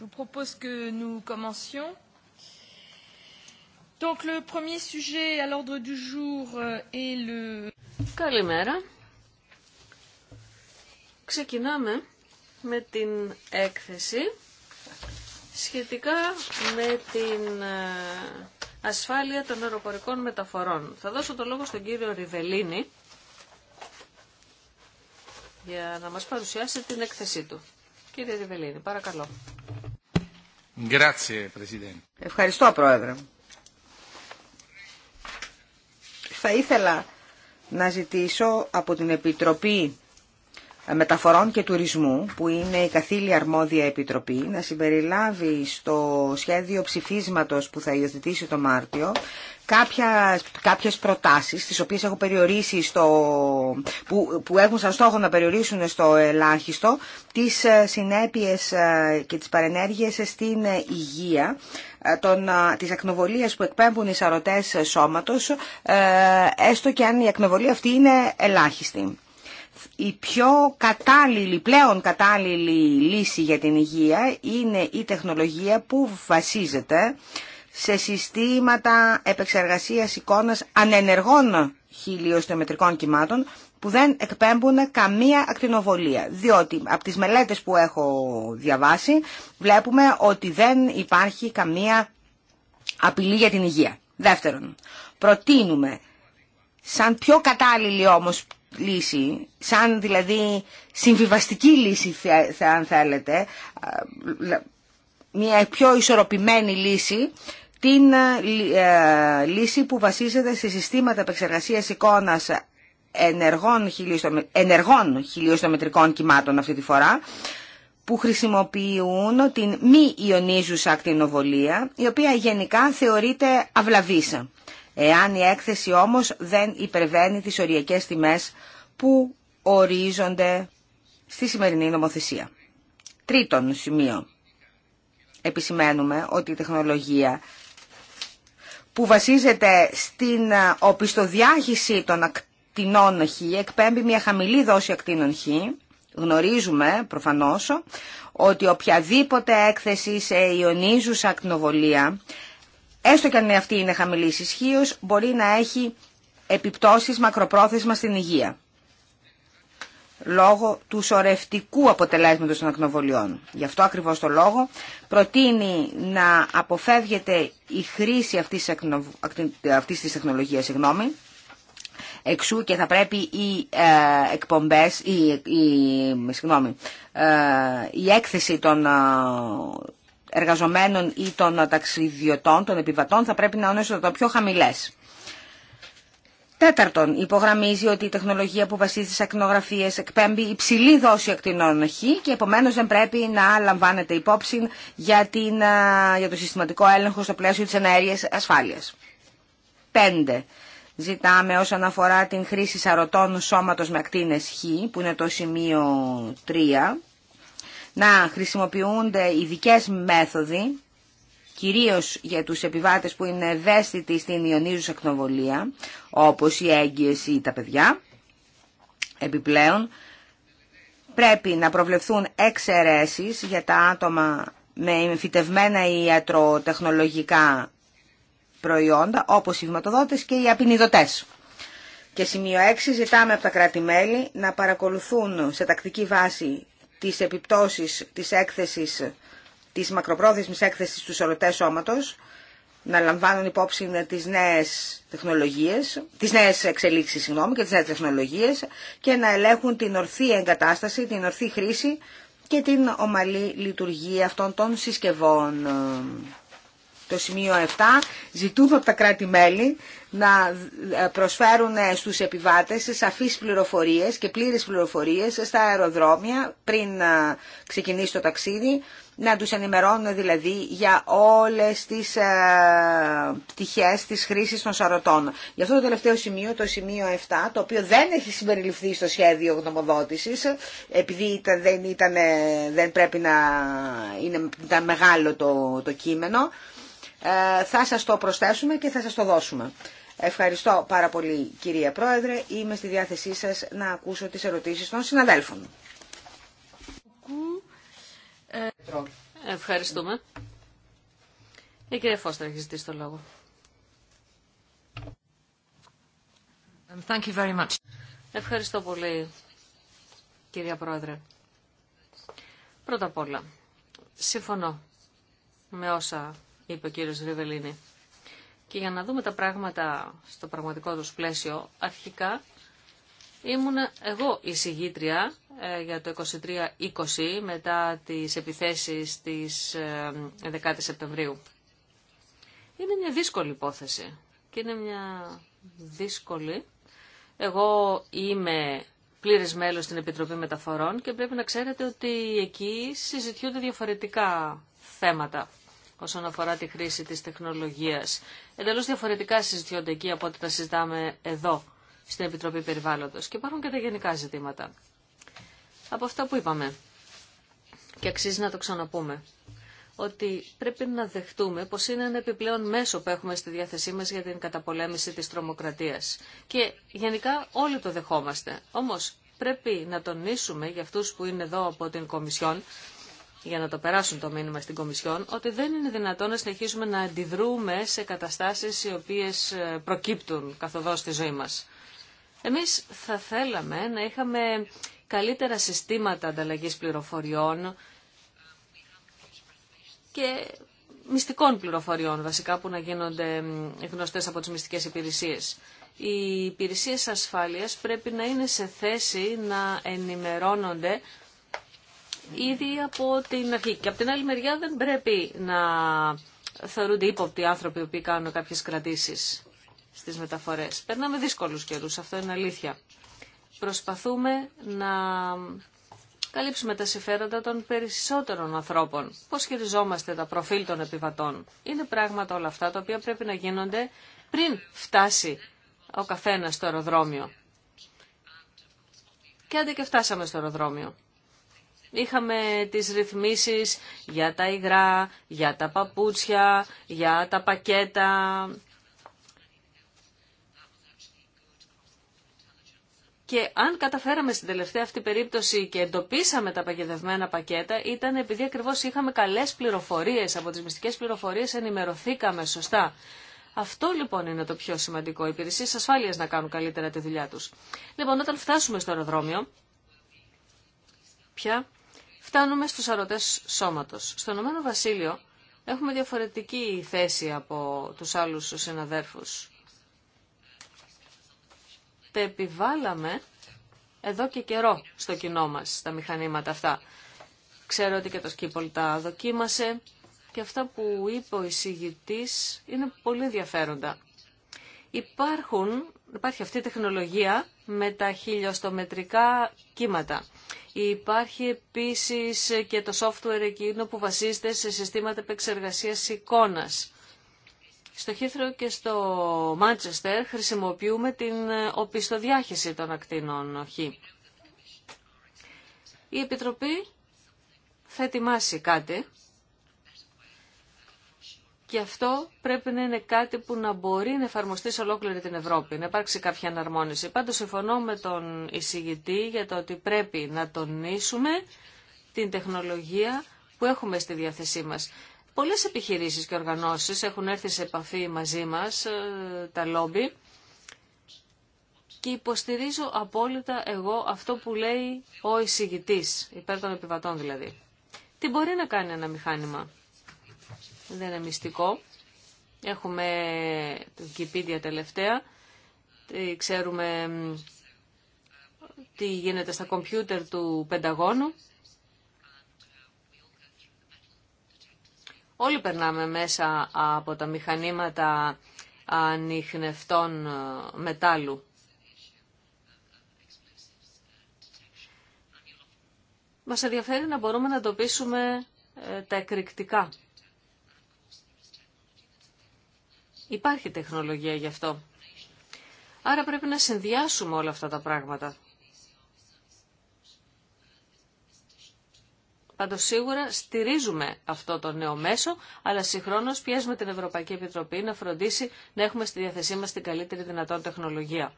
Je vous propose que nous commencions. Donc le premier sujet à l'ordre du jour euh, est le... Καλημέρα. Ξεκινάμε με την έκθεση σχετικά με την ε, ασφάλεια των αεροπορικών μεταφορών. Θα δώσω το λόγο στον κύριο Ριβελίνη για να μας παρουσιάσει την έκθεσή του. Κύριε Ριβελίνη, παρακαλώ. Ευχαριστώ, Πρόεδρε. Θα ήθελα να ζητήσω από την Επιτροπή Μεταφορών και Τουρισμού, που είναι η καθήλια αρμόδια επιτροπή, να συμπεριλάβει στο σχέδιο ψηφίσματος που θα υιοθετήσει το Μάρτιο κάποια, κάποιες προτάσεις, τις οποίες έχω περιορίσει στο, που, που έχουν σαν στόχο να περιορίσουν στο ελάχιστο τις ε, συνέπειες ε, και τις παρενέργειες στην υγεία ε, των, της που εκπέμπουν οι σαρωτές σώματος, έστω και αν η ακνοβολία αυτή είναι ελάχιστη η πιο κατάλληλη, πλέον κατάλληλη λύση για την υγεία είναι η τεχνολογία που βασίζεται σε συστήματα επεξεργασίας εικόνας ανενεργών χιλιοστομετρικών κυμάτων που δεν εκπέμπουν καμία ακτινοβολία. Διότι από τις μελέτες που έχω διαβάσει βλέπουμε ότι δεν υπάρχει καμία απειλή για την υγεία. Δεύτερον, προτείνουμε σαν πιο κατάλληλη όμως λύση, σαν δηλαδή συμβιβαστική λύση αν θέλετε, μια πιο ισορροπημένη λύση, την ε, ε, λύση που βασίζεται σε συστήματα επεξεργασίας εικόνας ενεργών, ενεργών χιλιοστομετρικών κυμάτων αυτή τη φορά, που χρησιμοποιούν την μη ιονίζουσα ακτινοβολία, η οποία γενικά θεωρείται αυλαβής εάν η έκθεση όμως δεν υπερβαίνει τις οριακές τιμές που ορίζονται στη σημερινή νομοθεσία. Τρίτον σημείο. Επισημαίνουμε ότι η τεχνολογία που βασίζεται στην οπισθοδιάχυση των ακτινών χ, εκπέμπει μια χαμηλή δόση ακτίνων χ. Γνωρίζουμε προφανώς ότι οποιαδήποτε έκθεση σε ιονίζουσα ακτινοβολία έστω και αν αυτή είναι χαμηλή ισχύω, μπορεί να έχει επιπτώσεις μακροπρόθεσμα στην υγεία λόγω του σορευτικού αποτελέσματος των ακνοβολιών. Γι' αυτό ακριβώς το λόγο προτείνει να αποφεύγεται η χρήση αυτής, αυτής της τεχνολογίας, συγγνώμη, εξού και θα πρέπει οι ε, εκπομπές, η, η, ε, η έκθεση των, ε, εργαζομένων ή των ταξιδιωτών, των επιβατών, θα πρέπει να είναι όσο το πιο χαμηλές. Τέταρτον, υπογραμμίζει ότι η τεχνολογία που βασίζεται σε ακτινογραφίε εκπέμπει υψηλή δόση ακτινών Χ και επομένω δεν πρέπει να λαμβάνεται υπόψη για, για το συστηματικό έλεγχο στο πλαίσιο τη εναέρεια ασφάλεια. Πέντε, ζητάμε όσον αφορά την χρήση σαρωτών σώματο με ακτίνες Χ, που είναι το σημείο 3, να χρησιμοποιούνται ειδικέ μέθοδοι, κυρίως για τους επιβάτες που είναι ευαίσθητοι στην ιονίζουσα εκνοβολία, όπως οι έγκυες ή τα παιδιά. Επιπλέον, πρέπει να προβλεφθούν εξαιρέσεις για τα άτομα με εμφυτευμένα ιατροτεχνολογικά προϊόντα, όπως οι βηματοδότες και οι απεινιδωτές. Και σημείο 6, ζητάμε από τα κράτη-μέλη να παρακολουθούν σε τακτική βάση τις επιπτώσεις της έκθεσης, της μακροπρόθεσμης έκθεσης του σωρωτέ σώματος, να λαμβάνουν υπόψη τις νέες τεχνολογίες, τις νέες εξελίξεις συγγνώμη, και τις νέες τεχνολογίες και να ελέγχουν την ορθή εγκατάσταση, την ορθή χρήση και την ομαλή λειτουργία αυτών των συσκευών. Το σημείο 7 ζητούν από τα κράτη-μέλη να ε, προσφέρουν ε, στους επιβάτες σαφείς πληροφορίες και πλήρες πληροφορίες στα αεροδρόμια πριν ε, ξεκινήσει το ταξίδι, να τους ενημερώνουν δηλαδή για όλες τις πτυχές της χρήσης των σαρωτών. Γι' αυτό το τελευταίο σημείο, το σημείο 7, το οποίο δεν έχει συμπεριληφθεί στο σχέδιο γνωμοδότησης, επειδή δεν, ήταν, δεν πρέπει να είναι ήταν μεγάλο το, το κείμενο, θα σας το προσθέσουμε και θα σας το δώσουμε. Ευχαριστώ πάρα πολύ κυρία Πρόεδρε. Είμαι στη διάθεσή σας να ακούσω τις ερωτήσεις των συναδέλφων. Ευχαριστούμε. Η ε, κυρία Φώστερ έχει ζητήσει το λόγο. Ευχαριστώ πολύ, κυρία Πρόεδρε. Πρώτα απ' όλα, συμφωνώ με όσα είπε ο κύριος Ριβελίνη. Και για να δούμε τα πράγματα στο πραγματικό τους πλαίσιο, αρχικά ήμουν εγώ η συγγήτρια ε, για το 23-20 μετά τις επιθέσεις της 11 ε, Σεπτεμβρίου. Είναι μια δύσκολη υπόθεση και είναι μια δύσκολη. Εγώ είμαι πλήρες μέλος στην Επιτροπή Μεταφορών και πρέπει να ξέρετε ότι εκεί συζητιούνται διαφορετικά θέματα όσον αφορά τη χρήση της τεχνολογίας. Εντελώς διαφορετικά συζητιόνται εκεί από ό,τι τα συζητάμε εδώ, στην Επιτροπή Περιβάλλοντος. Και υπάρχουν και τα γενικά ζητήματα. Από αυτά που είπαμε, και αξίζει να το ξαναπούμε, ότι πρέπει να δεχτούμε πως είναι ένα επιπλέον μέσο που έχουμε στη διάθεσή μας για την καταπολέμηση της τρομοκρατίας. Και γενικά όλοι το δεχόμαστε. Όμως πρέπει να τονίσουμε για αυτούς που είναι εδώ από την Κομισιόν για να το περάσουν το μήνυμα στην Κομισιόν, ότι δεν είναι δυνατόν να συνεχίσουμε να αντιδρούμε σε καταστάσεις οι οποίες ε, προκύπτουν καθοδός στη ζωή μας. Εμείς θα θέλαμε να είχαμε καλύτερα συστήματα ανταλλαγής πληροφοριών και μυστικών πληροφοριών βασικά που να γίνονται γνωστές από τις μυστικές υπηρεσίες. Οι υπηρεσίες ασφάλειας πρέπει να είναι σε θέση να ενημερώνονται ήδη από την αρχή. Και από την άλλη μεριά δεν πρέπει να θεωρούνται ύποπτοι άνθρωποι οποίοι κάνουν κάποιες κρατήσεις στις μεταφορές. Περνάμε δύσκολους καιρού, αυτό είναι αλήθεια. Προσπαθούμε να καλύψουμε τα συμφέροντα των περισσότερων ανθρώπων. Πώς χειριζόμαστε τα προφίλ των επιβατών. Είναι πράγματα όλα αυτά τα οποία πρέπει να γίνονται πριν φτάσει ο καθένα στο αεροδρόμιο. Και άντε και φτάσαμε στο αεροδρόμιο. Είχαμε τις ρυθμίσεις για τα υγρά, για τα παπούτσια, για τα πακέτα. Και αν καταφέραμε στην τελευταία αυτή περίπτωση και εντοπίσαμε τα παγιδευμένα πακέτα, ήταν επειδή ακριβώ είχαμε καλέ πληροφορίε. Από τι μυστικέ πληροφορίε ενημερωθήκαμε σωστά. Αυτό λοιπόν είναι το πιο σημαντικό. Οι υπηρεσίε ασφάλεια να κάνουν καλύτερα τη δουλειά του. Λοιπόν, όταν φτάσουμε στο αεροδρόμιο, πια Φτάνουμε στους αρρωτές σώματος. Στον Ηνωμένο Βασίλειο έχουμε διαφορετική θέση από τους άλλους συναδέρφους. Τα επιβάλαμε εδώ και καιρό στο κοινό μας τα μηχανήματα αυτά. Ξέρω ότι και το Σκύπολ τα δοκίμασε και αυτά που είπε ο εισηγητής είναι πολύ ενδιαφέροντα. Υπάρχουν, υπάρχει αυτή η τεχνολογία με τα χιλιοστομετρικά κύματα. Υπάρχει επίσης και το software εκείνο που βασίζεται σε συστήματα επεξεργασίας εικόνας. Στο Χίθρο και στο Μάντσεστερ χρησιμοποιούμε την οπισθοδιάχυση των ακτίνων Χ. Η Επιτροπή θα ετοιμάσει κάτι και αυτό πρέπει να είναι κάτι που να μπορεί να εφαρμοστεί σε ολόκληρη την Ευρώπη, να υπάρξει κάποια αναρμόνιση. Πάντως συμφωνώ με τον εισηγητή για το ότι πρέπει να τονίσουμε την τεχνολογία που έχουμε στη διάθεσή μας. Πολλές επιχειρήσεις και οργανώσεις έχουν έρθει σε επαφή μαζί μας, ε, τα λόμπι, και υποστηρίζω απόλυτα εγώ αυτό που λέει ο εισηγητής, υπέρ των επιβατών δηλαδή. Τι μπορεί να κάνει ένα μηχάνημα δεν είναι μυστικό. Έχουμε το Wikipedia τελευταία. Ε, ξέρουμε τι γίνεται στα κομπιούτερ του Πενταγώνου. Όλοι περνάμε μέσα από τα μηχανήματα ανιχνευτών ε, μετάλλου. Μας ενδιαφέρει να μπορούμε να το πίσουμε ε, τα εκρηκτικά Υπάρχει τεχνολογία γι' αυτό. Άρα πρέπει να συνδυάσουμε όλα αυτά τα πράγματα. Πάντω σίγουρα στηρίζουμε αυτό το νέο μέσο, αλλά συγχρόνω πιέζουμε την Ευρωπαϊκή Επιτροπή να φροντίσει να έχουμε στη διάθεσή μα την καλύτερη δυνατόν τεχνολογία.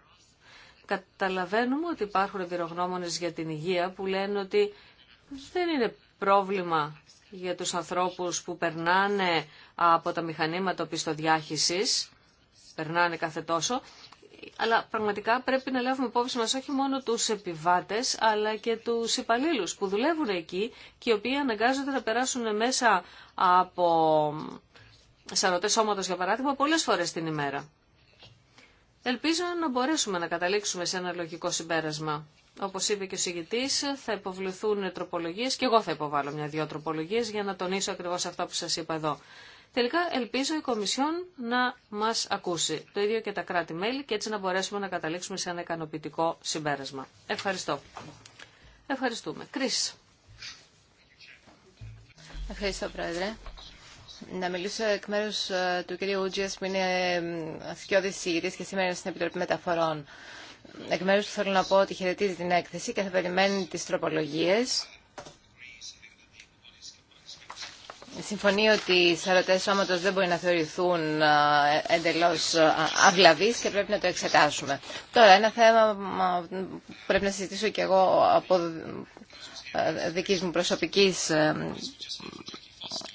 Καταλαβαίνουμε ότι υπάρχουν εμπειρογνώμονε για την υγεία που λένε ότι δεν είναι πρόβλημα για τους ανθρώπους που περνάνε από τα μηχανήματα πιστοδιάχυσης, περνάνε κάθε τόσο, αλλά πραγματικά πρέπει να λάβουμε υπόψη μας όχι μόνο τους επιβάτες, αλλά και τους υπαλλήλου που δουλεύουν εκεί και οι οποίοι αναγκάζονται να περάσουν μέσα από σαρωτές σώματος, για παράδειγμα, πολλές φορές την ημέρα. Ελπίζω να μπορέσουμε να καταλήξουμε σε ένα λογικό συμπέρασμα. Όπω είπε και ο συγητή, θα υποβληθούν τροπολογίε και εγώ θα υποβάλω μια-δυο τροπολογίε για να τονίσω ακριβώς αυτά που σας είπα εδώ. Τελικά ελπίζω η Κομισιόν να μας ακούσει. Το ίδιο και τα κράτη-μέλη και έτσι να μπορέσουμε να καταλήξουμε σε ένα ικανοποιητικό συμπέρασμα. Ευχαριστώ. Ευχαριστούμε. Κρι. Ευχαριστώ, Πρόεδρε. Να μιλήσω εκ μέρου ε, του κ. Ούτζια, που είναι ε, σκιώδη συγητή και σήμερα στην Επιτροπή Μεταφορών εκ μέρους του θέλω να πω ότι χαιρετίζει την έκθεση και θα περιμένει τις τροπολογίες. Συμφωνεί ότι οι σαρωτές σώματος δεν μπορεί να θεωρηθούν εντελώς αυλαβείς και πρέπει να το εξετάσουμε. Τώρα, ένα θέμα που πρέπει να συζητήσω και εγώ από ε, δικής μου προσωπικής ε,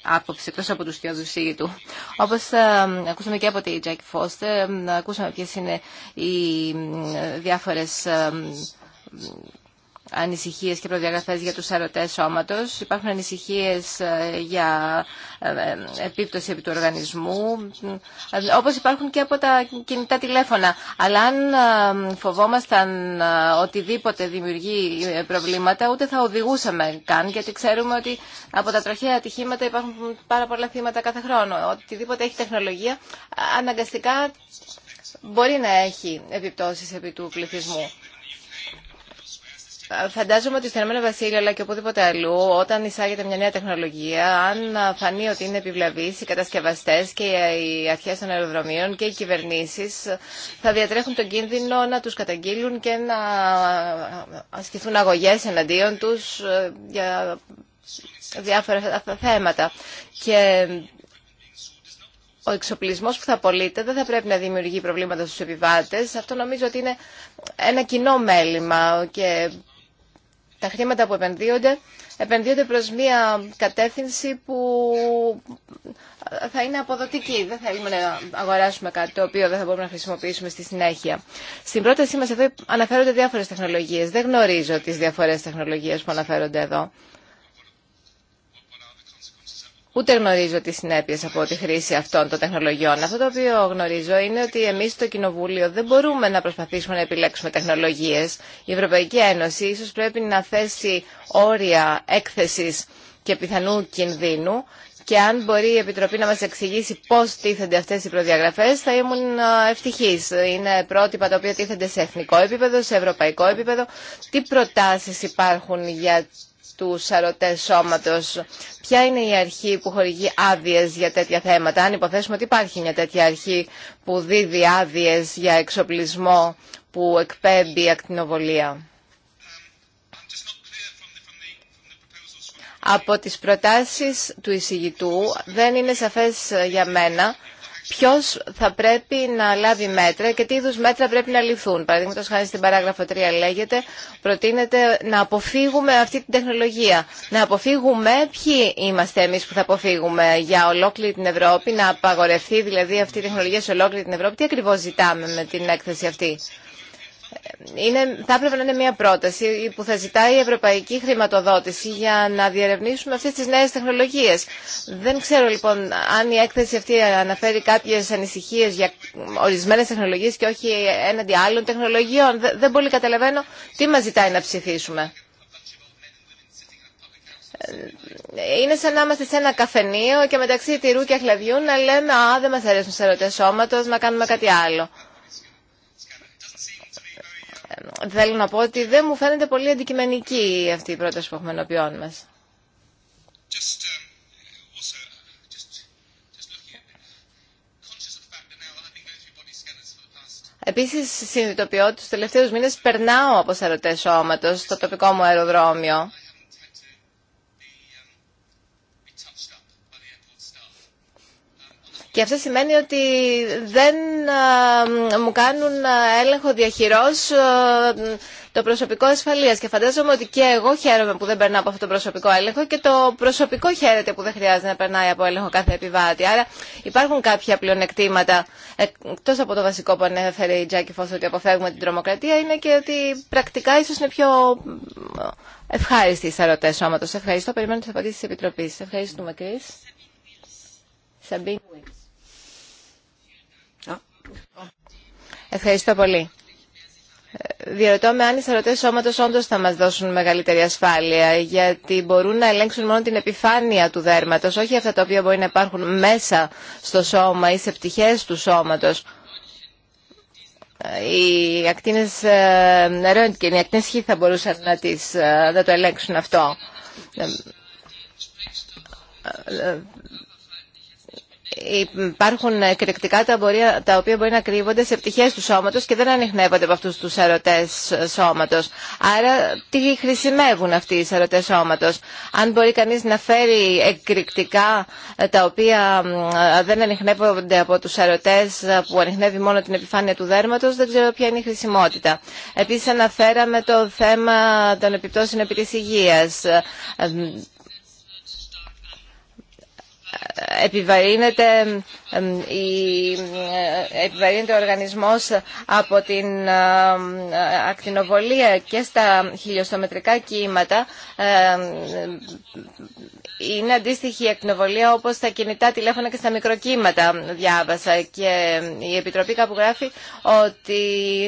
άποψη εκτός από του κοιόδους του. Όπω ε, ακούσαμε και από τη Jack Foster, ε, ακούσαμε ποιε είναι οι ε, διάφορε ανησυχίες και προδιαγραφές για τους αρρωτές σώματος. Υπάρχουν ανησυχίες ε, για ε, ε, επίπτωση επί του οργανισμού, όπως υπάρχουν και από τα κινητά τηλέφωνα. Αλλά αν φοβόμασταν οτιδήποτε δημιουργεί προβλήματα, ούτε θα οδηγούσαμε καν, γιατί ξέρουμε ότι από τα τροχαία ατυχήματα υπάρχουν πάρα πολλά θύματα κάθε χρόνο. Οτιδήποτε έχει τεχνολογία, αναγκαστικά μπορεί να έχει επιπτώσεις επί του πληθυσμού. Ε, φαντάζομαι ότι στο Ηνωμένο Βασίλειο αλλά και οπουδήποτε αλλού, όταν εισάγεται μια νέα τεχνολογία, αν φανεί ότι είναι επιβλαβή, οι κατασκευαστέ και οι αρχέ των αεροδρομίων και οι κυβερνήσει θα διατρέχουν τον κίνδυνο να του καταγγείλουν και να ασκηθούν αγωγέ εναντίον του ε, για διάφορα θέματα. Και ο εξοπλισμό που θα απολύεται δεν θα πρέπει να δημιουργεί προβλήματα στου επιβάτε. Αυτό νομίζω ότι είναι ένα κοινό μέλημα και τα χρήματα που επενδύονται, επενδύονται προς μια κατεύθυνση που θα είναι αποδοτική. Δεν θέλουμε να αγοράσουμε κάτι το οποίο δεν θα μπορούμε να χρησιμοποιήσουμε στη συνέχεια. Στην πρότασή μας εδώ αναφέρονται διάφορες τεχνολογίες. Δεν γνωρίζω τις διαφορές τεχνολογίες που αναφέρονται εδώ. Ούτε γνωρίζω τι συνέπειε από τη χρήση αυτών των τεχνολογιών. Αυτό το οποίο γνωρίζω είναι ότι εμεί στο Κοινοβούλιο δεν μπορούμε να προσπαθήσουμε να επιλέξουμε τεχνολογίε. Η Ευρωπαϊκή Ένωση ίσω πρέπει να θέσει όρια έκθεση και πιθανού κινδύνου και αν μπορεί η Επιτροπή να μας εξηγήσει πώς τίθενται αυτές οι προδιαγραφές θα ήμουν ε, ευτυχής. Είναι πρότυπα τα οποία τίθενται σε εθνικό επίπεδο, σε ευρωπαϊκό επίπεδο. Τι προτάσεις υπάρχουν για του σαρωτέ σώματο, Ποια είναι η αρχή που χορηγεί άδειε για τέτοια θέματα, αν υποθέσουμε ότι υπάρχει μια τέτοια αρχή που δίδει άδειε για εξοπλισμό που εκπέμπει ακτινοβολία. Από τις προτάσεις του εισηγητού δεν είναι σαφές για μένα Ποιο θα πρέπει να λάβει μέτρα και τι είδου μέτρα πρέπει να ληφθούν. Παραδείγματο χάρη στην παράγραφο 3 λέγεται, προτείνεται να αποφύγουμε αυτή την τεχνολογία. Να αποφύγουμε ποιοι είμαστε εμείς που θα αποφύγουμε για ολόκληρη την Ευρώπη, να απαγορευτεί δηλαδή αυτή η τεχνολογία σε ολόκληρη την Ευρώπη. Τι ακριβώ ζητάμε με την έκθεση αυτή είναι, θα έπρεπε να είναι μια πρόταση που θα ζητάει η ευρωπαϊκή χρηματοδότηση για να διερευνήσουμε αυτές τις νέες τεχνολογίες. Δεν ξέρω λοιπόν αν η έκθεση αυτή αναφέρει κάποιες ανησυχίες για ορισμένες τεχνολογίες και όχι έναντι άλλων τεχνολογιών. Δεν πολύ καταλαβαίνω τι μας ζητάει να ψηφίσουμε. Είναι σαν να είμαστε σε ένα καφενείο και μεταξύ τυρού και αχλαδιού να λέμε «Α, δεν μας αρέσουν σε σώματος, να κάνουμε κάτι άλλο» θέλω να πω ότι δεν μου φαίνεται πολύ αντικειμενική αυτή η πρόταση που έχουμε ενωπιών μας. Um, Επίσης συνειδητοποιώ ότι τους τελευταίους μήνες περνάω από σαρωτές σώματος στο τοπικό μου αεροδρόμιο. Και αυτό σημαίνει ότι δεν μου κάνουν έλεγχο διαχειρός το προσωπικό ασφαλείας. Και φαντάζομαι ότι και εγώ χαίρομαι που δεν περνάω από αυτό το προσωπικό έλεγχο και το προσωπικό χαίρεται που δεν χρειάζεται να περνάει από έλεγχο κάθε επιβάτη. Άρα υπάρχουν κάποια πλεονεκτήματα, εκτό από το βασικό που ανέφερε η Τζάκη Φώστα ότι αποφεύγουμε την τρομοκρατία, είναι και ότι πρακτικά ίσω είναι πιο ευχάριστοι οι σαρωτέ σώματος. Ευχαριστώ. Περιμένω τι απαντήσει τη Επιτροπή. Ευχαριστούμε, Κρίς. Ευχαριστώ πολύ. Διαρωτώ με αν οι σαρωτέ σώματο όντω θα μα δώσουν μεγαλύτερη ασφάλεια, γιατί μπορούν να ελέγξουν μόνο την επιφάνεια του δέρματο, όχι αυτά τα οποία μπορεί να υπάρχουν μέσα στο σώμα ή σε πτυχέ του σώματο. Οι ακτίνε ε, ρόντγκεν, οι ακτίνε χι θα μπορούσαν να, τις, ε, να το ελέγξουν αυτό ε, υπάρχουν εκρηκτικά τα οποία μπορεί να κρύβονται σε πτυχές του σώματος και δεν ανοιχνεύονται από αυτούς τους ερωτές σώματος. Άρα τι χρησιμεύουν αυτοί οι ερωτές σώματος. Αν μπορεί κανείς να φέρει εκρηκτικά ε, τα οποία ε, δεν ανοιχνεύονται από τους ερωτές ε, που ανοιχνεύει μόνο την επιφάνεια του δέρματος, δεν ξέρω ποια είναι η χρησιμότητα. Επίσης αναφέραμε το θέμα των επιπτώσεων επί της υγείας ε, επιβαρύνεται, ο οργανισμός από την ε, ακτινοβολία και στα χιλιοστομετρικά κύματα ε, είναι αντίστοιχη η ακτινοβολία όπως στα κινητά τηλέφωνα και στα μικροκύματα διάβασα και η Επιτροπή κάπου γράφει ότι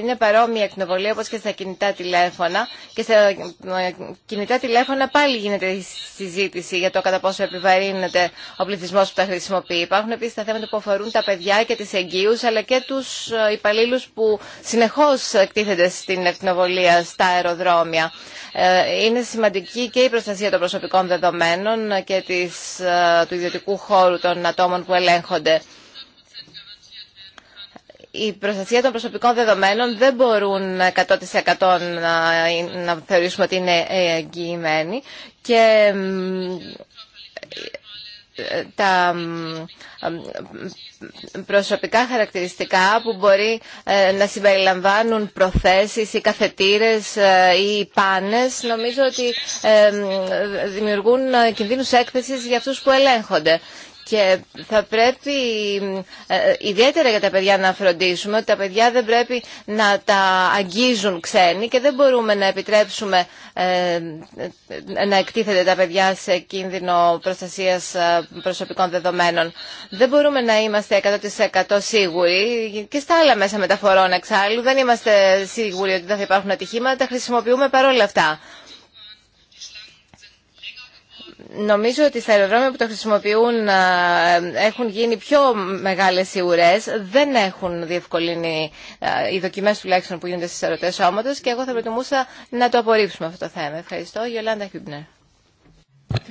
είναι παρόμοια η ακτινοβολία όπως και στα κινητά τηλέφωνα και στα ε, κινητά τηλέφωνα πάλι γίνεται η συζήτηση για το κατά πόσο επιβαρύνεται ο πληθυσμό που τα χρησιμοποιεί. Υπάρχουν επίση τα θέματα που αφορούν τα παιδιά και τι εγγύου, αλλά και του ε, υπαλλήλου που συνεχώ εκτίθενται στην ακτινοβολία στα αεροδρόμια. Ε, είναι σημαντική και η προστασία των προσωπικών δεδομένων και της, ε, του ιδιωτικού χώρου των ατόμων που ελέγχονται. Η προστασία των προσωπικών δεδομένων δεν μπορούν 100% να, να θεωρήσουμε ότι είναι εγγυημένη και τα προσωπικά χαρακτηριστικά που μπορεί ε, να συμπεριλαμβάνουν προθέσεις ή καθετήρες ε, ή πάνες νομίζω ότι ε, δημιουργούν κινδύνους έκθεσης για αυτούς που ελέγχονται. Και θα πρέπει ε, ιδιαίτερα για τα παιδιά να φροντίσουμε ότι τα παιδιά δεν πρέπει να τα αγγίζουν ξένοι και δεν μπορούμε να επιτρέψουμε ε, να εκτίθεται τα παιδιά σε κίνδυνο προστασίας ε, προσωπικών δεδομένων. Δεν μπορούμε να είμαστε 100% σίγουροι και στα άλλα μέσα μεταφορών εξάλλου. Δεν είμαστε σίγουροι ότι δεν θα υπάρχουν ατυχήματα, τα χρησιμοποιούμε παρόλα αυτά νομίζω ότι στα αεροδρόμια που το χρησιμοποιούν ε, ε, έχουν γίνει πιο μεγάλες οι ουρές, δεν έχουν διευκολύνει ε, οι δοκιμές τουλάχιστον που γίνονται στις αεροτές σώματο, και εγώ θα προτιμούσα να το απορρίψουμε αυτό το θέμα. Ευχαριστώ. Γιολάντα Χιούμπνερ.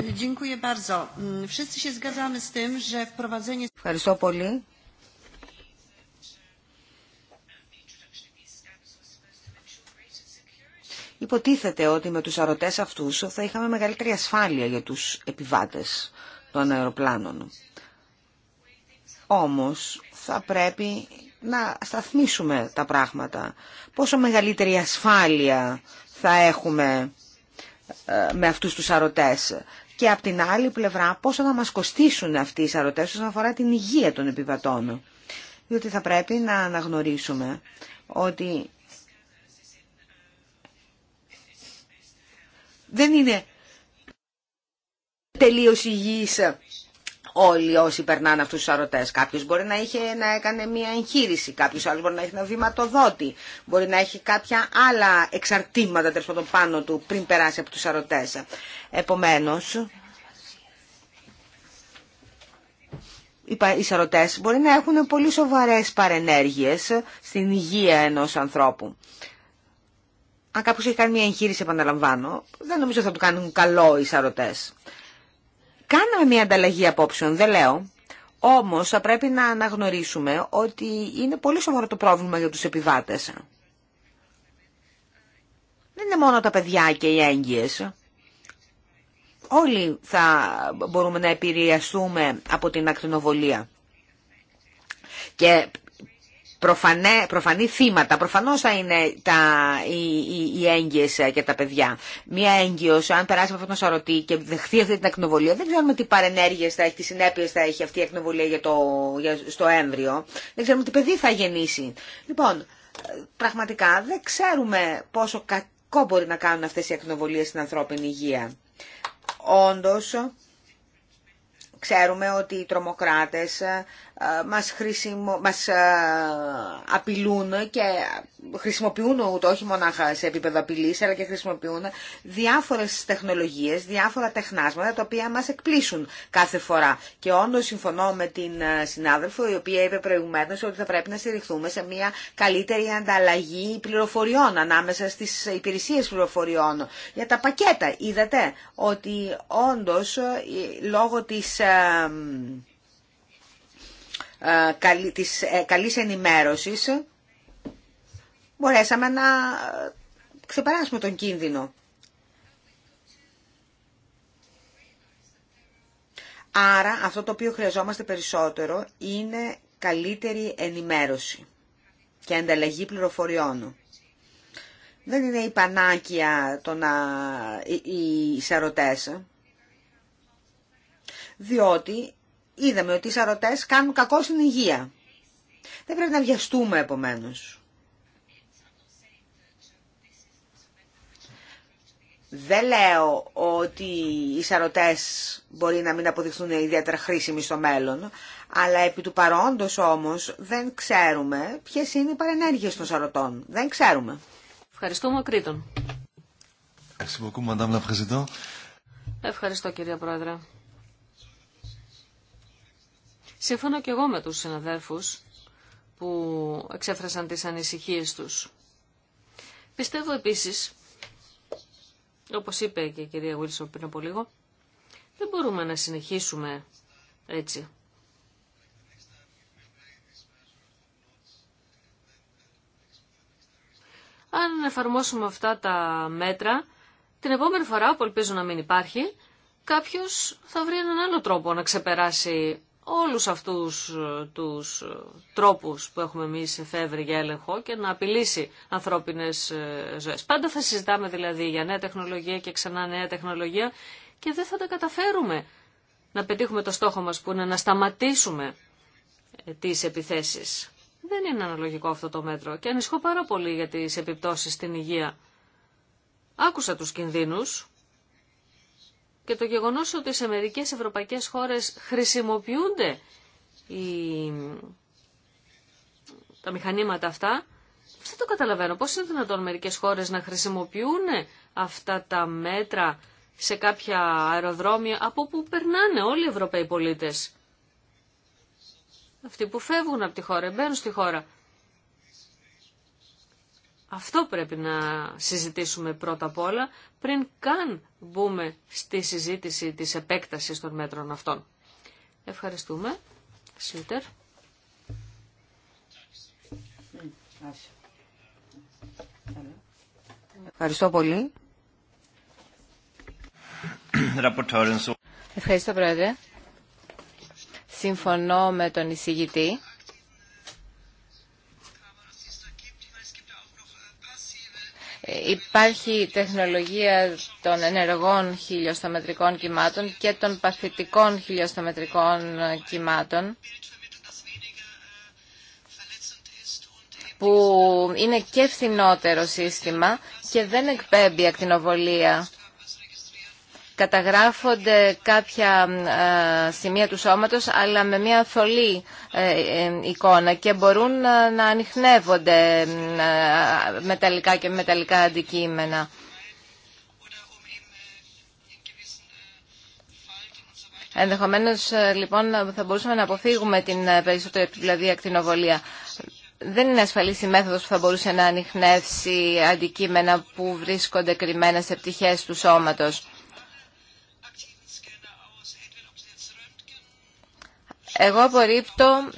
Mm, Ευχαριστώ πολύ. Υποτίθεται ότι με τους αρωτές αυτούς θα είχαμε μεγαλύτερη ασφάλεια για τους επιβάτες των αεροπλάνων. Όμως θα πρέπει να σταθμίσουμε τα πράγματα. Πόσο μεγαλύτερη ασφάλεια θα έχουμε ε, με αυτούς τους αρωτές. Και από την άλλη πλευρά πόσο θα μας κοστίσουν αυτοί οι αρωτές όσον αφορά την υγεία των επιβατών. Διότι θα πρέπει να αναγνωρίσουμε ότι δεν είναι τελείως υγιείς όλοι όσοι περνάνε αυτούς τους αρωτές. Κάποιος μπορεί να, είχε, να έκανε μια εγχείρηση, κάποιος άλλος μπορεί να έχει ένα βηματοδότη, μπορεί να έχει κάποια άλλα εξαρτήματα τέλος πάνω του πριν περάσει από τους αρωτές. Επομένως, οι σαρωτέ μπορεί να έχουν πολύ σοβαρές παρενέργειες στην υγεία ενός ανθρώπου αν κάποιο έχει κάνει μια εγχείρηση, επαναλαμβάνω, δεν νομίζω θα του κάνουν καλό οι σαρωτέ. Κάναμε μια ανταλλαγή απόψεων, δεν λέω. Όμως θα πρέπει να αναγνωρίσουμε ότι είναι πολύ σοβαρό το πρόβλημα για τους επιβάτες. Δεν είναι μόνο τα παιδιά και οι έγκυες. Όλοι θα μπορούμε να επηρεαστούμε από την ακτινοβολία. Και προφανέ, προφανή θύματα. Προφανώ θα είναι τα, οι, οι, οι και τα παιδιά. Μία έγκυο, αν περάσει από αυτόν τον σαρωτή και δεχθεί αυτή την ακνοβολία, δεν ξέρουμε τι παρενέργειε θα έχει, τι συνέπειε θα έχει αυτή η ακνοβολία για το, για, στο έμβριο. Δεν ξέρουμε τι παιδί θα γεννήσει. Λοιπόν, πραγματικά δεν ξέρουμε πόσο κακό μπορεί να κάνουν αυτέ οι ακνοβολίε στην ανθρώπινη υγεία. Όντω, ξέρουμε ότι οι τρομοκράτες μας, χρησιμο, μας ε, απειλούν και χρησιμοποιούν ούτε όχι μονάχα σε επίπεδο απειλή, αλλά και χρησιμοποιούν διάφορες τεχνολογίες, διάφορα τεχνάσματα τα οποία μας εκπλήσουν κάθε φορά. Και όντως συμφωνώ με την ε, συνάδελφο η οποία είπε προηγουμένως ότι θα πρέπει να στηριχθούμε σε μια καλύτερη ανταλλαγή πληροφοριών ανάμεσα στις υπηρεσίες πληροφοριών για τα πακέτα. Είδατε ότι όντως ε, λόγω της ε, της ε, καλής ενημέρωσης μπορέσαμε να ξεπεράσουμε τον κίνδυνο. Άρα αυτό το οποίο χρειαζόμαστε περισσότερο είναι καλύτερη ενημέρωση και ανταλλαγή πληροφοριών. Δεν είναι η πανάκια το να... οι σαρωτές, διότι είδαμε ότι οι σαρωτές κάνουν κακό στην υγεία. Δεν πρέπει να βιαστούμε επομένως. Δεν λέω ότι οι σαρωτές μπορεί να μην αποδειχθούν ιδιαίτερα χρήσιμοι στο μέλλον, αλλά επί του παρόντος όμως δεν ξέρουμε ποιες είναι οι παρενέργειες των σαρωτών. Δεν ξέρουμε. Ευχαριστούμε, Κρήτον. Ευχαριστώ, κυρία Πρόεδρε. Σύμφωνα και εγώ με τους συναδέλφους που εξέφρασαν τις ανησυχίες τους. Πιστεύω επίσης, όπως είπε και η κυρία Γουίλσο πριν από λίγο, δεν μπορούμε να συνεχίσουμε έτσι. Αν εφαρμόσουμε αυτά τα μέτρα, την επόμενη φορά που ελπίζω να μην υπάρχει, κάποιος θα βρει έναν άλλο τρόπο να ξεπεράσει όλους αυτούς ε, τους ε, τρόπους που έχουμε εμείς εφεύρει για έλεγχο και να απειλήσει ανθρώπινες ε, ζωές. Πάντα θα συζητάμε δηλαδή για νέα τεχνολογία και ξανά νέα τεχνολογία και δεν θα τα καταφέρουμε να πετύχουμε το στόχο μας που είναι να σταματήσουμε τις επιθέσεις. Δεν είναι αναλογικό αυτό το μέτρο και ανησυχώ πάρα πολύ για τις επιπτώσεις στην υγεία. Άκουσα τους κινδύνους και το γεγονός ότι σε μερικές ευρωπαϊκές χώρες χρησιμοποιούνται οι... τα μηχανήματα αυτά, δεν το καταλαβαίνω. Πώς είναι δυνατόν μερικές χώρες να χρησιμοποιούν αυτά τα μέτρα σε κάποια αεροδρόμια από που περνάνε όλοι οι Ευρωπαίοι πολίτες. Αυτοί που φεύγουν από τη χώρα, μπαίνουν στη χώρα. Αυτό πρέπει να συζητήσουμε πρώτα απ' όλα πριν καν μπούμε στη συζήτηση της επέκτασης των μέτρων αυτών. Ευχαριστούμε. Ευχαριστώ πολύ. Ευχαριστώ, Πρόεδρε. Συμφωνώ με τον εισηγητή Υπάρχει τεχνολογία των ενεργών χιλιοστομετρικών κυμάτων και των παθητικών χιλιοστομετρικών κυμάτων που είναι και φθηνότερο σύστημα και δεν εκπέμπει ακτινοβολία καταγράφονται κάποια ε, σημεία του σώματος αλλά με μια θολή ε, ε, εικόνα και μπορούν να ανοιχνεύονται μεταλλικά και μεταλλικά αντικείμενα. Ενδεχομένως λοιπόν θα μπορούσαμε να αποφύγουμε την περισσότερη δηλαδή ακτινοβολία. Δεν είναι ασφαλής η μέθοδος που θα μπορούσε να ανοιχνεύσει αντικείμενα που βρίσκονται κρυμμένα σε πτυχές του σώματος. Εγώ απορρίπτω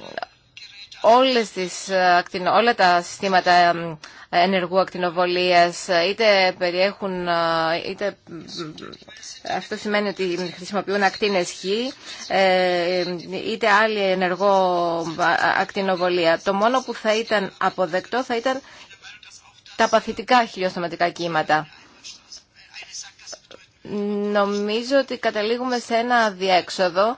όλες τις, ε, όλα τα συστήματα ε, ενεργού ακτινοβολίας ε, είτε περιέχουν είτε αυτό σημαίνει ότι χρησιμοποιούν ακτίνες χ είτε άλλη ενεργό ακτινοβολία το μόνο που θα ήταν αποδεκτό θα ήταν τα παθητικά χιλιοστοματικά κύματα νομίζω ότι καταλήγουμε σε ένα διέξοδο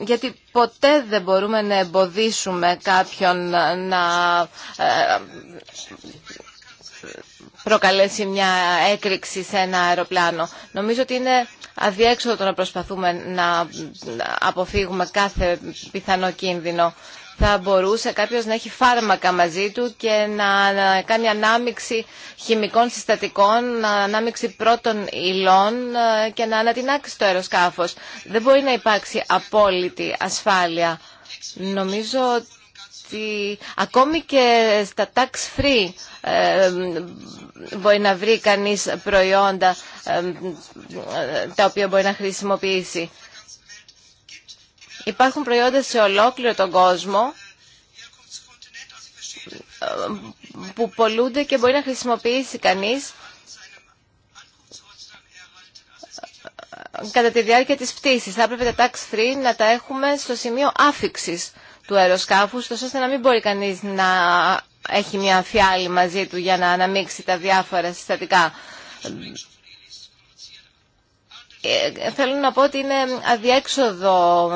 γιατί ποτέ δεν μπορούμε να εμποδίσουμε κάποιον να ε, προκαλέσει μια έκρηξη σε ένα αεροπλάνο. Νομίζω ότι είναι αδιέξοδο το να προσπαθούμε να αποφύγουμε κάθε πιθανό κίνδυνο θα μπορούσε κάποιος να έχει φάρμακα μαζί του και να κάνει ανάμιξη χημικών συστατικών, ανάμιξη πρώτων υλών ε, και να ανατινάξει το αεροσκάφος. Δεν μπορεί να υπάρξει απόλυτη ασφάλεια. Νομίζω ότι ακόμη και στα tax free ε, μπορεί να βρει κανείς προϊόντα ε, τα οποία μπορεί να χρησιμοποιήσει. Υπάρχουν προϊόντα σε ολόκληρο τον κόσμο που πολλούνται και μπορεί να χρησιμοποιήσει κανείς κατά τη διάρκεια της πτήσης. Θα έπρεπε τα tax free να τα έχουμε στο σημείο άφηξης του αεροσκάφους, ώστε να μην μπορεί κανείς να έχει μια φιάλη μαζί του για να αναμίξει τα διάφορα συστατικά. Ε, θέλω να πω ότι είναι αδιέξοδο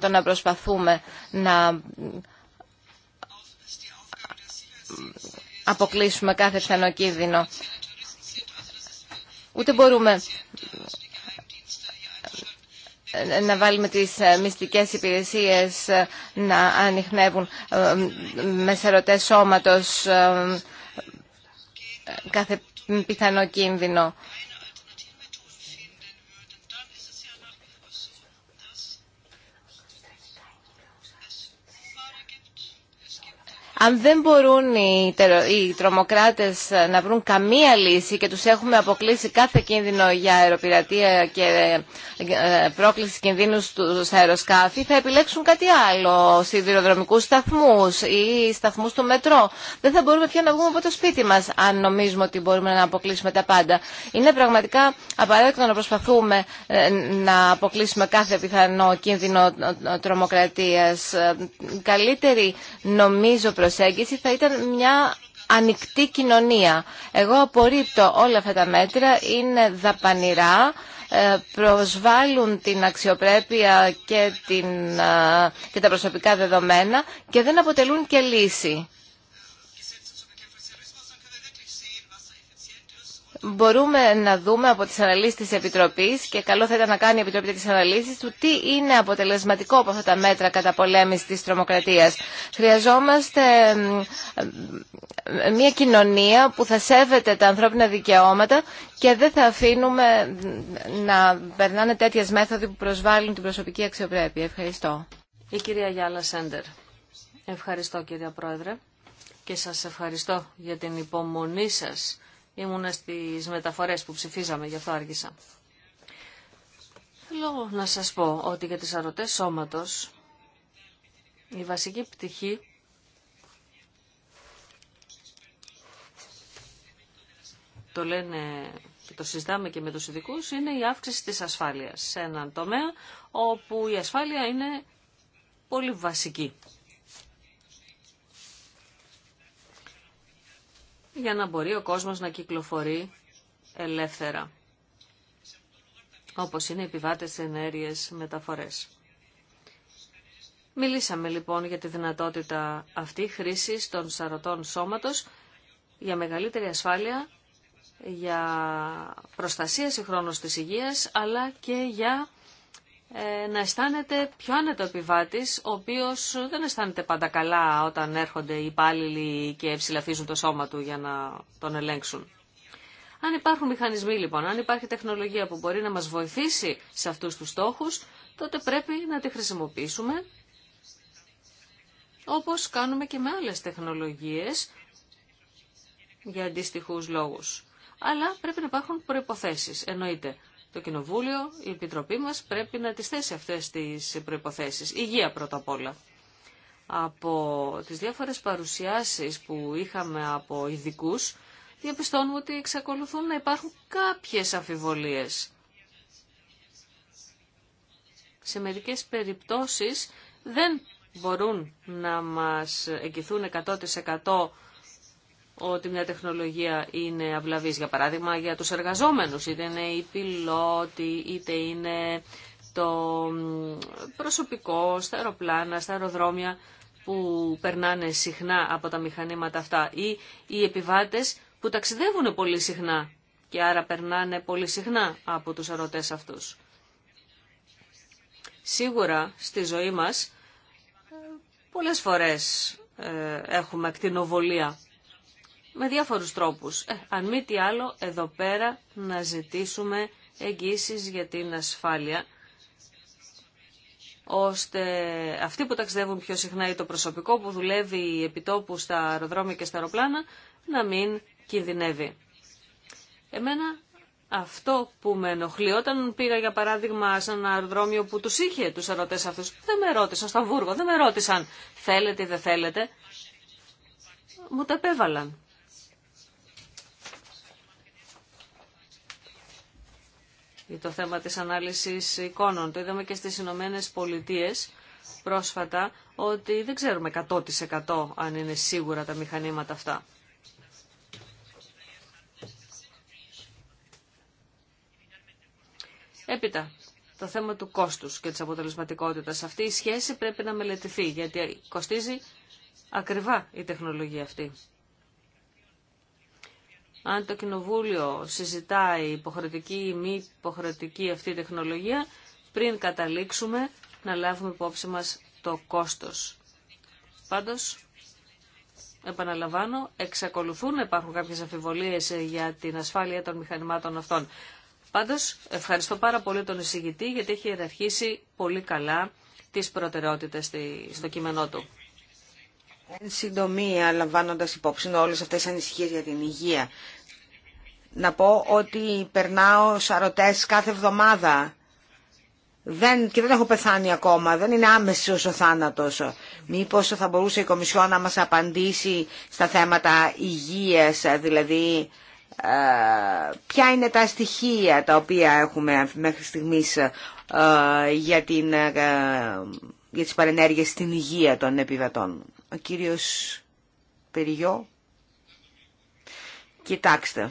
το να προσπαθούμε να αποκλείσουμε κάθε πιθανό κίνδυνο. Ούτε μπορούμε να βάλουμε τις ε, μυστικές υπηρεσίες ε, να ανοιχνεύουν με σερωτές σώματος κάθε πιθανό κίνδυνο. Αν δεν μπορούν οι τρομοκράτες να βρουν καμία λύση και τους έχουμε αποκλείσει κάθε κίνδυνο για αεροπειρατεία και ε, πρόκληση κινδύνου στους αεροσκάφη, θα επιλέξουν κάτι άλλο, σιδηροδρομικούς σταθμούς ή σταθμούς του μετρό. Δεν θα μπορούμε πια να βγούμε από το σπίτι μας, αν νομίζουμε ότι μπορούμε να αποκλείσουμε τα πάντα. Είναι πραγματικά απαραίτητο να προσπαθούμε ε, να αποκλείσουμε κάθε πιθανό κίνδυνο ε, τρομοκρατίας. Καλύτερη, νομίζω, προσέγγιση θα ήταν μια ανοιχτή κοινωνία. Εγώ απορρίπτω όλα αυτά τα μέτρα, είναι δαπανηρά, ε, προσβάλλουν την αξιοπρέπεια και, ε, και τα προσωπικά δεδομένα και δεν αποτελούν και λύση. μπορούμε να δούμε από τις αναλύσεις της Επιτροπής και καλό θα ήταν να κάνει η Επιτροπή της αναλύσεις του τι είναι αποτελεσματικό από αυτά τα μέτρα κατά πολέμηση της τρομοκρατίας. Χρειαζόμαστε μια κοινωνία που θα σέβεται τα ανθρώπινα δικαιώματα και δεν θα αφήνουμε να περνάνε τέτοιες μέθοδοι που προσβάλλουν την προσωπική αξιοπρέπεια. Ευχαριστώ. Η κυρία Γιάλα Σέντερ. Ευχαριστώ κυρία Πρόεδρε και σας ευχαριστώ για την υπομονή σας ήμουν στις μεταφορές που ψηφίζαμε, γι' αυτό άργησα. Θέλω να σας πω ότι για τις αρωτές σώματος η βασική πτυχή το λένε και το συζητάμε και με τους ειδικού, είναι η αύξηση της ασφάλειας σε έναν τομέα όπου η ασφάλεια είναι πολύ βασική για να μπορεί ο κόσμος να κυκλοφορεί ελεύθερα, όπως είναι οι επιβάτες ενέργειες μεταφορές. Μιλήσαμε λοιπόν για τη δυνατότητα αυτή χρήσης των σαρωτών σώματος για μεγαλύτερη ασφάλεια, για προστασία συγχρόνως της υγείας, αλλά και για ε, να αισθάνεται πιο άνετο επιβάτη, ο οποίο δεν αισθάνεται πάντα καλά όταν έρχονται οι υπάλληλοι και ψηλαφίζουν το σώμα του για να τον ελέγξουν. Αν υπάρχουν μηχανισμοί λοιπόν, αν υπάρχει τεχνολογία που μπορεί να μας βοηθήσει σε αυτούς τους στόχους, τότε πρέπει να τη χρησιμοποιήσουμε όπως κάνουμε και με άλλες τεχνολογίες για αντίστοιχους λόγους. Αλλά πρέπει να υπάρχουν προϋποθέσεις, εννοείται. Το Κοινοβούλιο, η Επιτροπή μας πρέπει να τις θέσει αυτές τις προϋποθέσεις. Υγεία πρώτα απ' όλα. Από τις διάφορες παρουσιάσεις που είχαμε από ειδικού, διαπιστώνουμε ότι εξακολουθούν να υπάρχουν κάποιες αμφιβολίες. Σε μερικές περιπτώσεις δεν μπορούν να μας εγγυθούν 100% ότι μια τεχνολογία είναι αυλαβής, για παράδειγμα, για τους εργαζόμενους, είτε είναι οι πιλότοι, είτε είναι το προσωπικό στα αεροπλάνα, στα αεροδρόμια που περνάνε συχνά από τα μηχανήματα αυτά ή οι επιβάτες που ταξιδεύουν πολύ συχνά και άρα περνάνε πολύ συχνά από τους ερωτές αυτούς. Σίγουρα στη ζωή μας πολλές φορές ε, έχουμε ακτινοβολία με διάφορους τρόπους. Ε, αν μη τι άλλο, εδώ πέρα να ζητήσουμε εγγύσεις για την ασφάλεια, ώστε αυτοί που ταξιδεύουν πιο συχνά ή το προσωπικό που δουλεύει επιτόπου στα αεροδρόμια και στα αεροπλάνα να μην κινδυνεύει. Εμένα αυτό που με ενοχλεί όταν πήγα για παράδειγμα σε ένα αεροδρόμιο που τους είχε τους ερωτές αυτούς, δεν με ρώτησαν, στο Βούργο, δεν με ρώτησαν θέλετε ή δεν θέλετε, μου τα επέβαλαν. το θέμα της ανάλυσης εικόνων. Το είδαμε και στις Ηνωμένε Πολιτείε πρόσφατα ότι δεν ξέρουμε 100% αν είναι σίγουρα τα μηχανήματα αυτά. Έπειτα, το θέμα του κόστους και της αποτελεσματικότητας. Αυτή η σχέση πρέπει να μελετηθεί, γιατί κοστίζει ακριβά η τεχνολογία αυτή αν το Κοινοβούλιο συζητάει υποχρεωτική ή μη υποχρεωτική αυτή η τεχνολογία, πριν καταλήξουμε να λάβουμε υπόψη μας το κόστος. Πάντως, επαναλαμβάνω, εξακολουθούν να υπάρχουν κάποιες αμφιβολίες για την ασφάλεια των μηχανημάτων αυτών. Πάντως, ευχαριστώ πάρα πολύ τον εισηγητή γιατί έχει ιεραρχήσει πολύ καλά τις προτεραιότητες στο κείμενό του. Εν συντομία, λαμβάνοντας υπόψη όλες αυτές τις ανησυχίες για την υγεία, να πω ότι περνάω σαρωτές κάθε εβδομάδα δεν, και δεν έχω πεθάνει ακόμα, δεν είναι άμεσος ο θάνατος. Μήπως θα μπορούσε η Κομισιόν να μας απαντήσει στα θέματα υγείας, δηλαδή ε, ποια είναι τα στοιχεία τα οποία έχουμε μέχρι στιγμής ε, για την... Ε, για τις παρενέργειες στην υγεία των επιβατών. Ο κύριος Περιό, κοιτάξτε.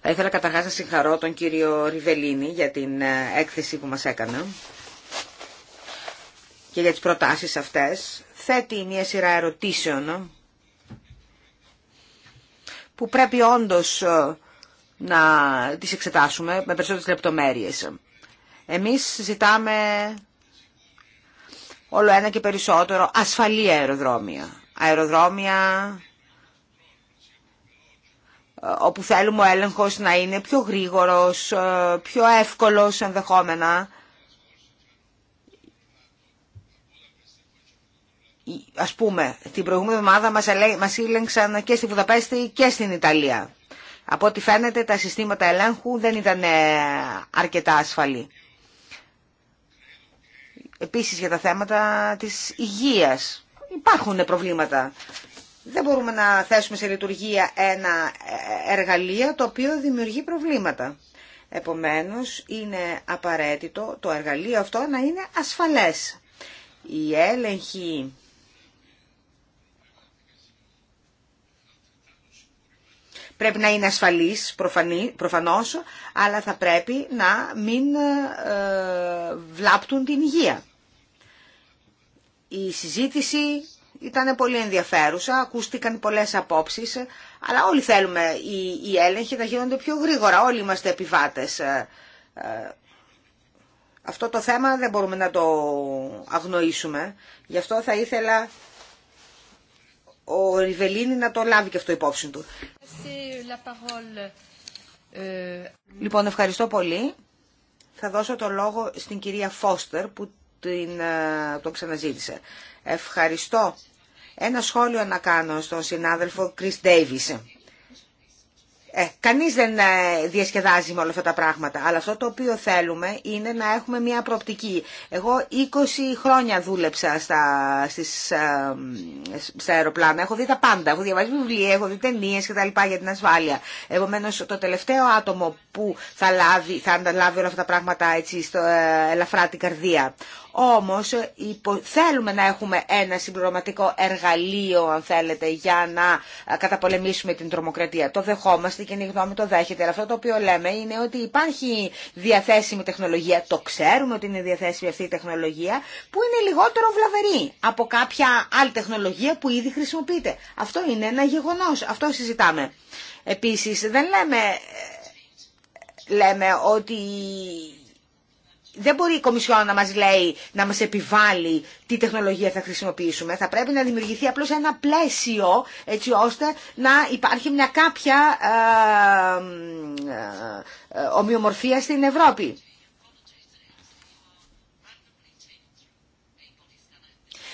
Θα ήθελα καταρχάς να συγχαρώ τον κύριο Ριβελίνη για την ε, έκθεση που μας έκανε και για τις προτάσεις αυτές. Θέτει μια σειρά ερωτήσεων ε, που πρέπει όντως ε, να τις εξετάσουμε με περισσότερες λεπτομέρειες. Εμείς ζητάμε όλο ένα και περισσότερο ασφαλή αεροδρόμια. Αεροδρόμια ε, όπου θέλουμε ο έλεγχος να είναι πιο γρήγορος, ε, πιο εύκολος ενδεχόμενα. Ας πούμε, την προηγούμενη εβδομάδα μας έλεγξαν και στη Βουδαπέστη και στην Ιταλία. Από ό,τι φαίνεται τα συστήματα ελέγχου δεν ήταν ε, αρκετά ασφαλή. Επίσης για τα θέματα της υγείας. Υπάρχουν προβλήματα. Δεν μπορούμε να θέσουμε σε λειτουργία ένα ε, εργαλείο το οποίο δημιουργεί προβλήματα. Επομένως, είναι απαραίτητο το εργαλείο αυτό να είναι ασφαλές. Η έλεγχη πρέπει να είναι ασφαλής προφανή, προφανώς, αλλά θα πρέπει να μην ε, βλάπτουν την υγεία. Η συζήτηση ήταν πολύ ενδιαφέρουσα, ακούστηκαν πολλές απόψεις, αλλά όλοι θέλουμε οι, οι έλεγχοι να γίνονται πιο γρήγορα, όλοι είμαστε επιβάτες. Ε, ε, αυτό το θέμα δεν μπορούμε να το αγνοήσουμε, γι' αυτό θα ήθελα ο Ριβελίνη να το λάβει και αυτό υπόψη του. Ε, λοιπόν, ευχαριστώ πολύ. Θα δώσω το λόγο στην κυρία Φώστερ που την, ε, τον ξαναζήτησε. Ευχαριστώ. Ένα σχόλιο να κάνω στον συνάδελφο Chris Ντέιβις. Ε, κανείς δεν ε, διασκεδάζει με όλα αυτά τα πράγματα, αλλά αυτό το οποίο θέλουμε είναι να έχουμε μια προοπτική. Εγώ 20 χρόνια δούλεψα στα, στις, ε, αεροπλάνα, έχω δει τα πάντα, έχω διαβάσει βιβλία, έχω δει ταινίε και τα λοιπά για την ασφάλεια. Επομένω, το τελευταίο άτομο που θα λάβει, θα όλα αυτά τα πράγματα έτσι ελαφρά την καρδία. Όμως θέλουμε να έχουμε ένα συμπληρωματικό εργαλείο, αν θέλετε, για να ε, καταπολεμήσουμε την τρομοκρατία. Το δεχόμαστε και η γνώμη το δέχεται. Αλλά αυτό το οποίο λέμε είναι ότι υπάρχει διαθέσιμη τεχνολογία, το ξέρουμε ότι είναι διαθέσιμη αυτή η τεχνολογία, που είναι λιγότερο βλαβερή από κάποια άλλη τεχνολογία που ήδη χρησιμοποιείται. Αυτό είναι ένα γεγονός. Αυτό συζητάμε. Επίσης, δεν λέμε, ε, λέμε ότι δεν μπορεί η Κομισιόν να μας λέει, να μας επιβάλλει τι τεχνολογία θα χρησιμοποιήσουμε. Θα πρέπει να δημιουργηθεί απλώς ένα πλαίσιο έτσι ώστε να υπάρχει μια κάποια ε, ε, ε ομοιομορφία στην Ευρώπη.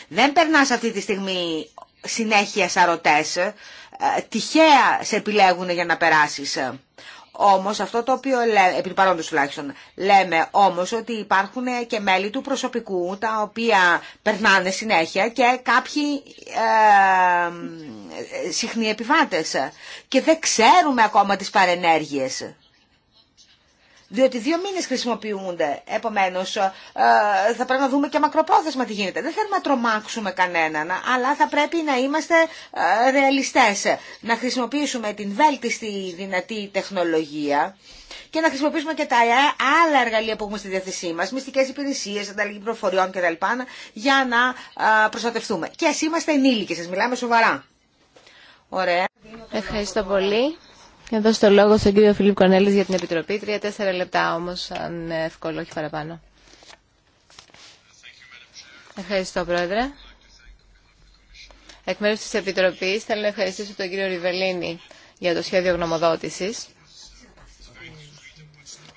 Δεν περνάς αυτή τη στιγμή συνέχεια σαρωτές, ε, τυχαία σε επιλέγουν για να περάσεις. Όμως αυτό το οποίο λέμε, επί παρόντος τουλάχιστον, λέμε όμως ότι υπάρχουν και μέλη του προσωπικού τα οποία περνάνε συνέχεια και κάποιοι ε, ε, συχνοί επιβάτες και δεν ξέρουμε ακόμα τις παρενέργειες διότι δύο μήνες χρησιμοποιούνται. Επομένως, ε, θα πρέπει να δούμε και μακροπρόθεσμα τι γίνεται. Δεν θέλουμε να τρομάξουμε κανέναν, αλλά θα πρέπει να είμαστε ε, ρεαλιστές. Να χρησιμοποιήσουμε την βέλτιστη δυνατή τεχνολογία και να χρησιμοποιήσουμε και τα ε, άλλα εργαλεία που έχουμε στη διάθεσή μα, μυστικέ υπηρεσίε, ανταλλαγή προφοριών κτλ. για να προστατευτούμε. Και α είμαστε ενήλικοι, σα μιλάμε σοβαρά. Ωραία. Ευχαριστώ πολύ να δώσω το λόγο στον κύριο Φιλίπ Κονέλης για την Επιτροπή. Τρία-τέσσερα λεπτά όμως, αν είναι εύκολο, όχι παραπάνω. Ευχαριστώ, Πρόεδρε. Εκ μέρους της Επιτροπής θέλω να ευχαριστήσω τον κύριο Ριβελίνη για το σχέδιο γνωμοδότησης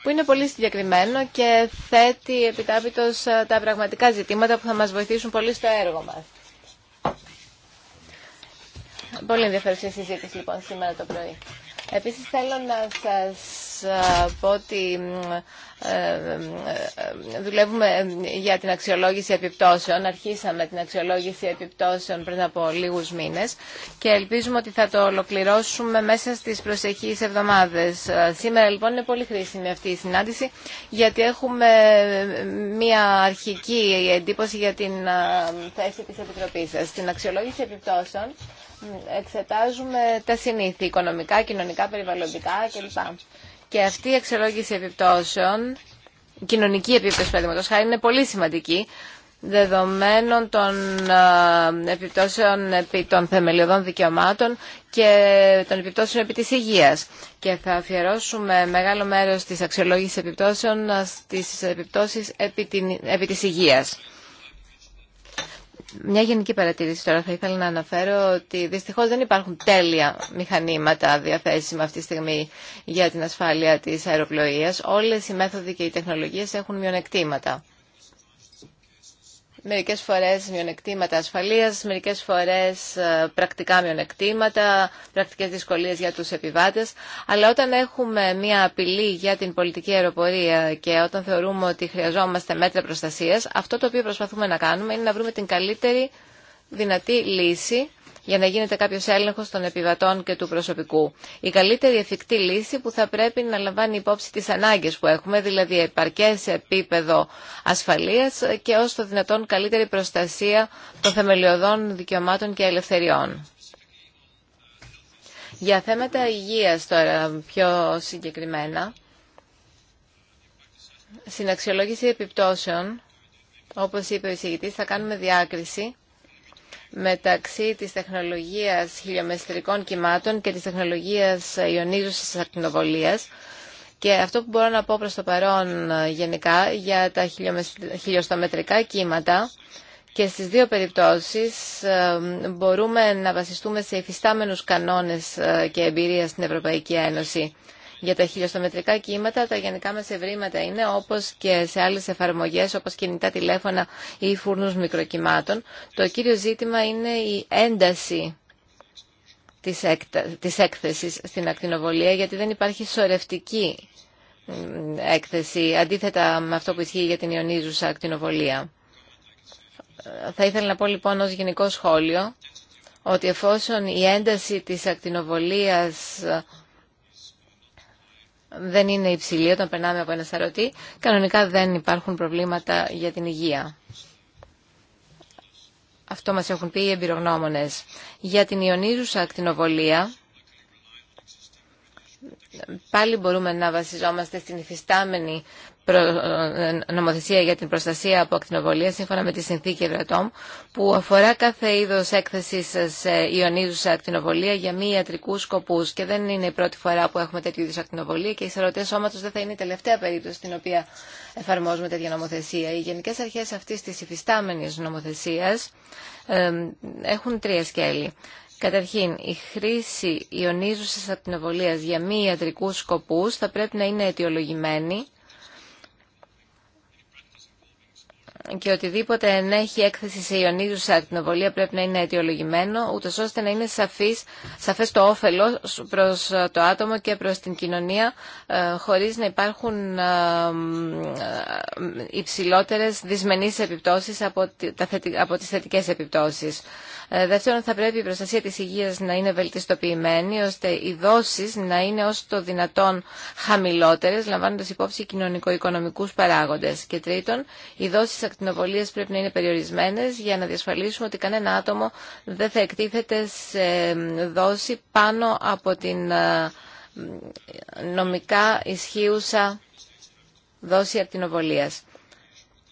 που είναι πολύ συγκεκριμένο και θέτει επιτάπητος ε, τα πραγματικά ζητήματα που θα μας βοηθήσουν πολύ στο έργο μας. Πολύ ενδιαφέρουσα συζήτηση λοιπόν σήμερα το πρωί. Επίσης θέλω να σας ε, πω ότι ε, ε, δουλεύουμε για την αξιολόγηση επιπτώσεων. Αρχίσαμε την αξιολόγηση επιπτώσεων πριν από λίγους μήνες και ελπίζουμε ότι θα το ολοκληρώσουμε μέσα στις προσεχείς εβδομάδες. Σήμερα λοιπόν είναι πολύ χρήσιμη αυτή η συνάντηση γιατί έχουμε μια αρχική εντύπωση για την θέση της Επιτροπής σας. Στην αξιολόγηση επιπτώσεων εξετάζουμε τα συνήθεια, οικονομικά, κοινωνικά, περιβαλλοντικά κλπ. Και αυτή η αξιολόγηση επιπτώσεων, κοινωνική επίπτωση παραδείγματο χάρη, είναι πολύ σημαντική δεδομένων των ε, επιπτώσεων επί των θεμελιωδών δικαιωμάτων και των επιπτώσεων επί της υγείας. Και θα αφιερώσουμε μεγάλο μέρος της αξιολόγησης επιπτώσεων στις επιπτώσεις επί, την, επί μια γενική παρατήρηση τώρα θα ήθελα να αναφέρω ότι δυστυχώς δεν υπάρχουν τέλεια μηχανήματα διαθέσιμα αυτή τη στιγμή για την ασφάλεια της αεροπλοείας. Όλες οι μέθοδοι και οι τεχνολογίες έχουν μειονεκτήματα μερικές φορές μειονεκτήματα ασφαλείας, μερικές φορές ε, πρακτικά μειονεκτήματα, πρακτικές δυσκολίες για τους επιβάτες. Αλλά όταν έχουμε μια απειλή για την πολιτική αεροπορία και όταν θεωρούμε ότι χρειαζόμαστε μέτρα προστασίας, αυτό το οποίο προσπαθούμε να κάνουμε είναι να βρούμε την καλύτερη δυνατή λύση για να γίνεται κάποιο έλεγχος των επιβατών και του προσωπικού. Η καλύτερη εφικτή λύση που θα πρέπει να λαμβάνει υπόψη τι ανάγκε που έχουμε, δηλαδή επαρκέ επίπεδο ασφαλείας και ω το δυνατόν καλύτερη προστασία των θεμελιωδών δικαιωμάτων και ελευθεριών. Για θέματα υγείας τώρα πιο συγκεκριμένα, στην αξιολόγηση επιπτώσεων, όπως είπε ο εισηγητής, θα κάνουμε διάκριση μεταξύ της τεχνολογίας χιλιομετρικών κυμάτων και της τεχνολογίας ιονίζωσης ακτινοβολίας. Και αυτό που μπορώ να πω προς το παρόν ε, γενικά για τα χιλιοστομετρικά κύματα και στις δύο περιπτώσεις ε, μπορούμε να βασιστούμε σε υφιστάμενους κανόνες ε, και εμπειρία στην Ευρωπαϊκή Ένωση. Για τα χιλιοστομετρικά κύματα τα γενικά μας ευρήματα είναι όπως και σε άλλες εφαρμογές όπως κινητά τηλέφωνα ή φούρνους μικροκυμάτων. Το κύριο ζήτημα είναι η ένταση της έκθεσης στην ακτινοβολία γιατί δεν υπάρχει σωρευτική έκθεση αντίθετα με αυτό που ισχύει για την ιονίζουσα ακτινοβολία. Θα ήθελα να πω λοιπόν ως γενικό σχόλιο ότι εφόσον η ένταση της ακτινοβολίας δεν είναι υψηλή όταν περνάμε από ένα σαρωτή, κανονικά δεν υπάρχουν προβλήματα για την υγεία. Αυτό μας έχουν πει οι εμπειρογνώμονες. Για την ιονίζουσα ακτινοβολία, πάλι μπορούμε να βασιζόμαστε στην υφιστάμενη νομοθεσία για την προστασία από ακτινοβολία σύμφωνα με τη συνθήκη Ευρατόμ που αφορά κάθε είδος έκθεσης σε ιονίζουσα ακτινοβολία για μη ιατρικούς σκοπούς και δεν είναι η πρώτη φορά που έχουμε τέτοιου είδους ακτινοβολία και οι σωματεία σώματος δεν θα είναι η τελευταία περίπτωση στην οποία εφαρμόζουμε τέτοια νομοθεσία. Οι γενικές αρχές αυτής της υφιστάμενης νομοθεσίας έχουν τρία σκέλη. Καταρχήν, η χρήση ιονίζουσας ακτινοβολίας για μη ιατρικούς σκοπούς θα πρέπει να είναι αιτιολογημένη και οτιδήποτε ενέχει έκθεση σε ιονίζουσα ακτινοβολία πρέπει να είναι αιτιολογημένο, ούτω ώστε να είναι σαφής, σαφές το όφελος προς το άτομο και προς την κοινωνία, ε, χωρίς να υπάρχουν ε, ε, υψηλότερες δυσμενείς επιπτώσεις από τις θετικές επιπτώσεις. Ε, δεύτερον, θα πρέπει η προστασία της υγείας να είναι βελτιστοποιημένη, ώστε οι δόσεις να είναι όσο το δυνατόν χαμηλότερες, λαμβάνοντας υπόψη κοινωνικο-οικονομικούς παράγοντες. Και τρίτον, οι δόσεις ακτινοβολίας πρέπει να είναι περιορισμένες για να διασφαλίσουμε ότι κανένα άτομο δεν θα εκτίθεται σε δόση πάνω από την ε, νομικά ισχύουσα δόση ακτινοβολίας.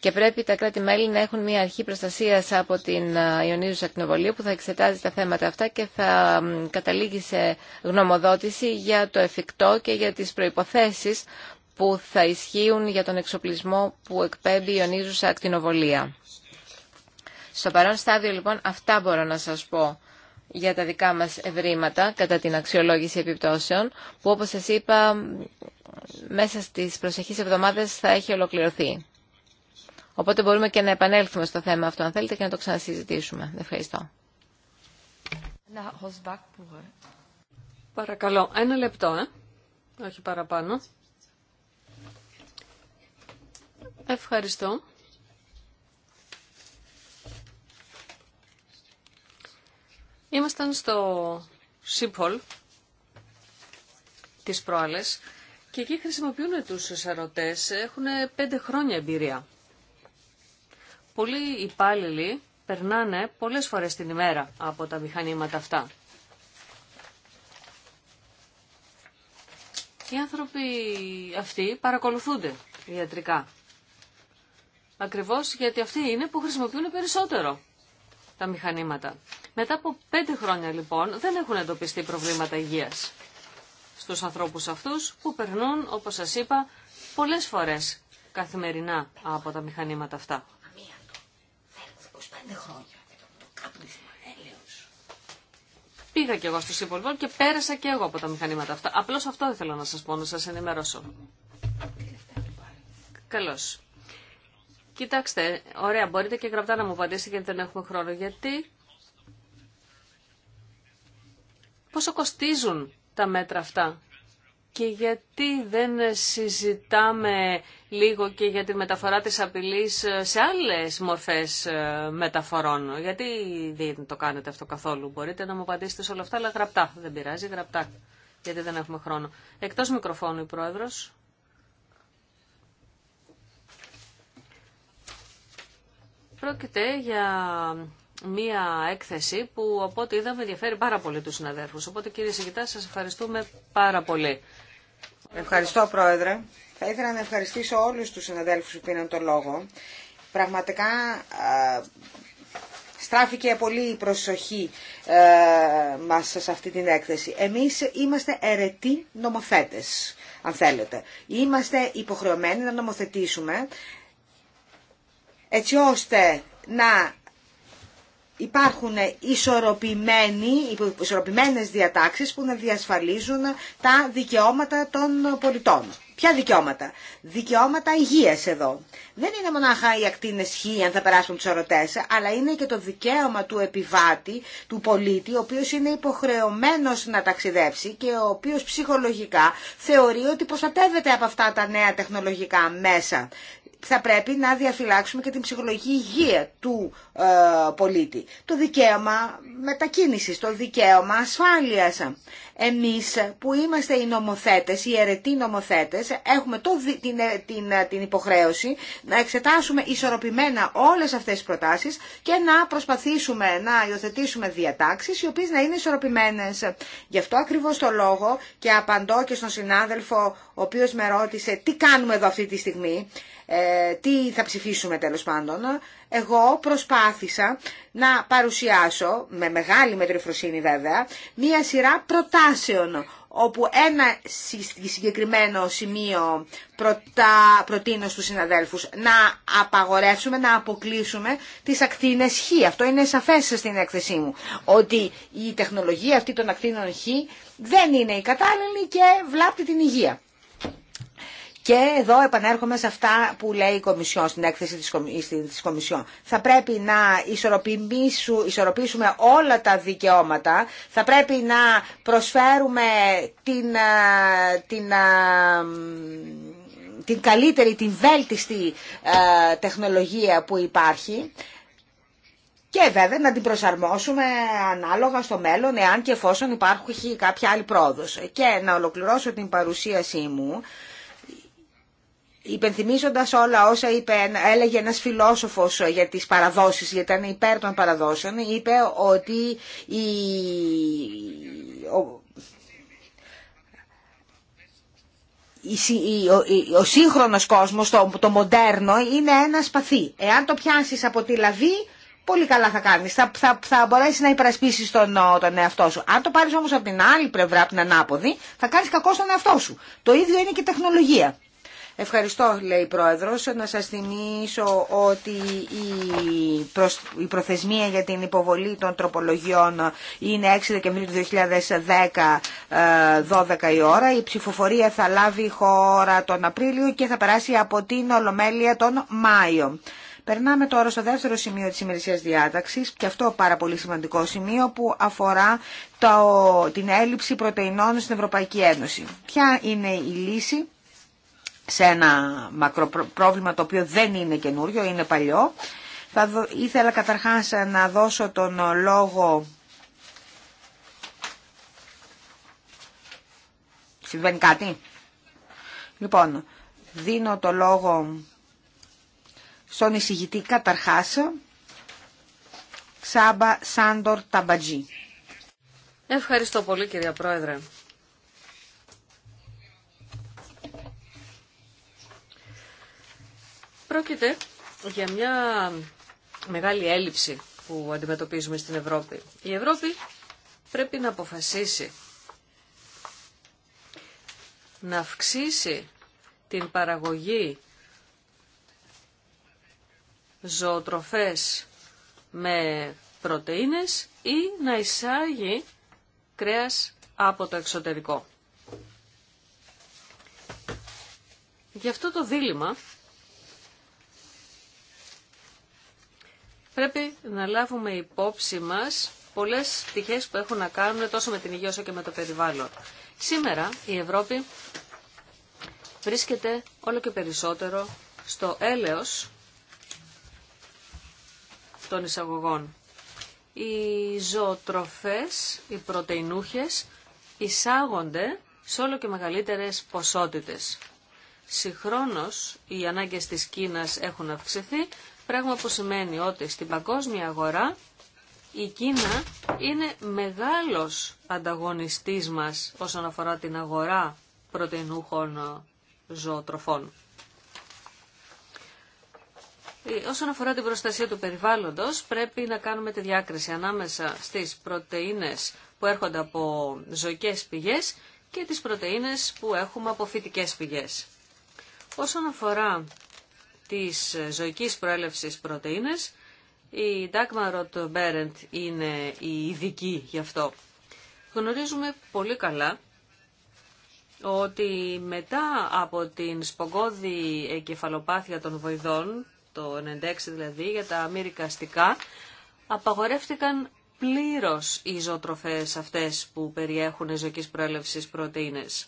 Και πρέπει τα κράτη-μέλη να έχουν μια αρχή προστασία από την ε, ιονίζουσα Ακτινοβολία που θα εξετάζει τα θέματα αυτά και θα καταλήγει σε γνωμοδότηση για το εφικτό και για τι προποθέσει που θα ισχύουν για τον εξοπλισμό που εκπέμπει η ιονίζουσα Ακτινοβολία. Στο παρόν στάδιο λοιπόν αυτά μπορώ να σας πω για τα δικά μας ευρήματα κατά την αξιολόγηση επιπτώσεων που όπως σας είπα μέσα στις προσεχείς εβδομάδες θα έχει ολοκληρωθεί. Οπότε μπορούμε και να επανέλθουμε στο θέμα αυτό, αν θέλετε, και να το ξανασυζητήσουμε. Ευχαριστώ. Παρακαλώ, ένα λεπτό, ε. όχι παραπάνω. Ευχαριστώ. Ήμασταν στο ΣΥΠΟΛ τις προάλλες και εκεί χρησιμοποιούν τους σαρωτές, έχουν πέντε χρόνια εμπειρία. Πολλοί υπάλληλοι περνάνε πολλές φορές την ημέρα από τα μηχανήματα αυτά. Οι άνθρωποι αυτοί παρακολουθούνται ιατρικά. Ακριβώς γιατί αυτοί είναι που χρησιμοποιούν περισσότερο τα μηχανήματα. Μετά από πέντε χρόνια λοιπόν δεν έχουν εντοπιστεί προβλήματα υγείας στους ανθρώπους αυτούς που περνούν, όπως σας είπα, πολλές φορές καθημερινά από τα μηχανήματα αυτά. Πέντε χρόνια. Πήγα κι εγώ στο Σιμπολβόλ και πέρασα κι εγώ από τα μηχανήματα αυτά. Απλώς αυτό δεν θέλω να σας πω, να σας ενημερώσω. Καλώς. Κοιτάξτε, ωραία, μπορείτε και γραπτά να μου απαντήσετε γιατί δεν έχουμε χρόνο. Γιατί πόσο κοστίζουν τα μέτρα αυτά και γιατί δεν συζητάμε λίγο και για τη μεταφορά της απειλής σε άλλες μορφές ε, μεταφορών. Γιατί δεν το κάνετε αυτό καθόλου. Μπορείτε να μου απαντήσετε σε όλα αυτά, αλλά γραπτά. Δεν πειράζει, γραπτά. Γιατί δεν έχουμε χρόνο. Εκτός μικροφώνου η Πρόεδρος. Πρόκειται για μία έκθεση που από ό,τι είδαμε ενδιαφέρει πάρα πολύ τους συναδέρφους. Οπότε κύριε Σιγητά σας ευχαριστούμε πάρα πολύ. Ευχαριστώ Πρόεδρε. Θα ήθελα να ευχαριστήσω όλους τους συναδέλφους που πήραν το λόγο. Πραγματικά στράφηκε πολύ η προσοχή ε, μας σε αυτή την έκθεση. Εμείς είμαστε αιρετοί νομοθέτες, αν θέλετε. Είμαστε υποχρεωμένοι να νομοθετήσουμε έτσι ώστε να υπάρχουν ισορροπημένες διατάξεις που να διασφαλίζουν τα δικαιώματα των πολιτών. Ποια δικαιώματα. Δικαιώματα υγείας εδώ. Δεν είναι μονάχα οι ακτίνες χ αν θα περάσουν τους ορωτέ, αλλά είναι και το δικαίωμα του επιβάτη, του πολίτη, ο οποίος είναι υποχρεωμένος να ταξιδέψει και ο οποίος ψυχολογικά θεωρεί ότι προστατεύεται από αυτά τα νέα τεχνολογικά μέσα θα πρέπει να διαφυλάξουμε και την ψυχολογική υγεία του ε, πολίτη. Το δικαίωμα μετακίνησης, το δικαίωμα ασφάλειας. Εμείς που είμαστε οι νομοθέτες, οι αιρετοί νομοθέτες, έχουμε το, την, ε, την, ε, την υποχρέωση να εξετάσουμε ισορροπημένα όλες αυτές τις προτάσεις και να προσπαθήσουμε να υιοθετήσουμε διατάξεις οι οποίες να είναι ισορροπημένες. Γι' αυτό ακριβώς το λόγο και απαντώ και στον συνάδελφο ο οποίος με ρώτησε τι κάνουμε εδώ αυτή τη στιγμή. Ε, τι θα ψηφίσουμε τέλος πάντων. Εγώ προσπάθησα να παρουσιάσω, με μεγάλη μετριοφροσύνη βέβαια, μία σειρά προτάσεων όπου ένα συγκεκριμένο σημείο προτα... προτείνω στους συναδέλφους να απαγορεύσουμε, να αποκλείσουμε τις ακτίνες Χ. Αυτό είναι σαφές στην έκθεσή μου, ότι η τεχνολογία αυτή των ακτίνων Χ δεν είναι η κατάλληλη και βλάπτει την υγεία. Και εδώ επανέρχομαι σε αυτά που λέει η Κομισιόν, στην έκθεση της Κομισιόν. Θα πρέπει να ισορροπήσουμε όλα τα δικαιώματα, θα πρέπει να προσφέρουμε την, ε, ε, την καλύτερη, την βέλτιστη ε, τεχνολογία που υπάρχει και βέβαια να την προσαρμόσουμε ανάλογα στο μέλλον, εάν και εφόσον υπάρχει κάποια άλλη πρόοδος. Και να ολοκληρώσω την παρουσίασή μου Υπενθυμίζοντα όλα όσα είπε, έλεγε ένα φιλόσοφος για τις παραδόσεις, γιατί ήταν υπέρ των παραδόσεων, είπε ότι η... ο... ο σύγχρονος κόσμος, το, μοντέρνο, είναι ένα σπαθί. Εάν το πιάσεις από τη λαβή, πολύ καλά θα κάνεις. Θα, θα, μπορέσεις να υπερασπίσεις τον, τον εαυτό σου. Αν το πάρεις όμως από την άλλη πλευρά, από την ανάποδη, θα κάνεις κακό στον εαυτό σου. Το ίδιο είναι και η τεχνολογία. Ευχαριστώ, λέει η Πρόεδρος. Να σας θυμίσω ότι η προθεσμία για την υποβολή των τροπολογιών είναι 6 Δεκεμβρίου του 2010, 12 ε, η ώρα. Η ψηφοφορία θα λάβει χώρα τον Απρίλιο και θα περάσει από την Ολομέλεια τον Μάιο. Περνάμε τώρα στο δεύτερο σημείο της ημερησίας διάταξης και αυτό πάρα πολύ σημαντικό σημείο που αφορά το, την έλλειψη πρωτεϊνών στην Ευρωπαϊκή Ένωση. Ποια είναι η λύση σε ένα μακροπρόβλημα το οποίο δεν είναι καινούριο, είναι παλιό. Θα ήθελα καταρχάς να δώσω τον λόγο... Συμβαίνει κάτι. Λοιπόν, δίνω το λόγο στον εισηγητή καταρχάς, Ξάμπα Σάντορ Ταμπατζή. Ευχαριστώ πολύ κυρία Πρόεδρε. Πρόκειται για μια μεγάλη έλλειψη που αντιμετωπίζουμε στην Ευρώπη. Η Ευρώπη πρέπει να αποφασίσει να αυξήσει την παραγωγή ζωοτροφές με πρωτεΐνες ή να εισάγει κρέας από το εξωτερικό. Γι' αυτό το δίλημα Πρέπει να λάβουμε υπόψη μας πολλές πτυχέ που έχουν να κάνουν τόσο με την υγεία όσο και με το περιβάλλον. Σήμερα η Ευρώπη βρίσκεται όλο και περισσότερο στο έλεος των εισαγωγών. Οι ζωοτροφές, οι πρωτεϊνούχες, εισάγονται σε όλο και μεγαλύτερες ποσότητες. Συγχρόνως οι ανάγκες της Κίνας έχουν αυξηθεί Πράγμα που σημαίνει ότι στην παγκόσμια αγορά η Κίνα είναι μεγάλος ανταγωνιστής μας όσον αφορά την αγορά πρωτεϊνούχων ζωοτροφών. Ε, όσον αφορά την προστασία του περιβάλλοντος, πρέπει να κάνουμε τη διάκριση ανάμεσα στις πρωτεΐνες που έρχονται από ζωικές πηγές και τις πρωτεΐνες που έχουμε από φυτικές πηγές. Όσον αφορά της ζωικής προέλευσης πρωτεΐνες. Η Dagmarot Μπέρεντ είναι η ειδική γι' αυτό. Γνωρίζουμε πολύ καλά ότι μετά από την σπογκώδη κεφαλοπάθεια των βοηδών, το 96 δηλαδή, για τα μυρικαστικά, απαγορεύτηκαν πλήρως οι ζωοτροφές αυτές που περιέχουν ζωικής προέλευσης πρωτεΐνες.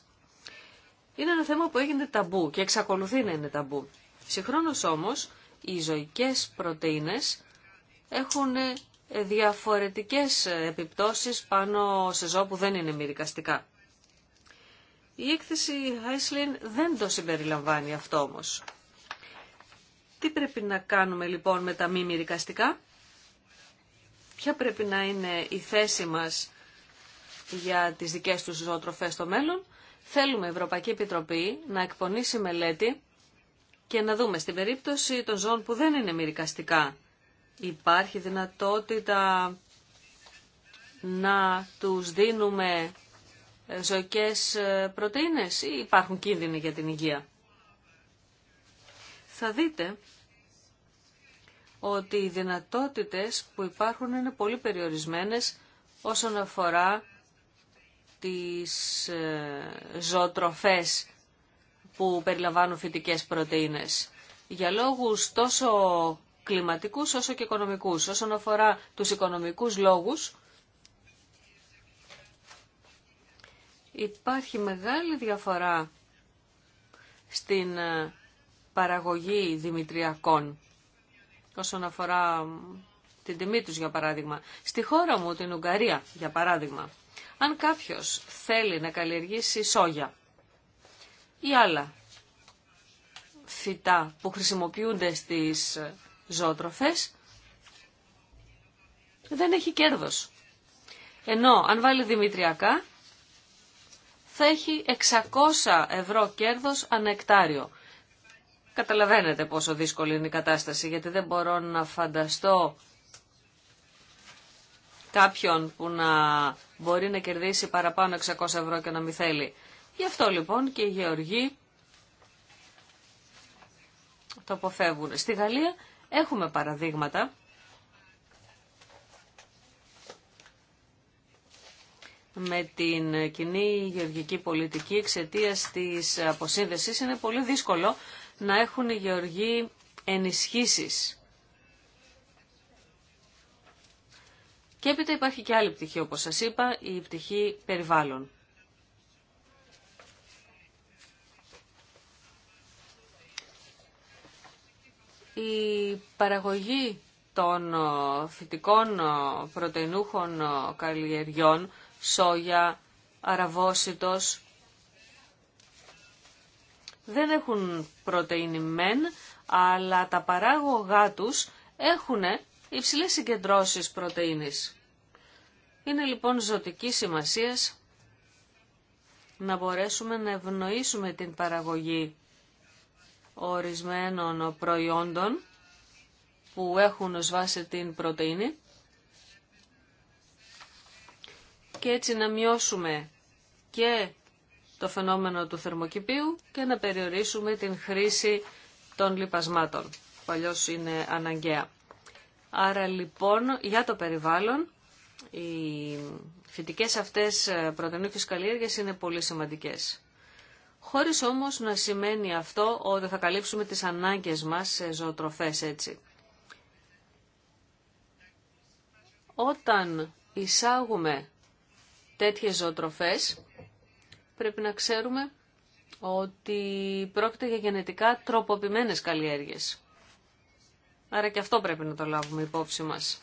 Είναι ένα θέμα που έγινε ταμπού και εξακολουθεί να είναι ταμπού. Συγχρόνως όμως, οι ζωικές πρωτεΐνες έχουν ε, διαφορετικές ε, επιπτώσεις πάνω σε ζώα που δεν είναι μυρικαστικά. Η έκθεση Χάισλιν δεν το συμπεριλαμβάνει αυτό όμως. Τι πρέπει να κάνουμε λοιπόν με τα μη μυρικαστικά? Ποια πρέπει να είναι η θέση μας για τις δικές τους ζωοτροφές στο μέλλον? Θέλουμε η Ευρωπαϊκή Επιτροπή να εκπονήσει μελέτη και να δούμε στην περίπτωση των ζώων που δεν είναι μυρικαστικά υπάρχει δυνατότητα να τους δίνουμε ε, ζωικές ε, πρωτεΐνες ή υπάρχουν κίνδυνοι για την υγεία. Θα δείτε ότι οι δυνατότητες που υπάρχουν είναι πολύ περιορισμένες όσον αφορά τις ε, ζωοτροφές που περιλαμβάνουν φυτικές πρωτεΐνες. Για λόγους τόσο κλιματικούς όσο και οικονομικούς. Όσον αφορά τους οικονομικούς λόγους, υπάρχει μεγάλη διαφορά στην ε, παραγωγή δημητριακών όσον αφορά την τιμή τους για παράδειγμα. Στη χώρα μου, την Ουγγαρία για παράδειγμα, αν κάποιος θέλει να καλλιεργήσει σόγια ή άλλα φυτά που χρησιμοποιούνται στις ζώτροφες δεν έχει κέρδος. Ενώ αν βάλει δημητριακά θα έχει 600 ευρώ κέρδος ανά εκτάριο. Καταλαβαίνετε πόσο δύσκολη είναι η κατάσταση γιατί δεν εχει κερδος ενω αν βαλει δημητριακα θα εχει 600 ευρω κερδος ανεκτάριο. καταλαβαινετε ποσο δυσκολη ειναι η κατασταση γιατι δεν μπορω να φανταστώ κάποιον που να μπορεί να κερδίσει παραπάνω 600 ευρώ και να μην θέλει. Γι' αυτό λοιπόν και οι γεωργοί το αποφεύγουν. Στη Γαλλία έχουμε παραδείγματα με την κοινή γεωργική πολιτική εξαιτία της αποσύνδεσης είναι πολύ δύσκολο να έχουν οι γεωργοί ενισχύσεις. Και έπειτα υπάρχει και άλλη πτυχή όπως σας είπα, η πτυχή περιβάλλον. η παραγωγή των ε, φυτικών ε, πρωτεϊνούχων ε, καλλιεργιών, σόγια, αραβόσιτος, δεν έχουν πρωτεΐνη μεν, αλλά τα παράγωγά τους έχουν υψηλές συγκεντρώσεις πρωτεΐνης. Είναι λοιπόν ζωτική σημασία να μπορέσουμε να ευνοήσουμε την παραγωγή ορισμένων προϊόντων που έχουν ως βάση την πρωτεΐνη και έτσι να μειώσουμε και το φαινόμενο του θερμοκηπίου και να περιορίσουμε την χρήση των λιπασμάτων, που αλλιώς είναι αναγκαία. Άρα λοιπόν για το περιβάλλον οι φυτικές αυτές ε, πρωτενούχες καλλιέργειες είναι πολύ σημαντικές χωρίς όμως να σημαίνει αυτό ότι θα καλύψουμε τις ανάγκες μας σε ζωοτροφές έτσι. Όταν εισάγουμε τέτοιες ζωοτροφές, πρέπει να ξέρουμε ότι πρόκειται για γενετικά τροποποιημένες καλλιέργειες. Άρα και αυτό πρέπει να το λάβουμε υπόψη μας.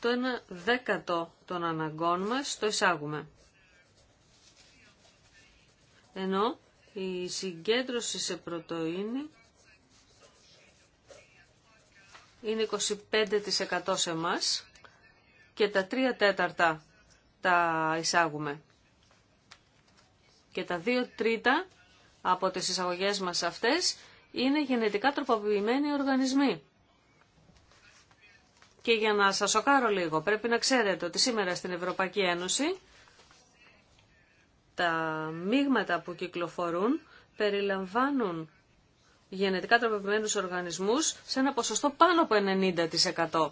Το ένα δέκατο των αναγκών μας το εισάγουμε ενώ η συγκέντρωση σε πρωτοΐνη είναι 25% σε εμά και τα 3 τέταρτα τα εισάγουμε. Και τα 2 τρίτα από τις εισαγωγές μας αυτές είναι γενετικά τροποποιημένοι οργανισμοί. Και για να σας σοκάρω λίγο, πρέπει να ξέρετε ότι σήμερα στην Ευρωπαϊκή Ένωση τα μείγματα που κυκλοφορούν περιλαμβάνουν γενετικά τροποποιημένους οργανισμούς σε ένα ποσοστό πάνω από 90%.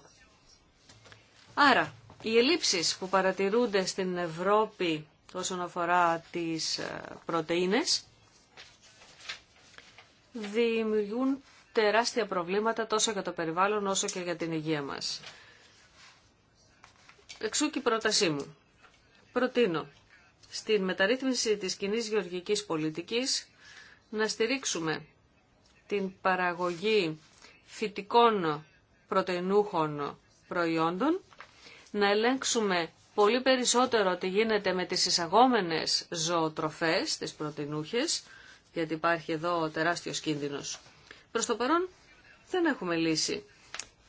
Άρα, οι ελλείψεις που παρατηρούνται στην Ευρώπη όσον αφορά τις ε, πρωτεΐνες δημιουργούν τεράστια προβλήματα τόσο για το περιβάλλον όσο και για την υγεία μας. Εξού και η πρότασή μου. Προτείνω στην μεταρρύθμιση της κοινή γεωργικής πολιτικής να στηρίξουμε την παραγωγή φυτικών πρωτεϊνούχων προϊόντων, να ελέγξουμε πολύ περισσότερο τι γίνεται με τις εισαγόμενες ζωοτροφές, τις πρωτεϊνούχες, γιατί υπάρχει εδώ τεράστιος κίνδυνος. Προς το παρόν δεν έχουμε λύση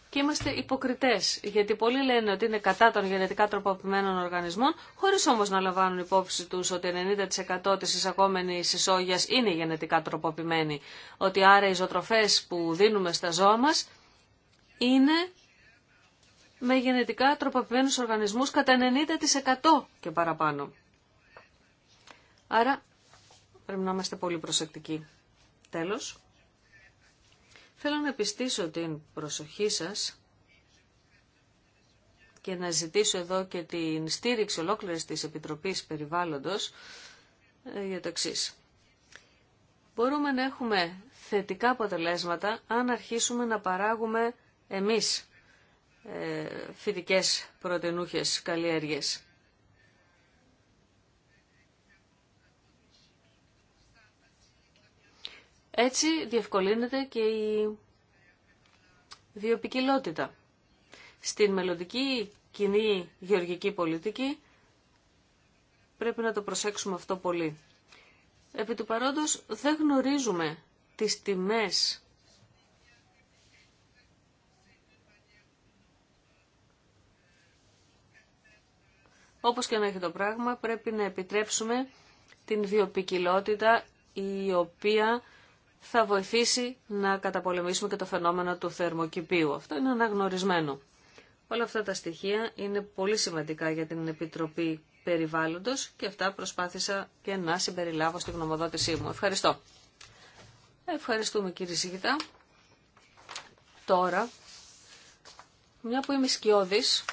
και είμαστε υποκριτές, γιατί πολλοί λένε ότι είναι κατά των γενετικά τροποποιημένων οργανισμών, χωρίς όμως να λαμβάνουν υπόψη τους ότι 90% τη εισακόμενη εισόγεια είναι γενετικά τροποποιημένη, ότι άρα οι ζωοτροφές που δίνουμε στα ζώα μας είναι με γενετικά τροποποιημένους οργανισμούς κατά 90% και παραπάνω. Άρα πρέπει να είμαστε πολύ προσεκτικοί. Τέλος. Θέλω να επιστήσω την προσοχή σας και να ζητήσω εδώ και την στήριξη ολόκληρης της Επιτροπής Περιβάλλοντος ε, για το εξή. Μπορούμε να έχουμε θετικά αποτελέσματα αν αρχίσουμε να παράγουμε εμείς ε, φυτικές πρωτενούχες καλλιέργειες. Έτσι διευκολύνεται και η βιοπικιλότητα. Στην μελλοντική κοινή γεωργική πολιτική πρέπει να το προσέξουμε αυτό πολύ. Επί του παρόντος δεν γνωρίζουμε τις τιμές Όπως και να έχει το πράγμα, πρέπει να επιτρέψουμε την βιοπικιλότητα η οποία θα βοηθήσει να καταπολεμήσουμε και το φαινόμενο του θερμοκηπίου. Αυτό είναι αναγνωρισμένο. Όλα αυτά τα στοιχεία είναι πολύ σημαντικά για την Επιτροπή Περιβάλλοντος και αυτά προσπάθησα και να συμπεριλάβω στη γνωμοδότησή μου. Ευχαριστώ. Ευχαριστούμε κύριε Σιγητά. Τώρα, μια που είμαι σκιώδης,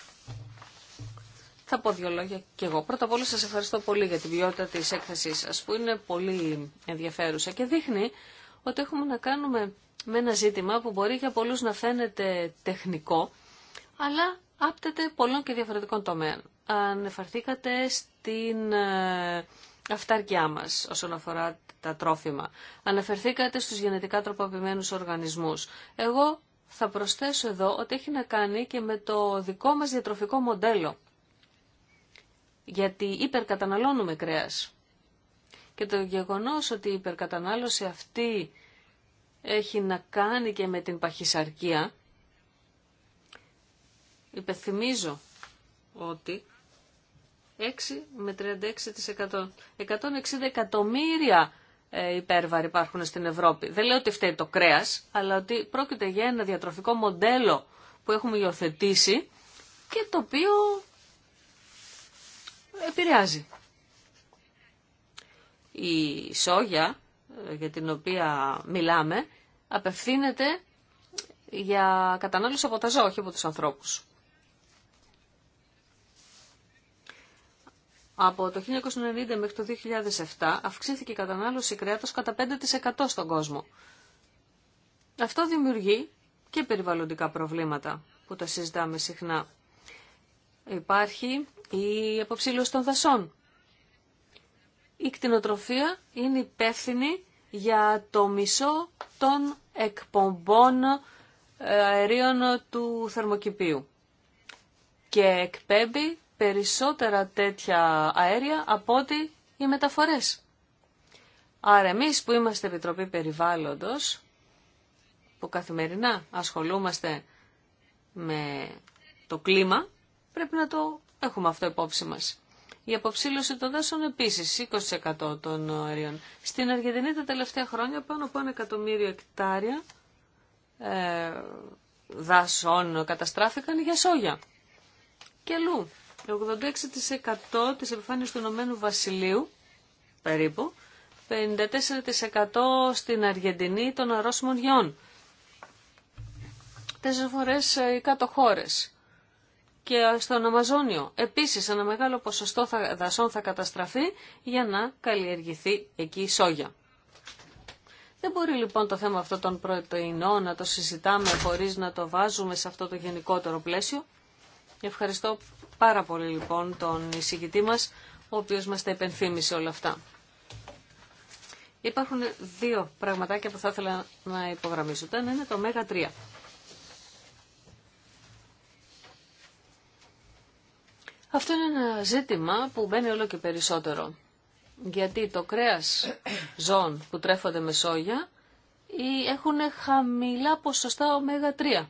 θα πω δύο λόγια και εγώ. Πρώτα απ' όλα σας ευχαριστώ πολύ για την ποιότητα της έκθεσής σας που είναι πολύ ενδιαφέρουσα και δείχνει ότι έχουμε να κάνουμε με ένα ζήτημα που μπορεί για πολλούς να φαίνεται τεχνικό, αλλά άπτεται πολλών και διαφορετικών τομέων. Αναφερθήκατε στην ε, αυτάρκειά μας όσον αφορά τα τρόφιμα. Αναφερθήκατε στους γενετικά τροποποιημένους οργανισμούς. Εγώ θα προσθέσω εδώ ότι έχει να κάνει και με το δικό μας διατροφικό μοντέλο. Γιατί υπερκαταναλώνουμε κρέας. Και το γεγονός ότι η υπερκατανάλωση αυτή έχει να κάνει και με την παχυσαρκία, υπενθυμίζω ότι 6 με 36%. 160 εκατομμύρια ε, υπέρβαροι υπάρχουν στην Ευρώπη. Δεν λέω ότι φταίει το κρέας, αλλά ότι πρόκειται για ένα διατροφικό μοντέλο που έχουμε υιοθετήσει και το οποίο επηρεάζει η σόγια ε, για την οποία μιλάμε απευθύνεται για κατανάλωση από τα ζώα, όχι από τους ανθρώπους. Από το 1990 μέχρι το 2007 αυξήθηκε η κατανάλωση κρέατος κατά 5% στον κόσμο. Αυτό δημιουργεί και περιβαλλοντικά προβλήματα που τα συζητάμε συχνά. Υπάρχει η αποψήλωση των δασών η κτηνοτροφία είναι υπεύθυνη για το μισό των εκπομπών ε, αερίων του θερμοκηπίου και εκπέμπει περισσότερα τέτοια αέρια από ότι οι μεταφορές. Άρα εμείς που είμαστε Επιτροπή Περιβάλλοντος, που καθημερινά ασχολούμαστε με το κλίμα, πρέπει να το έχουμε αυτό υπόψη μας. Η αποψήλωση των δάσων επίση 20% των αερίων. Στην Αργεντινή τα τελευταία χρόνια πάνω από ένα εκατομμύριο εκτάρια ε, δάσων καταστράφηκαν για σόγια. Και αλλού 86% της επιφάνειας του Ηνωμένου Βασιλείου περίπου 54% στην Αργεντινή των αρρώσιμων γιών. Τέσσερις φορές ε, οι κάτω χώρες και στον Αμαζόνιο. Επίσης ένα μεγάλο ποσοστό δασών θα καταστραφεί για να καλλιεργηθεί εκεί η σόγια. Δεν μπορεί λοιπόν το θέμα αυτό των πρωτεϊνών να το συζητάμε χωρίς να το βάζουμε σε αυτό το γενικότερο πλαίσιο. Ευχαριστώ πάρα πολύ λοιπόν τον εισηγητή μας, ο οποίος μας τα υπενθύμησε όλα αυτά. Υπάρχουν δύο πραγματάκια που θα ήθελα να υπογραμμίσω. Το ένα είναι το ΜΕΓΑ Αυτό είναι ένα ζήτημα που μπαίνει όλο και περισσότερο. Γιατί το κρέας ζώων που τρέφονται με σόγια έχουν χαμηλά ποσοστά ποσοστά 3.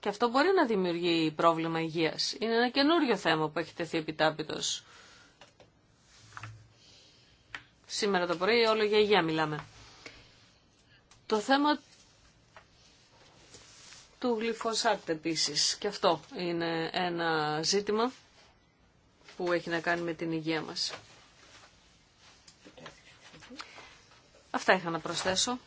Και αυτό μπορεί να δημιουργεί πρόβλημα υγείας. Είναι ένα καινούριο θέμα που έχει τεθεί επιτάπητος. Σήμερα το πρωί όλο για υγεία μιλάμε. Το θέμα του γλυφοσάτ επίσης. Και αυτό είναι ένα ζήτημα που έχει να κάνει με την υγεία μας. Αυτά είχα να προσθέσω.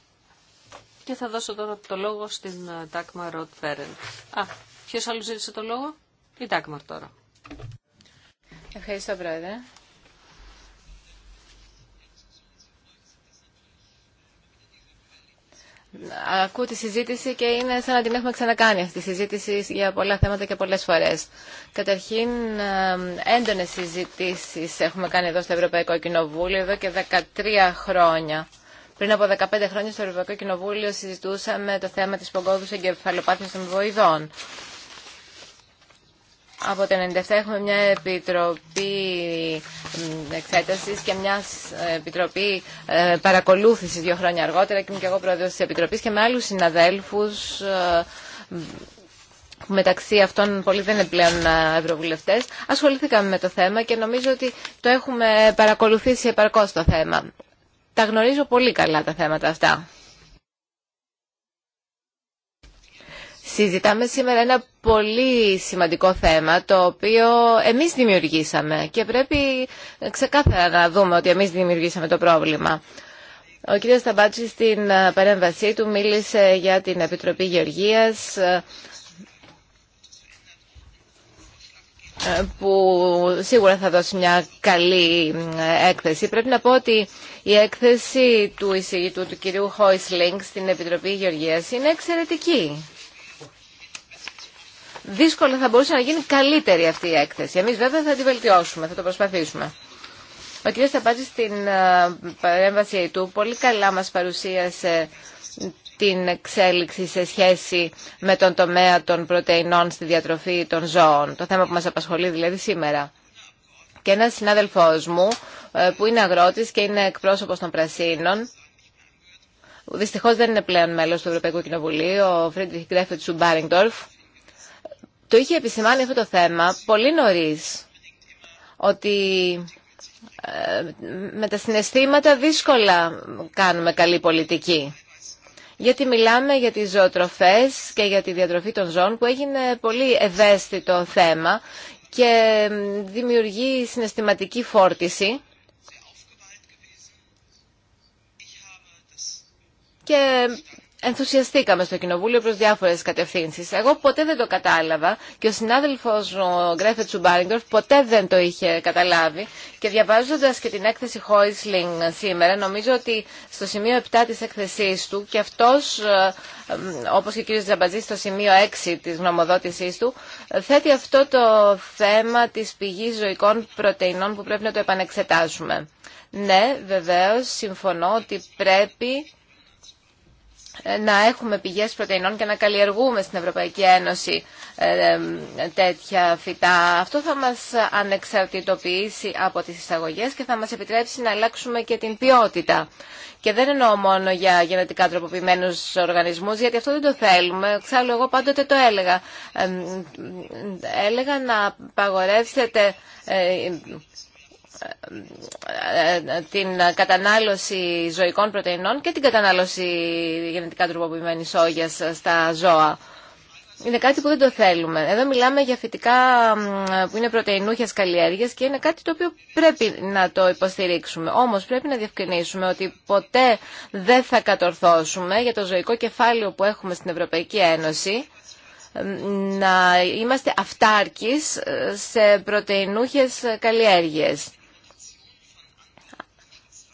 Και θα δώσω τώρα το λόγο στην Τάκμα Ροτ Πέρεν. Α, ποιος άλλος ζήτησε το λόγο? Η Τάκμαρ τώρα. Ευχαριστώ, Πρόεδρε. ακούω τη συζήτηση και είναι σαν να την έχουμε ξανακάνει αυτή τη συζήτηση για πολλά θέματα και πολλές φορές. Καταρχήν, έντονες συζητήσεις έχουμε κάνει εδώ στο Ευρωπαϊκό Κοινοβούλιο εδώ και 13 χρόνια. Πριν από 15 χρόνια στο Ευρωπαϊκό Κοινοβούλιο συζητούσαμε το θέμα της πογκόδους εγκεφαλοπάθειας των βοηδών. Από το 1997 έχουμε μια επιτροπή εξέτασης και μια ε, επιτροπή ε, παρακολούθησης δύο χρόνια αργότερα και είμαι και εγώ πρόεδρος της επιτροπής και με άλλους συναδέλφους ε, μεταξύ αυτών πολλοί δεν είναι πλέον ευρωβουλευτέ, ασχοληθήκαμε με το θέμα και νομίζω ότι το έχουμε παρακολουθήσει επαρκώ το θέμα. Τα γνωρίζω πολύ καλά τα θέματα αυτά. Συζητάμε σήμερα ένα πολύ σημαντικό θέμα το οποίο εμείς δημιουργήσαμε και πρέπει ξεκάθαρα να δούμε ότι εμείς δημιουργήσαμε το πρόβλημα. Ο κ. Σταμπάτσης στην ε, παρέμβασή του μίλησε για την Επιτροπή Γεωργίας ε, ε, που σίγουρα θα δώσει μια καλή έκθεση. Πρέπει να πω ότι η έκθεση του εισηγητού του κυρίου Χόισλινγκ στην Επιτροπή Γεωργίας είναι εξαιρετική δύσκολα θα μπορούσε να γίνει καλύτερη αυτή η έκθεση. Εμείς βέβαια θα τη βελτιώσουμε, θα το προσπαθήσουμε. Ο κ. Σταπάτζης στην ε, παρέμβαση του πολύ καλά μας παρουσίασε την εξέλιξη σε σχέση με τον τομέα των πρωτεϊνών στη διατροφή των ζώων. Το θέμα που μας απασχολεί δηλαδή σήμερα. Και ένας συνάδελφός μου ε, που είναι αγρότης και είναι εκπρόσωπος των Πρασίνων Δυστυχώς δεν είναι πλέον μέλος του Ευρωπαϊκού Κοινοβουλίου, ο Φρίντριχ Γκρέφετ Σουμπάρινγκτορφ. Το είχε επισημάνει αυτό το θέμα πολύ νωρίς, ότι ε, με τα συναισθήματα δύσκολα κάνουμε καλή πολιτική. Γιατί μιλάμε για τις ζωοτροφές και για τη διατροφή των ζώων που έγινε πολύ ευαίσθητο θέμα και δημιουργεί συναισθηματική φόρτιση. Και ενθουσιαστήκαμε στο Κοινοβούλιο προς διάφορες κατευθύνσεις. Εγώ ποτέ δεν το κατάλαβα και ο συνάδελφος ο Γκρέφε Τσουμπάριγκορφ ποτέ δεν το είχε καταλάβει και διαβάζοντας και την έκθεση Χόισλινγκ σήμερα νομίζω ότι στο σημείο 7 της έκθεσής του και αυτός ε, ε, όπως και ο κ. Τζαμπατζής στο σημείο 6 της γνωμοδότησής του ε, θέτει αυτό το θέμα της πηγής ζωικών πρωτεϊνών που πρέπει να το επανεξετάσουμε. Ναι, βεβαίως, συμφωνώ ότι πρέπει ε, να έχουμε πηγές πρωτεϊνών και να καλλιεργούμε στην Ευρωπαϊκή Ένωση ε, τέτοια φυτά. Αυτό θα μας ανεξαρτητοποιήσει από τις εισαγωγές και θα μας επιτρέψει να αλλάξουμε και την ποιότητα. Και δεν εννοώ μόνο για γενετικά τροποποιημένους οργανισμούς, γιατί αυτό δεν το θέλουμε. Ξάλλου εγώ πάντοτε το έλεγα. Έλεγα να απαγορεύσετε ε, την κατανάλωση ζωικών πρωτεϊνών και την κατανάλωση γενετικά τροποποιημένη σόγια στα ζώα. Είναι κάτι που δεν το θέλουμε. Εδώ μιλάμε για φυτικά που είναι πρωτεϊνούχες καλλιέργειε και είναι κάτι το οποίο πρέπει να το υποστηρίξουμε. Όμω πρέπει να διευκρινίσουμε ότι ποτέ δεν θα κατορθώσουμε για το ζωικό κεφάλαιο που έχουμε στην Ευρωπαϊκή Ένωση να είμαστε αυτάρκεις ε, σε πρωτεϊνούχες καλλιέργειες.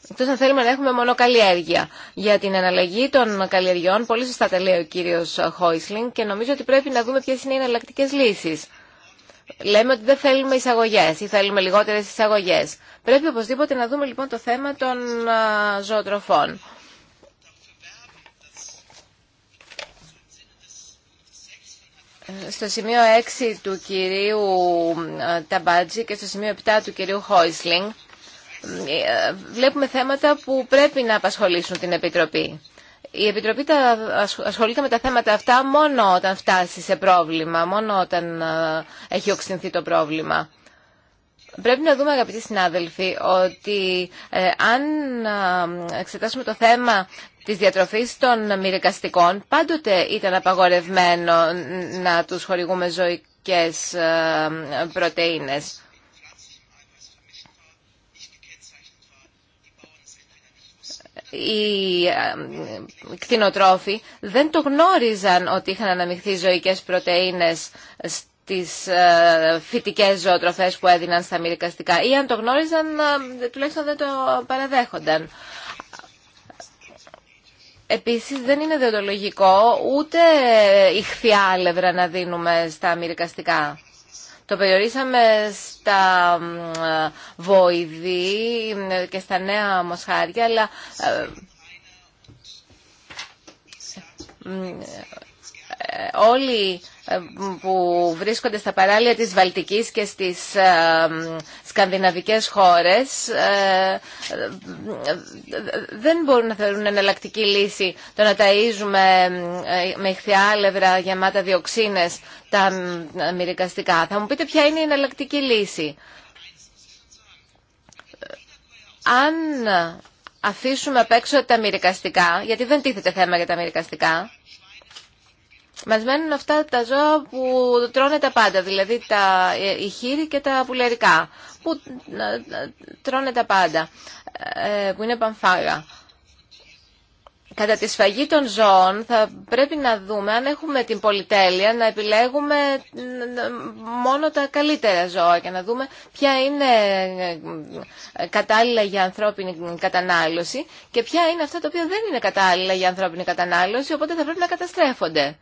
Εκτός αν θέλουμε να έχουμε μόνο καλλιέργεια. Για την αναλλαγή των καλλιεργειών, πολύ σωστά τα λέει ο κύριο Χόισλινγκ και νομίζω ότι πρέπει να δούμε ποιε είναι οι εναλλακτικέ λύσει. Λέμε ότι δεν θέλουμε εισαγωγέ ή θέλουμε λιγότερε εισαγωγέ. Πρέπει οπωσδήποτε να δούμε λοιπόν το θέμα των ζωοτροφών. Στο σημείο 6 του κυρίου Ταμπάτζη και στο σημείο 7 του κυρίου Χόισλινγκ βλέπουμε θέματα που πρέπει να απασχολήσουν την Επιτροπή. Η Επιτροπή τα ασχολείται με τα θέματα αυτά μόνο όταν φτάσει σε πρόβλημα, μόνο όταν ε, έχει οξυνθεί το πρόβλημα. Πρέπει να δούμε, αγαπητοί συνάδελφοι, ότι ε, αν ε, εξετάσουμε το θέμα της διατροφής των μυρικαστικών, πάντοτε ήταν απαγορευμένο να τους χορηγούμε ζωικές πρωτεΐνες. οι κτηνοτρόφοι δεν το γνώριζαν ότι είχαν αναμειχθεί ζωικές πρωτεΐνες στις ε, φυτικές ζωοτροφές που έδιναν στα μυρικαστικά ή αν το γνώριζαν ε, τουλάχιστον δεν το παραδέχονταν. Επίσης δεν είναι δεοντολογικό ούτε αλεύρα να δίνουμε στα μυρικαστικά. Το περιορίσαμε στα ε, βοηδή ε, και στα νέα μοσχάρια, αλλά ε, όλοι ε, που βρίσκονται στα παράλια της Βαλτικής και στις ε, σκανδιναβικές χώρες ε, δεν μπορούν να θεωρούν εναλλακτική λύση το να ταΐζουμε με ηχθιάλευρα γεμάτα διοξίνες τα μυρικαστικά. Θα μου πείτε ποια είναι η εναλλακτική λύση. Αν αφήσουμε απ' έξω τα μυρικαστικά, γιατί δεν τίθεται θέμα για τα μυρικαστικά, μας μένουν αυτά τα ζώα που τρώνε τα πάντα, δηλαδή τα οι ε, και τα πουλερικά, που ε, ε, τρώνε τα πάντα, που είναι πανφάγα. Κατά τη σφαγή των ζώων θα πρέπει να δούμε αν έχουμε την πολυτέλεια να επιλέγουμε μόνο τα καλύτερα ζώα και να δούμε ποια είναι κατάλληλα για ανθρώπινη κατανάλωση και ποια είναι αυτά τα οποία δεν είναι κατάλληλα για ανθρώπινη κατανάλωση, οπότε θα πρέπει να καταστρέφονται.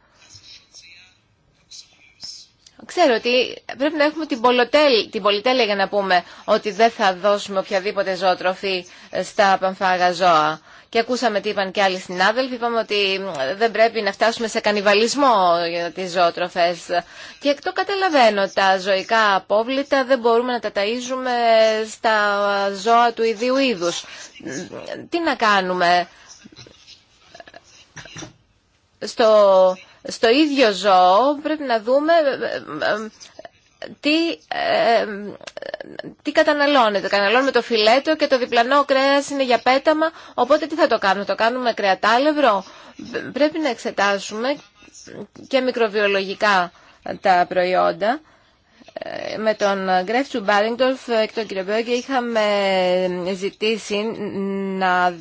Ξέρω ότι πρέπει να έχουμε την, πολιτέλη, την πολυτέλεια για να πούμε ότι δεν θα δώσουμε οποιαδήποτε ζωοτροφή ε, στα πανφάγα ζώα. Και ακούσαμε τι είπαν και άλλοι συνάδελφοι, είπαμε ότι δεν πρέπει να φτάσουμε σε κανιβαλισμό για τις ζωοτροφές. Και το καταλαβαίνω, τα ζωικά απόβλητα δεν μπορούμε να τα ταΐζουμε στα ζώα του ιδίου είδους. Τι να κάνουμε στο στο ίδιο ζώο πρέπει να δούμε ε, ε, ε, τι, ε, τι καταναλώνεται. Καταναλώνουμε το φιλέτο και το διπλανό κρέας είναι για πέταμα, οπότε τι θα το κάνουμε, το κάνουμε κρεατάλευρο. Πρέπει να εξετάσουμε και μικροβιολογικά τα προϊόντα με τον Γκρέφτσου Μπάλιντορφ και τον κύριο είχαμε ζητήσει να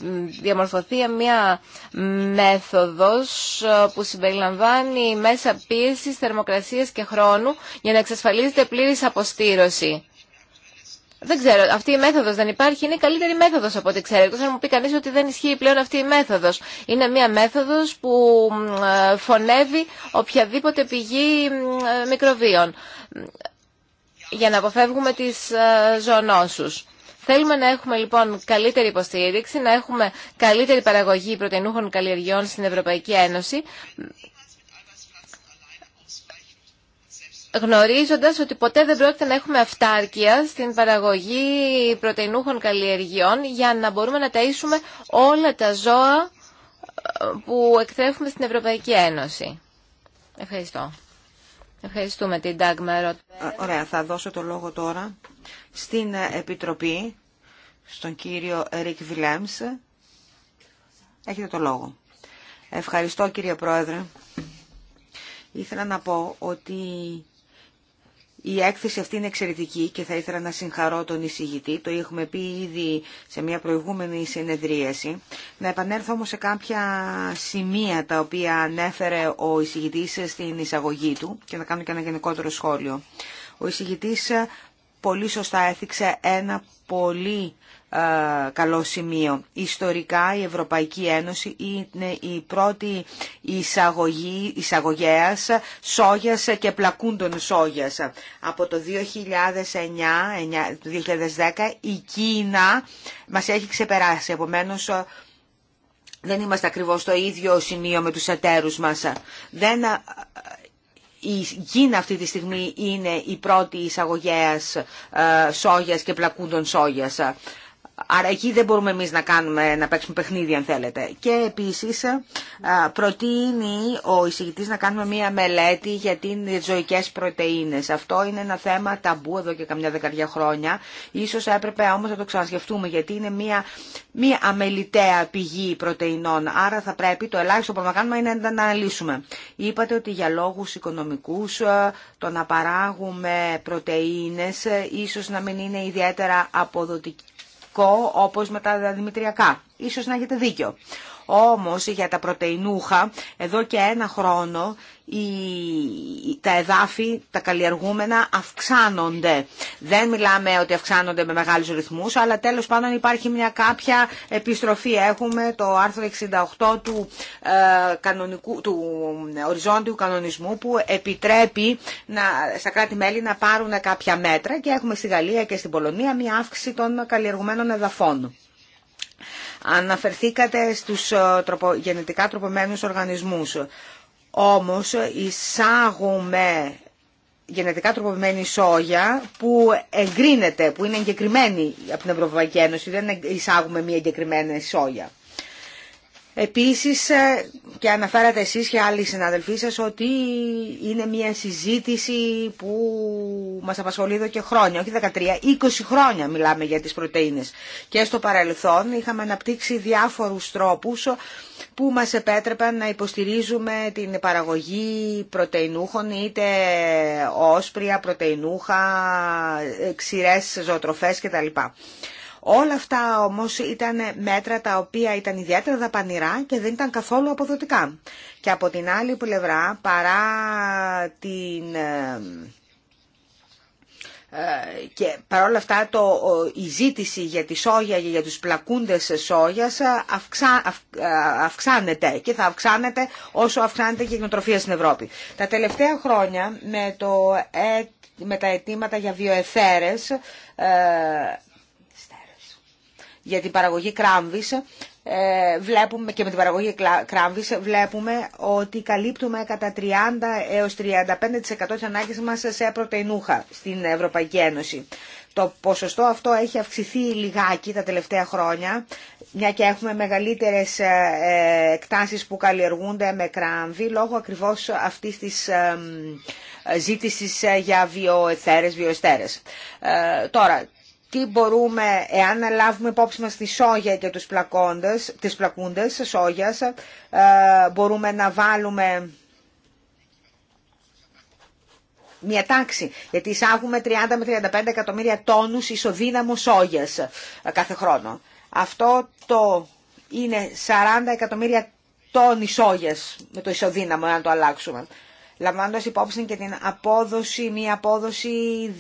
διαμορφωθεί μια μέθοδος που συμπεριλαμβάνει μέσα πίεσης, θερμοκρασίας και χρόνου για να εξασφαλίζεται πλήρης αποστήρωση. Δεν ξέρω, αυτή η μέθοδο δεν υπάρχει. Είναι η καλύτερη μέθοδο από ό,τι ξέρω. Εκτό αν μου πει κανεί ότι δεν ισχύει πλέον αυτή η μέθοδο. Είναι μια μέθοδο που ε, φωνεύει οποιαδήποτε πηγή ε, μικροβίων για να αποφεύγουμε τις ε, ζωνόσους. Θέλουμε να έχουμε λοιπόν καλύτερη υποστήριξη, να έχουμε καλύτερη παραγωγή πρωτεϊνούχων καλλιεργιών στην Ευρωπαϊκή Ένωση, γνωρίζοντας ότι ποτέ δεν πρόκειται να έχουμε αυτάρκεια στην παραγωγή πρωτεϊνούχων καλλιεργιών για να μπορούμε να ταΐσουμε όλα τα ζώα ε, που εκτρέφουμε στην Ευρωπαϊκή Ένωση. Ευχαριστώ. Ευχαριστούμε την Ντάγμα. Ωραία, θα δώσω το λόγο τώρα στην ε, Επιτροπή, στον κύριο Ρικ Βιλέμς. Έχετε το λόγο. Ευχαριστώ κύριε Πρόεδρε. Ήθελα να πω ότι η έκθεση αυτή είναι εξαιρετική και θα ήθελα να συγχαρώ τον εισηγητή, το έχουμε πει ήδη σε μια προηγούμενη συνεδρίαση. Να επανέλθω όμως σε κάποια σημεία τα οποία ανέφερε ο εισηγητής στην εισαγωγή του και να κάνω και ένα γενικότερο σχόλιο. Ο εισηγητής πολύ σωστά έθιξε ένα πολύ ε, καλό σημείο. Ιστορικά η Ευρωπαϊκή Ένωση είναι η πρώτη εισαγωγή, εισαγωγέας σόγιας και πλακούντων σόγιας. Από το 2009, 2010 η Κίνα μας έχει ξεπεράσει. Επομένως ε, δεν είμαστε ακριβώς το ίδιο σημείο με τους εταίρους μας. Δεν... Ε, η Κίνα αυτή τη στιγμή είναι η πρώτη εισαγωγέας σόγιας και πλακούντων σόγιας. Άρα εκεί δεν μπορούμε εμείς να, κάνουμε, να παίξουμε παιχνίδι αν θέλετε. Και επίσης προτείνει ο εισηγητής να κάνουμε μία μελέτη για τις ζωικές πρωτεΐνες. Αυτό είναι ένα θέμα ταμπού εδώ και καμιά δεκαετία χρόνια. Ίσως έπρεπε όμως να το ξανασκεφτούμε γιατί είναι μία, μία αμεληταία πηγή πρωτεϊνών. Άρα θα πρέπει το ελάχιστο που να κάνουμε είναι να αναλύσουμε. Είπατε ότι για λόγους οικονομικούς το να παράγουμε πρωτεΐνες ίσως να μην είναι ιδιαίτερα αποδοτικό όπω όπως με τα δημητριακά. Ίσως να έχετε δίκιο. Όμως για τα πρωτεϊνούχα εδώ και ένα χρόνο οι τα εδάφη, τα καλλιεργούμενα αυξάνονται. Δεν μιλάμε ότι αυξάνονται με μεγάλους ρυθμούς, αλλά τέλος πάντων υπάρχει μια κάποια επιστροφή. Έχουμε το άρθρο 68 του, ε, κανονικού, του οριζόντιου κανονισμού που επιτρέπει να, στα κράτη-μέλη να πάρουν κάποια μέτρα και έχουμε στη Γαλλία και στην Πολωνία μια αύξηση των καλλιεργουμένων εδαφών. Αναφερθήκατε στους ε, γενετικά τροπομενούς οργανισμούς. Όμως εισάγουμε γενετικά τροποποιημένη σόγια που εγκρίνεται, που είναι εγκεκριμένη από την Ευρωπαϊκή Ένωση, δεν εισάγουμε μία εγκεκριμένη σόγια. Επίσης, ε, και αναφέρατε εσείς και άλλοι συναδελφοί σας, ότι είναι μια συζήτηση που μας απασχολεί εδώ και χρόνια, όχι 13, 20 χρόνια μιλάμε για τις πρωτεΐνες. Και στο παρελθόν είχαμε αναπτύξει διάφορους τρόπους που μας επέτρεπαν να υποστηρίζουμε την παραγωγή πρωτεϊνούχων, είτε όσπρια, πρωτεϊνούχα, ε, ξηρές ζωοτροφές κτλ. Όλα αυτά όμως ήταν μέτρα τα οποία ήταν ιδιαίτερα δαπανηρά και δεν ήταν καθόλου αποδοτικά. Και από την άλλη πλευρά, παρά την ε, ε, και παρόλα αυτά το, η ζήτηση για τη σόγια και για τους πλακούντες σόγιας ε, αυξά, αυξάνεται και θα αυξάνεται όσο αυξάνεται και η γνωτροφία στην Ευρώπη. Τα τελευταία χρόνια με, το, με τα αιτήματα για βιοεθέρες για την παραγωγή κράμβης, ε, βλέπουμε, και με την παραγωγή κράμβης βλέπουμε ότι καλύπτουμε κατά 30 έως 35% της ανάγκης μας σε πρωτεϊνούχα στην Ευρωπαϊκή Ένωση. Το ποσοστό αυτό έχει αυξηθεί λιγάκι τα τελευταία χρόνια, μια και έχουμε μεγαλύτερες ε, εκτάσεις που καλλιεργούνται με κράμβη, λόγω ακριβώς αυτής της ζήτησης για βιοεθέρες, βιοεστέρες. Ε, τώρα, τι μπορούμε, εάν λάβουμε υπόψη μας τη σόγια και τους πλακώντες, τις πλακούντες σόγιας, ε, μπορούμε να βάλουμε μια τάξη, γιατί εισάγουμε 30 με 35 εκατομμύρια τόνους ισοδύναμο σόγιας ε, κάθε χρόνο. Αυτό το είναι 40 εκατομμύρια τόνοι σόγιας με το ισοδύναμο, αν το αλλάξουμε λαμβάνοντας υπόψη και την απόδοση, μία απόδοση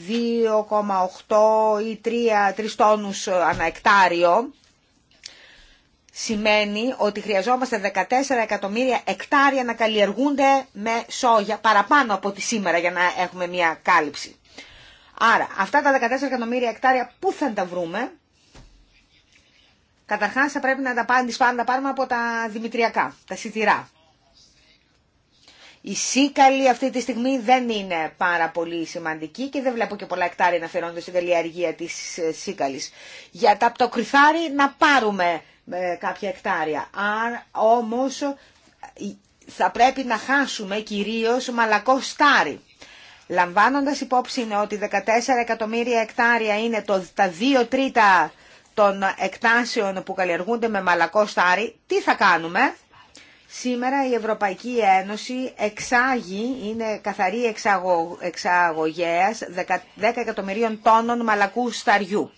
2,8 ή 3, 3 τόνους ανά εκτάριο, σημαίνει ότι χρειαζόμαστε 14 εκατομμύρια εκτάρια να καλλιεργούνται με σόγια παραπάνω από τη σήμερα για να έχουμε μία κάλυψη. Άρα, αυτά τα 14 εκατομμύρια εκτάρια πού θα τα βρούμε. Καταρχάς θα πρέπει να τα, να τα πάρουμε από τα δημητριακά, τα σιτηρά. Η σίκαλη αυτή τη στιγμή δεν είναι πάρα πολύ σημαντική και δεν βλέπω και πολλά εκτάρια να φερόνται στην καλλιεργία της ε, σίκαλης. Για τα το να πάρουμε ε, κάποια εκτάρια. Άρα όμως ε, θα πρέπει να χάσουμε κυρίως μαλακό στάρι. Λαμβάνοντας υπόψη είναι ότι 14 εκατομμύρια εκτάρια είναι το, τα 2 τρίτα των εκτάσεων που καλλιεργούνται με μαλακό στάρι, τι θα κάνουμε, Σήμερα η Ευρωπαϊκή Ένωση εξάγει, είναι καθαρή εξαγω, εξαγωγέας 10 εκατομμυρίων τόνων μαλακού σταριού.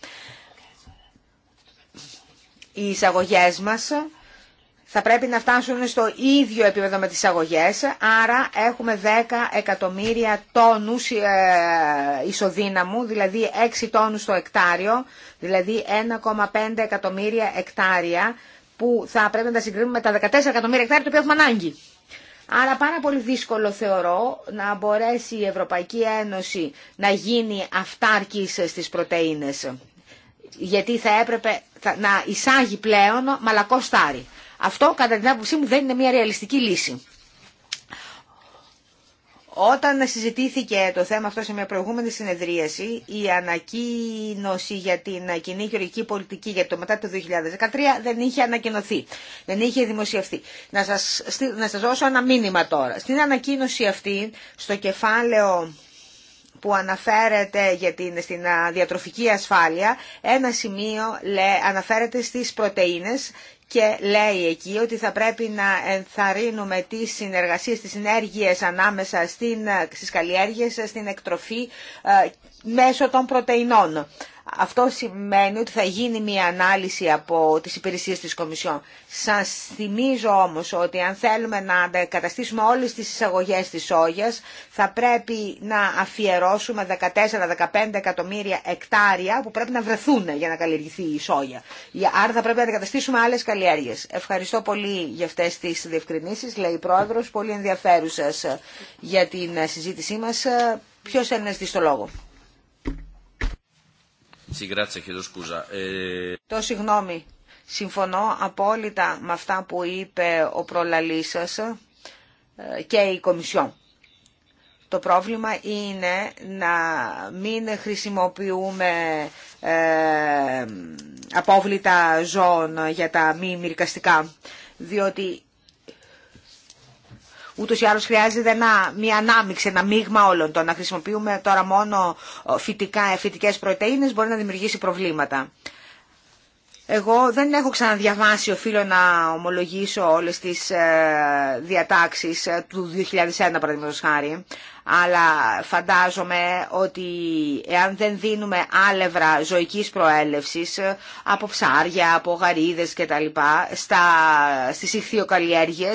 Οι εισαγωγές μας θα πρέπει να φτάσουν στο ίδιο επίπεδο με τις εισαγωγές, άρα έχουμε 10 εκατομμύρια τόνους ε, ισοδύναμου, δηλαδή 6 τόνους το εκτάριο, δηλαδή 1,5 εκατομμύρια εκτάρια, που θα πρέπει να τα συγκρίνουμε με τα 14 εκατομμύρια εκτάρια οποίο έχουμε ανάγκη. Άρα πάρα πολύ δύσκολο θεωρώ να μπορέσει η Ευρωπαϊκή Ένωση να γίνει αυτάρκης στις πρωτεΐνες. Γιατί θα έπρεπε να εισάγει πλέον μαλακό στάρι. Αυτό κατά την άποψή μου δεν είναι μια ρεαλιστική λύση. Όταν συζητήθηκε το θέμα αυτό σε μια προηγούμενη συνεδρίαση, η ανακοίνωση για την κοινή γεωργική πολιτική για το μετά το 2013 δεν είχε ανακοινωθεί, δεν είχε δημοσιευθεί. Να σας, να σας δώσω ένα μήνυμα τώρα. Στην ανακοίνωση αυτή, στο κεφάλαιο που αναφέρεται για την, στην διατροφική ασφάλεια, ένα σημείο λέ, αναφέρεται στις πρωτεΐνες και λέει εκεί ότι θα πρέπει να ενθαρρύνουμε τις συνεργασίες, τις συνέργειες ανάμεσα στην, ε, στις καλλιέργειες, ε, στην εκτροφή ε, μέσω των πρωτεϊνών. Αυτό σημαίνει ότι θα γίνει μια ανάλυση από τις υπηρεσίες της Κομισιόν. Σας θυμίζω όμως ότι αν θέλουμε να αντεκαταστήσουμε όλες τις εισαγωγές της σόγιας θα πρέπει να αφιερώσουμε 14-15 εκατομμύρια εκτάρια που πρέπει να βρεθούν για να καλλιεργηθεί η σόγια. Άρα θα πρέπει να αντεκαταστήσουμε άλλες καλλιέργειες. Ευχαριστώ πολύ για αυτές τις διευκρινήσεις, λέει η Πρόεδρος, πολύ ενδιαφέρουσας για την συζήτησή μας. Ποιο θέλει να ζητήσει το λόγο. Ε, Το συγγνώμη. Συμφωνώ απόλυτα με αυτά που είπε ο προλαλής σας ε, και η Κομισιόν. Το πρόβλημα είναι να μην χρησιμοποιούμε ε, απόβλητα ζώων για τα μη μυρικαστικά, διότι ούτως ή άλλως χρειάζεται ένα, μια ανάμιξη, ένα μείγμα όλων των. Να χρησιμοποιούμε τώρα μόνο φυτικά, ε, φυτικές πρωτεΐνες μπορεί να δημιουργήσει προβλήματα. Εγώ δεν έχω ξαναδιαβάσει, οφείλω να ομολογήσω όλες τις ε, διατάξεις ε, του 2001, παραδείγματος χάρη, αλλά φαντάζομαι ότι εάν δεν δίνουμε άλευρα ζωικής προέλευσης από ψάρια, από γαρίδες κτλ. στι στις καλλιέργειε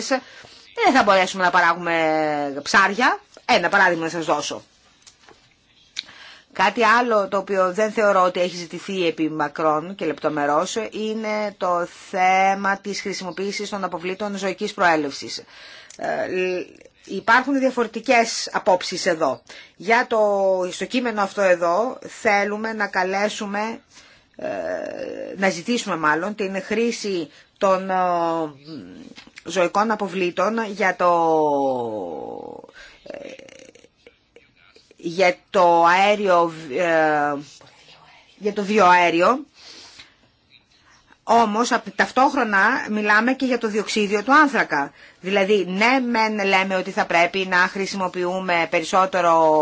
δεν θα μπορέσουμε να παράγουμε ψάρια. Ένα παράδειγμα να σας δώσω. Κάτι άλλο το οποίο δεν θεωρώ ότι έχει ζητηθεί επί μακρόν και λεπτομερώς είναι το θέμα της χρησιμοποίησης των αποβλήτων ζωικής προέλευσης. Ε, υπάρχουν διαφορετικές απόψεις εδώ. Για το, στο κείμενο αυτό εδώ θέλουμε να καλέσουμε, ε, να ζητήσουμε μάλλον την χρήση των ε, ζωικών αποβλήτων για το, ε, για το αέριο, ε, για το βιοαέριο όμως ταυτόχρονα μιλάμε και για το διοξίδιο του άνθρακα. Δηλαδή ναι μεν λέμε ότι θα πρέπει να χρησιμοποιούμε περισσότερο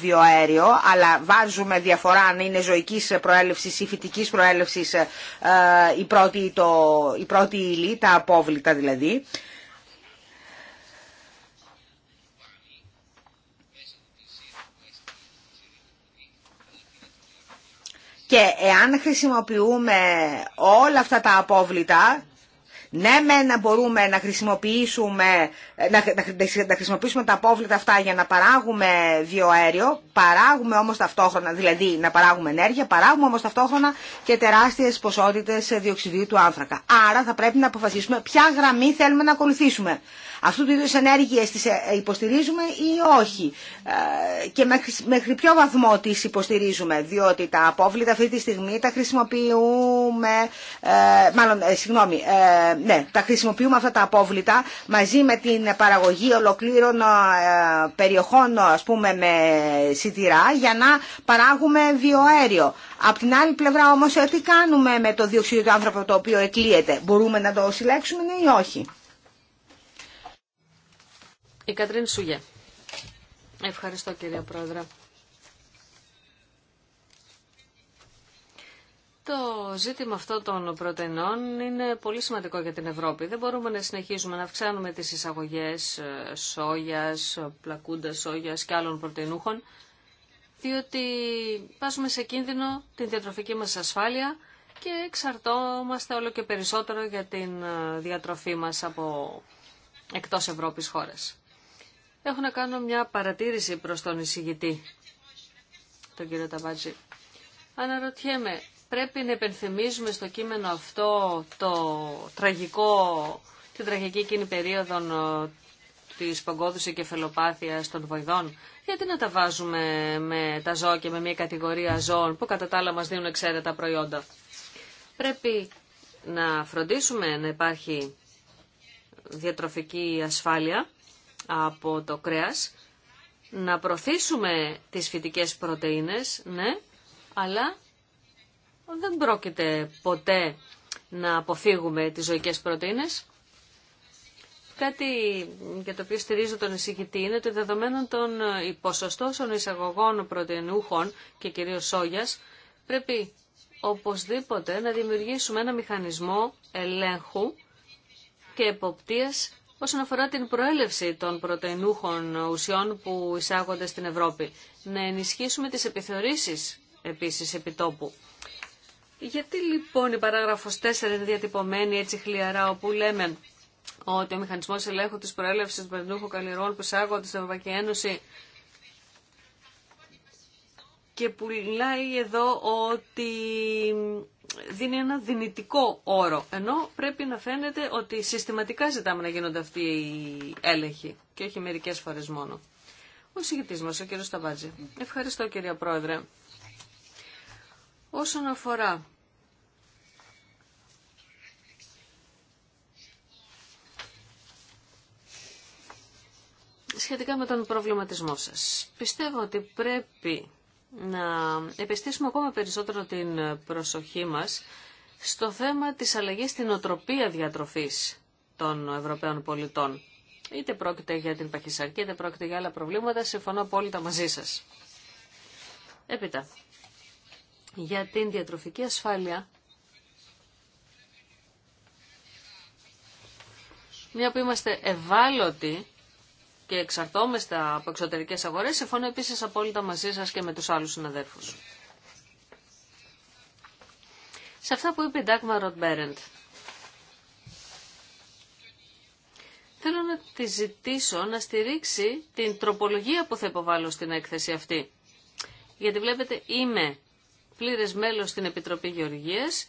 βιοαέριο αλλά βάζουμε διαφορά αν είναι ζωικής προέλευσης ή φυτικής προέλευσης ε, ε, η πρώτη, το, η πρώτη ύλη, τα απόβλητα δηλαδή. Και εάν χρησιμοποιούμε όλα αυτά τα απόβλητα, ναι με να μπορούμε να χρησιμοποιήσουμε, να, χρησιμοποιήσουμε τα απόβλητα αυτά για να παράγουμε βιοαέριο, παράγουμε όμως ταυτόχρονα, δηλαδή να παράγουμε ενέργεια, παράγουμε όμως ταυτόχρονα και τεράστιες ποσότητες διοξιδίου του άνθρακα. Άρα θα πρέπει να αποφασίσουμε ποια γραμμή θέλουμε να ακολουθήσουμε αυτού του είδους ενέργειες τις ε, υποστηρίζουμε ή όχι ε, και μέχρι ποιο βαθμό τις υποστηρίζουμε διότι τα απόβλητα αυτή τη στιγμή τα χρησιμοποιούμε ε, συγγνώμη, ναι, τα αυτά τα απόβλητα μαζί με την παραγωγή ολοκλήρων περιοχών ας πούμε με σιτηρά για να παράγουμε βιοαέριο. Απ' την άλλη πλευρά όμως τι κάνουμε με το διοξείδιο του άνθρωπου το οποίο εκλείεται. Μπορούμε να το συλλέξουμε ή όχι. Η Κατρίν Σουγέ. Ευχαριστώ κυρία Πρόεδρε. Το ζήτημα αυτό των πρωτενών είναι πολύ σημαντικό για την Ευρώπη. Δεν μπορούμε να συνεχίζουμε να αυξάνουμε τις εισαγωγές ε, σόγιας, πλακούντας σόγιας και άλλων πρωτεϊνούχων, διότι βάζουμε σε κίνδυνο την διατροφική μας ασφάλεια και εξαρτώμαστε όλο και περισσότερο για την ε, διατροφή μας από εκτός Ευρώπης χώρες. Έχω να κάνω μια παρατήρηση προς τον εισηγητή, τον κύριο Ταβάτζη. Αναρωτιέμαι, πρέπει να επενθυμίζουμε στο κείμενο αυτό το τραγικό, την τραγική εκείνη περίοδο της και φελοπάθειας των βοηδών. Γιατί να τα βάζουμε με τα ζώα και με μια κατηγορία ζώων που κατά τα άλλα μας δίνουν εξαίρετα προϊόντα. Πρέπει να φροντίσουμε να υπάρχει διατροφική ασφάλεια από το κρέας, να προωθήσουμε τις φυτικές πρωτεΐνες, ναι, αλλά δεν πρόκειται ποτέ να αποφύγουμε τις ζωικές πρωτεΐνες. Κάτι για το οποίο στηρίζω τον εισηγητή είναι ότι δεδομένων των ποσοστώσεων εισαγωγών πρωτεϊνούχων και κυρίως σόγιας πρέπει οπωσδήποτε να δημιουργήσουμε ένα μηχανισμό ελέγχου και εποπτείας όσον αφορά την προέλευση των πρωτεϊνούχων ουσιών που εισάγονται στην Ευρώπη. Να ενισχύσουμε τις επιθεωρήσεις επίσης επιτόπου. Γιατί λοιπόν η παράγραφος 4 είναι διατυπωμένη έτσι χλιαρά όπου λέμε ότι ο μηχανισμός ελέγχου της προέλευσης των πρωτεϊνούχων καλλιερών που εισάγονται στην Ευρωπαϊκή Ένωση και που λέει εδώ ότι δίνει ένα δυνητικό όρο, ενώ πρέπει να φαίνεται ότι συστηματικά ζητάμε να γίνονται αυτοί οι έλεγχοι και όχι μερικές φορές μόνο. Ο συγκεκριτής μας, ο κύριος Σταβάτζη. Ευχαριστώ κυρία Πρόεδρε. Όσον αφορά σχετικά με τον προβληματισμό σας. Πιστεύω ότι πρέπει να επιστήσουμε ακόμα περισσότερο την προσοχή μας στο θέμα της αλλαγής στην οτροπία διατροφής των Ευρωπαίων πολιτών. Είτε πρόκειται για την παχυσαρκή, είτε πρόκειται για άλλα προβλήματα, συμφωνώ απόλυτα μαζί σας. Έπειτα, για την διατροφική ασφάλεια, μια που είμαστε ευάλωτοι και εξαρτόμεστα από εξωτερικές αγορές, συμφωνώ επίσης απόλυτα μαζί σα και με του άλλου συναδέρφους. Σε αυτά που είπε η Ντάκμα Ροτμπέρεντ, θέλω να τη ζητήσω να στηρίξει την τροπολογία που θα υποβάλω στην έκθεση αυτή. Γιατί βλέπετε είμαι πλήρε μέλο στην Επιτροπή Γεωργίας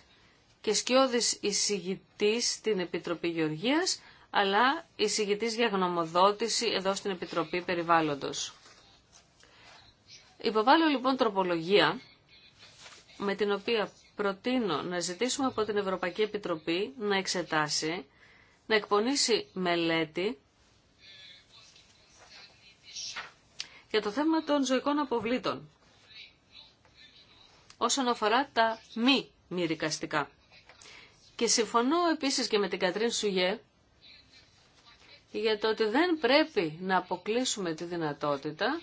και σκιώδης εισηγητή στην Επιτροπή Γεωργίας, αλλά εισηγητή για γνωμοδότηση εδώ στην Επιτροπή Περιβάλλοντος. Υποβάλλω λοιπόν τροπολογία με την οποία προτείνω να ζητήσουμε από την Ευρωπαϊκή Επιτροπή να εξετάσει, να εκπονήσει μελέτη για το θέμα των ζωικών αποβλήτων όσον αφορά τα μη μυρικαστικά. Και συμφωνώ επίσης και με την Κατρίν Σουγέ για το ότι δεν πρέπει να αποκλείσουμε τη δυνατότητα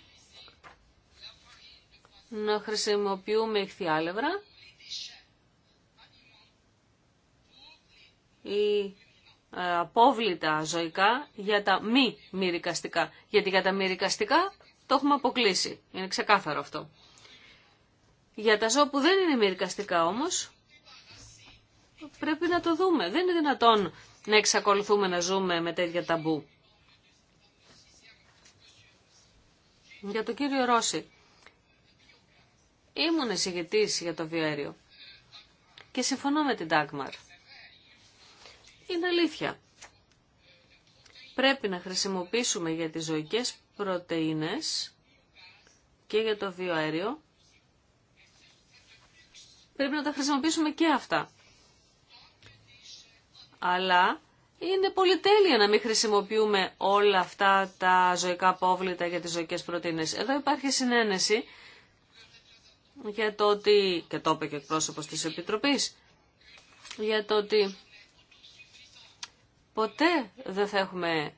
να χρησιμοποιούμε ηχθιάλευρα ή ε, απόβλητα ζωικά για τα μη μυρικαστικά. Γιατί για τα μυρικαστικά το έχουμε αποκλείσει. Είναι ξεκάθαρο αυτό. Για τα ζώα που δεν είναι μυρικαστικά όμως, πρέπει να το δούμε. Δεν είναι δυνατόν να εξακολουθούμε να ζούμε με τέτοια ταμπού. Για τον κύριο Ρώση. Ήμουν εισηγητής για το βιοαέριο και συμφωνώ με την Τάγμαρ. Είναι αλήθεια. Πρέπει να χρησιμοποιήσουμε για τις ζωικές πρωτεΐνες και για το βιοαέριο. Πρέπει να τα χρησιμοποιήσουμε και αυτά αλλά είναι πολυτέλεια να μην χρησιμοποιούμε όλα αυτά τα ζωικά απόβλητα για τις ζωικές πρωτεΐνες. Εδώ υπάρχει συνένεση για το ότι, και το είπε και εκπρόσωπος της Επιτροπής, για το ότι ποτέ δεν θα έχουμε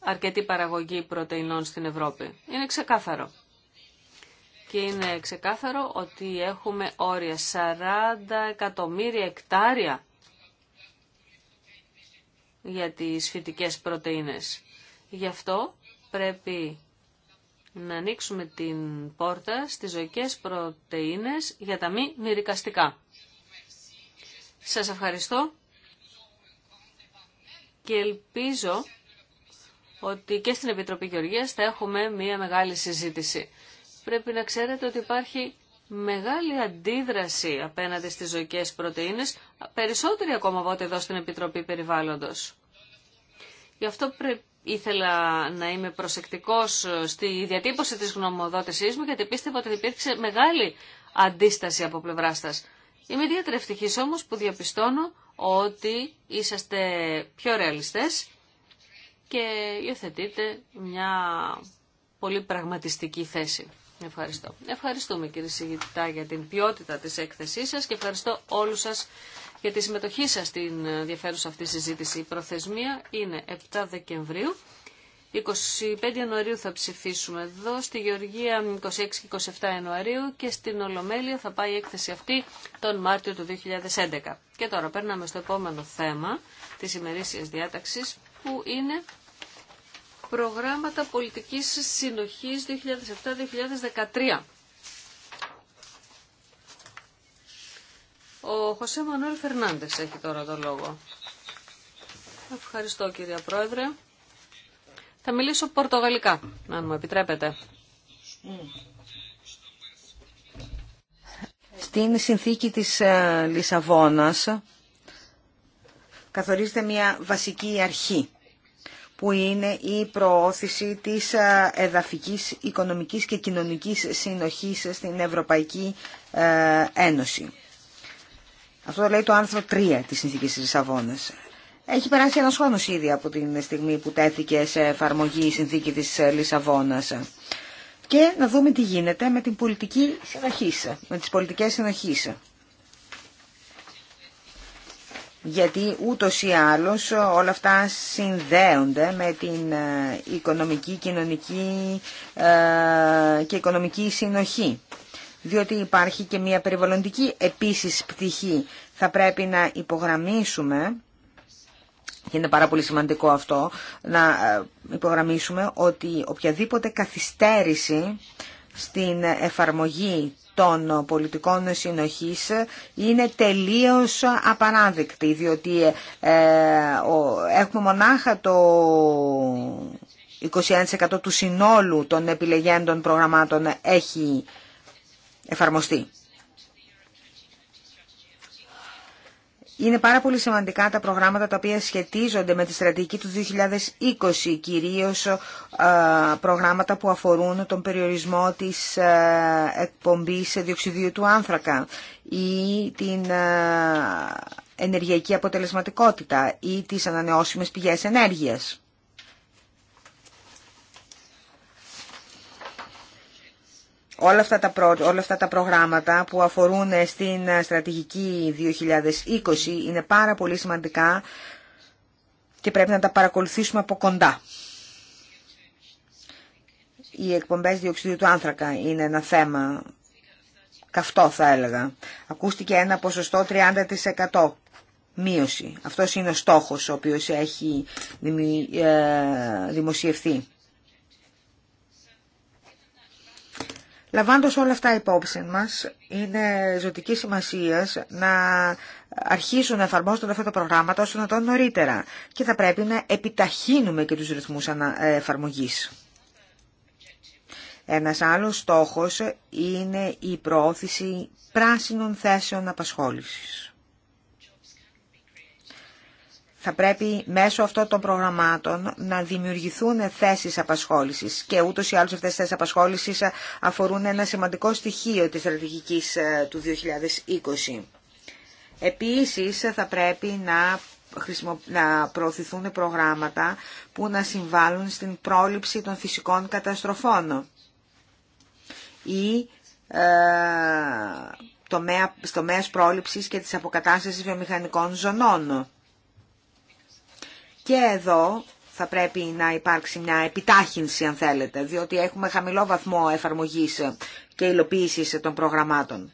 αρκετή παραγωγή πρωτεϊνών στην Ευρώπη. Είναι ξεκάθαρο. Και είναι ξεκάθαρο ότι έχουμε όρια 40 εκατομμύρια εκτάρια για τις φυτικές πρωτεΐνες. Γι' αυτό πρέπει να ανοίξουμε την πόρτα στις ζωικές πρωτεΐνες για τα μη μυρικαστικά. Σας ευχαριστώ και ελπίζω ότι και στην Επιτροπή Γεωργίας θα έχουμε μία μεγάλη συζήτηση. Πρέπει να ξέρετε ότι υπάρχει μεγάλη αντίδραση απέναντι στις ζωικές πρωτεΐνες, περισσότερη ακόμα από ό,τι εδώ στην Επιτροπή Περιβάλλοντος. Γι' αυτό ήθελα να είμαι προσεκτικός ε, στη διατύπωση της γνωμοδότησής μου, γιατί πίστευα ότι υπήρξε μεγάλη αντίσταση από πλευρά σας. Είμαι ιδιαίτερα ευτυχής όμως που διαπιστώνω ότι είσαστε πιο ρεαλιστές και υιοθετείτε μια πολύ πραγματιστική θέση. Ευχαριστώ. Ευχαριστούμε κύριε Σιγητά για την ποιότητα της έκθεσής σας και ευχαριστώ όλους σας για τη συμμετοχή σας στην ενδιαφέρουσα αυτή συζήτηση. Η προθεσμία είναι 7 Δεκεμβρίου. 25 Ιανουαρίου θα ψηφίσουμε εδώ, στη Γεωργία 26 και 27 Ιανουαρίου και στην Ολομέλεια θα πάει η έκθεση αυτή τον Μάρτιο του 2011. Και τώρα περνάμε στο επόμενο θέμα της ημερήσιας διάταξης που είναι προγράμματα πολιτικής συνοχής 2007-2013. Ο Χωσέ Μανουέλ Φερνάντες έχει τώρα το λόγο. Ευχαριστώ κυρία Πρόεδρε. Θα μιλήσω πορτογαλικά, αν μου επιτρέπετε. Στην συνθήκη της ε, Λισαβόνας καθορίζεται μια βασική αρχή που είναι η προώθηση της ε, εδαφικής, οικονομικής και κοινωνικής συνοχής στην Ευρωπαϊκή ε, Ένωση. Αυτό λέει το άρθρο 3 της Συνθήκης της Λισαβόνας. Έχει περάσει ένα χρόνος ήδη από την στιγμή που τέθηκε σε εφαρμογή η Συνθήκη της Λισαβόνας. Και να δούμε τι γίνεται με την πολιτική συνοχή, με τις πολιτικές γιατί ούτως ή άλλως όλα αυτά συνδέονται με την ε, οικονομική, κοινωνική ε, και οικονομική συνοχή. Διότι υπάρχει και μια περιβαλλοντική επίσης πτυχή. Θα πρέπει να υπογραμμίσουμε, και είναι πάρα πολύ σημαντικό αυτό, να ε, υπογραμμίσουμε ότι οποιαδήποτε καθυστέρηση στην εφαρμογή των πολιτικών συνοχής είναι τελείως απαράδεκτη, διότι ε, έχουμε μονάχα το 21% του συνόλου των επιλεγέντων προγραμμάτων έχει εφαρμοστεί. Είναι πάρα πολύ σημαντικά τα προγράμματα τα οποία σχετίζονται με τη στρατηγική του 2020, κυρίως ε, προγράμματα που αφορούν τον περιορισμό της ε, εκπομπής διοξιδίου του άνθρακα ή την ε, ενεργειακή αποτελεσματικότητα ή τις ανανεώσιμες πηγές ενέργειας. όλα αυτά τα, όλα αυτά τα προγράμματα που αφορούν ε, στην ε, στρατηγική 2020 είναι πάρα πολύ σημαντικά και πρέπει να τα παρακολουθήσουμε από κοντά. Οι εκπομπές διοξιδίου του άνθρακα είναι ένα θέμα καυτό θα έλεγα. Ακούστηκε ένα ποσοστό 30% μείωση. Αυτός είναι ο στόχος ο οποίος έχει ε, δημοσιευθεί. Λαμβάνοντας όλα αυτά υπόψη μας, είναι ζωτική σημασίας να αρχίσουν να εφαρμόζονται αυτά τα προγράμματα όσο να το νωρίτερα και θα πρέπει να επιταχύνουμε και τους ρυθμούς ε, εφαρμογής. Ένας άλλος στόχος είναι η προώθηση πράσινων θέσεων απασχόλησης θα πρέπει μέσω αυτών των προγραμμάτων να δημιουργηθούν θέσεις απασχόλησης και ούτως ή άλλως αυτές οι θέσεις απασχόλησης αφορούν ένα σημαντικό στοιχείο της στρατηγικής ε, του 2020. Επίσης θα πρέπει να να προωθηθούν προγράμματα που να συμβάλλουν στην πρόληψη των φυσικών καταστροφών ή ε, τομέα, τομέας πρόληψης και της αποκατάστασης βιομηχανικών ζωνών. Και εδώ θα πρέπει να υπάρξει μια επιτάχυνση αν θέλετε, διότι έχουμε χαμηλό βαθμό εφαρμογής και υλοποίησης των προγραμμάτων.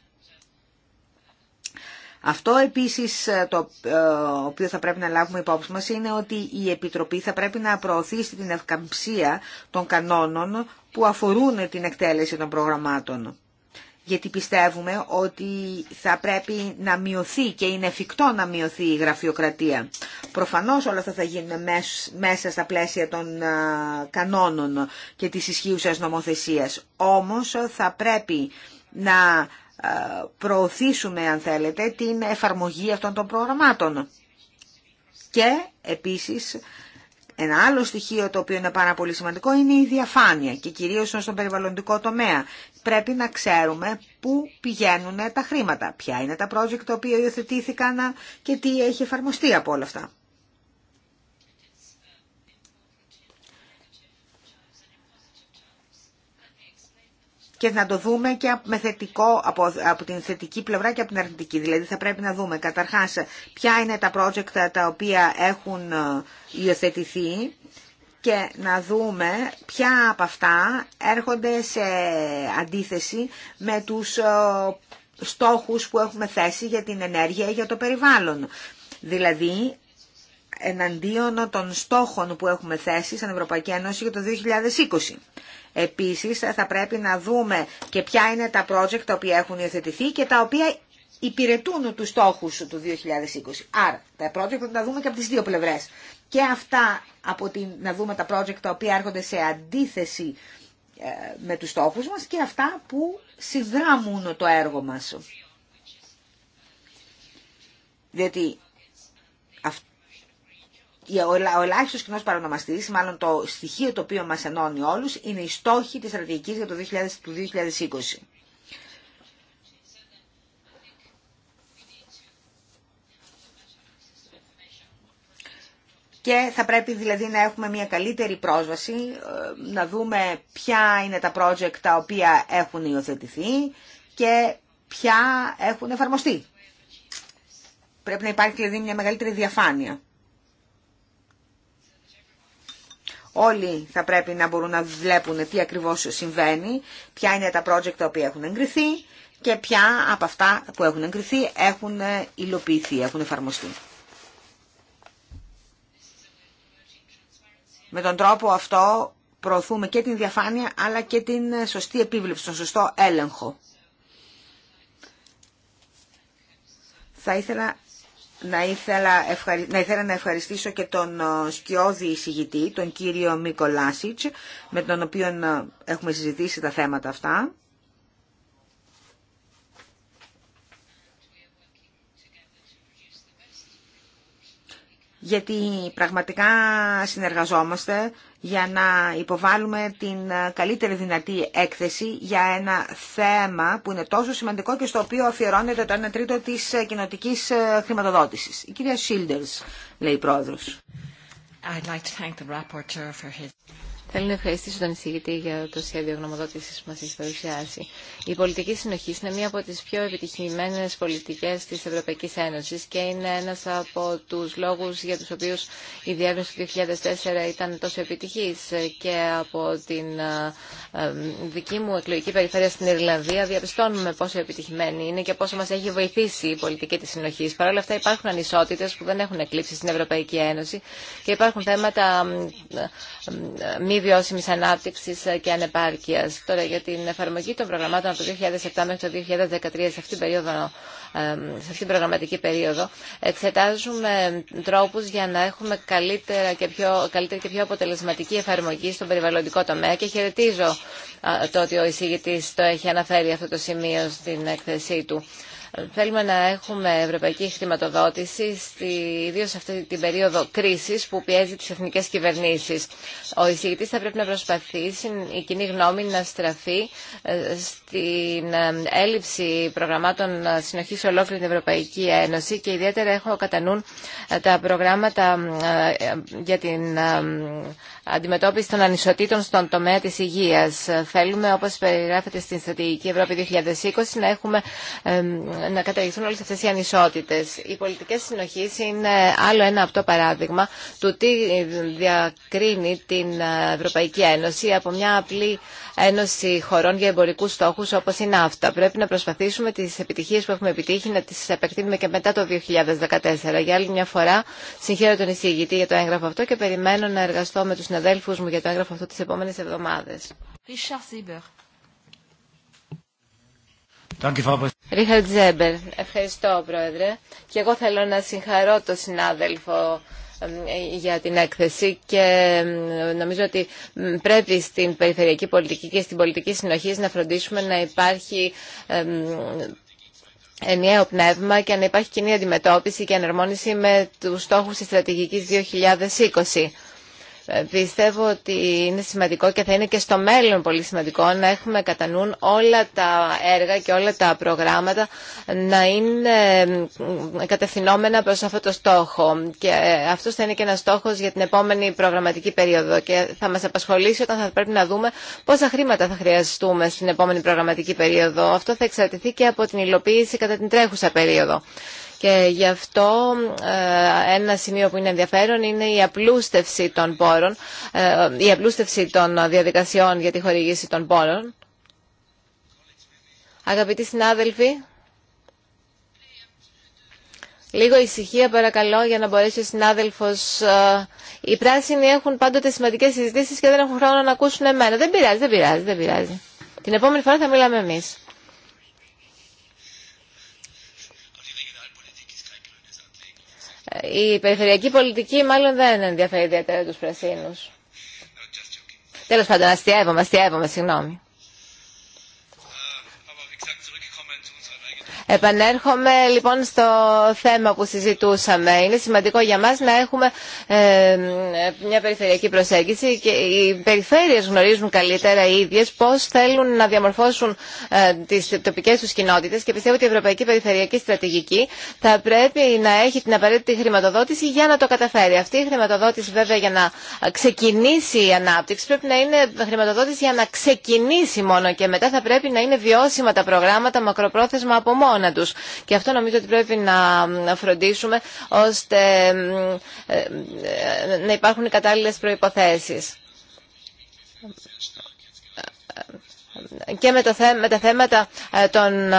Αυτό επίσης το ε, οποίο θα πρέπει να λάβουμε υπόψη μας είναι ότι η Επιτροπή θα πρέπει να προωθήσει την ευκαμψία των κανόνων που αφορούν την εκτέλεση των προγραμμάτων γιατί πιστεύουμε ότι θα πρέπει να μειωθεί και είναι εφικτό να μειωθεί η γραφειοκρατία. Προφανώς όλα αυτά θα γίνουν μέσα στα πλαίσια των κανόνων και της ισχύουσας νομοθεσίας. Όμως θα πρέπει να προωθήσουμε, αν θέλετε, την εφαρμογή αυτών των προγραμμάτων. Και επίσης ένα άλλο στοιχείο το οποίο είναι πάρα πολύ σημαντικό είναι η διαφάνεια και κυρίως στον περιβαλλοντικό τομέα πρέπει να ξέρουμε πού πηγαίνουν τα χρήματα, ποια είναι τα project τα οποία υιοθετήθηκαν και τι έχει εφαρμοστεί από όλα αυτά. και να το δούμε και με θετικό, από, από την θετική πλευρά και από την αρνητική. Δηλαδή θα πρέπει να δούμε καταρχάς ποια είναι τα project τα οποία έχουν ε, υιοθετηθεί και να δούμε ποια από αυτά έρχονται σε αντίθεση με τους ε, στόχους που έχουμε θέσει για την ενέργεια ή για το περιβάλλον. Δηλαδή, εναντίον των στόχων που έχουμε θέσει στην Ευρωπαϊκή Ένωση για το 2020. Επίσης, θα πρέπει να δούμε και ποια είναι τα project τα οποία έχουν υιοθετηθεί και τα οποία υπηρετούν τους στόχους του 2020. Άρα, τα project θα τα δούμε και από τις δύο πλευρές και αυτά από την, να δούμε τα project τα οποία έρχονται σε αντίθεση ε, με τους στόχους μας και αυτά που συνδράμουν το έργο μας. Διότι ο ελάχιστο κοινό παρονομαστή, μάλλον το στοιχείο το οποίο μα ενώνει όλου, είναι η στόχοι τη στρατηγική για το 2020. και θα πρέπει δηλαδή να έχουμε μια καλύτερη πρόσβαση, ε, να δούμε ποια είναι τα project τα οποία έχουν υιοθετηθεί και ποια έχουν εφαρμοστεί. Πρέπει να υπάρχει δηλαδή μια μεγαλύτερη διαφάνεια. Όλοι θα πρέπει να μπορούν να βλέπουν τι ακριβώς συμβαίνει, ποια είναι τα project τα οποία έχουν εγκριθεί και ποια από αυτά που έχουν εγκριθεί έχουν ε, υλοποιηθεί, έχουν εφαρμοστεί. Με τον τρόπο αυτό προωθούμε και την διαφάνεια αλλά και την σωστή επίβλεψη, τον σωστό έλεγχο. Θα ήθελα να ήθελα, να να ευχαριστήσω και τον ε, σκιώδη εισηγητή, τον κύριο Μίκο Λάσιτς, με τον οποίο ε, έχουμε συζητήσει τα θέματα αυτά. γιατί πραγματικά συνεργαζόμαστε για να υποβάλουμε την καλύτερη δυνατή έκθεση για ένα θέμα που είναι τόσο σημαντικό και στο οποίο αφιερώνεται το 1 τρίτο της κοινοτικής χρηματοδότησης. Η κυρία Σίλντερς, λέει πρόεδρος. Θέλω να ευχαριστήσω τον εισηγητή για το σχέδιο γνωμοδότηση που μα έχει παρουσιάσει. Η πολιτική συνοχή είναι μία από τι πιο επιτυχημένε πολιτικέ τη Ευρωπαϊκή Ένωση και είναι ένα από του λόγου για του οποίου η διεύρυνση του 2004 ήταν τόσο επιτυχή. και από την ε, δική μου εκλογική περιφέρεια στην Ιρλανδία διαπιστώνουμε πόσο επιτυχημένη είναι και πόσο μα έχει βοηθήσει η πολιτική τη συνοχή. Παρ' όλα αυτά υπάρχουν ανισότητε που δεν έχουν εκλείψει στην Ευρωπαϊκή Ένωση και υπάρχουν θέματα μη βιώσιμη ανάπτυξη και ανεπάρκεια. Τώρα για την εφαρμογή των προγραμμάτων από το 2007 μέχρι το 2013 σε αυτήν την περίοδο προγραμματική περίοδο, εξετάζουμε τρόπου για να έχουμε καλύτερα και πιο, καλύτερη και πιο αποτελεσματική εφαρμογή στον περιβαλλοντικό τομέα και χαιρετίζω το ότι ο εισηγητή το έχει αναφέρει αυτό το σημείο στην έκθεσή του. Θέλουμε να έχουμε ευρωπαϊκή χρηματοδότηση, ιδίω σε αυτή την περίοδο κρίση που πιέζει τι εθνικέ κυβερνήσει. Ο εισηγητή θα πρέπει να προσπαθήσει η κοινή γνώμη να στραφεί ε, στην ε, έλλειψη προγραμμάτων συνοχή σε ολόκληρη την Ευρωπαϊκή Ένωση και ιδιαίτερα έχω κατά νου ε, τα προγράμματα για την αντιμετώπιση των ανισοτήτων στον τομέα της υγείας. Θέλουμε, όπως περιγράφεται στην Στρατηγική Ευρώπη 2020, να, έχουμε, να καταργηθούν όλες αυτές οι ανισότητες. Οι πολιτικές συνοχής είναι άλλο ένα αυτό παράδειγμα του τι διακρίνει την Ευρωπαϊκή Ένωση από μια απλή Ένωση Χωρών για Εμπορικού Στόχου όπω είναι αυτά. Πρέπει να προσπαθήσουμε τι επιτυχίε που έχουμε επιτύχει να τι επεκτείνουμε και μετά το 2014. Για άλλη μια φορά, συγχαίρω τον εισηγητή για το έγγραφο αυτό και περιμένω να εργαστώ με του συναδέλφου μου για το έγγραφο αυτό τι επόμενε εβδομάδε. Ρίχαρτ Ζέμπερ, ευχαριστώ Πρόεδρε. Και εγώ θέλω να συγχαρώ τον συνάδελφο για την έκθεση και νομίζω ότι πρέπει στην περιφερειακή πολιτική και στην πολιτική συνοχή να φροντίσουμε να υπάρχει ενιαίο πνεύμα και να υπάρχει κοινή αντιμετώπιση και ενερμόνιση με τους στόχους της στρατηγικής 2020. Πιστεύω ότι είναι σημαντικό και θα είναι και στο μέλλον πολύ σημαντικό να έχουμε κατά νου όλα τα έργα και όλα τα προγράμματα να είναι ε, κατευθυνόμενα προς αυτό το στόχο. Και ε, αυτό θα είναι και ένας στόχος για την επόμενη προγραμματική περίοδο και θα μας απασχολήσει όταν θα πρέπει να δούμε πόσα χρήματα θα χρειαστούμε στην επόμενη προγραμματική περίοδο. Αυτό θα εξαρτηθεί και από την υλοποίηση κατά την τρέχουσα περίοδο. Και γι' αυτό ε, ένα σημείο που είναι ενδιαφέρον είναι η απλούστευση των πόρων, ε, η απλούστευση των διαδικασιών για τη χορηγήση των πόρων. Αγαπητοί συνάδελφοι, Λίγο ησυχία παρακαλώ για να μπορέσει ο συνάδελφος. Ε, οι πράσινοι έχουν πάντοτε σημαντικέ συζητήσεις και δεν έχουν χρόνο να ακούσουν εμένα. Δεν πειράζει, δεν πειράζει, δεν πειράζει. Την επόμενη φορά θα μιλάμε εμείς. Η περιφερειακή πολιτική μάλλον δεν ενδιαφέρει ιδιαίτερα τους πρασίνους. Τέλος πάντων, αστιαύομαι, αστιαύομαι, συγγνώμη. Επανέρχομαι λοιπόν στο θέμα που συζητούσαμε. Είναι σημαντικό για μας να έχουμε ε, μια περιφερειακή προσέγγιση και οι περιφέρειες γνωρίζουν καλύτερα οι ίδιες πώς θέλουν να διαμορφώσουν ε, τις τοπικές τους κοινότητες και πιστεύω ότι η Ευρωπαϊκή Περιφερειακή Στρατηγική θα πρέπει να έχει την απαραίτητη χρηματοδότηση για να το καταφέρει. Αυτή η χρηματοδότηση βέβαια για να ξεκινήσει η ανάπτυξη πρέπει να είναι χρηματοδότηση για να ξεκινήσει μόνο και μετά θα πρέπει να είναι βιώσιμα τα προγράμματα μακροπρόθεσμα από μόνο και αυτό νομίζω ότι πρέπει να φροντίσουμε ώστε ε, ε, να υπάρχουν οι κατάλληλες προϋποθέσεις και με, το, τα θέματα ε, των ε,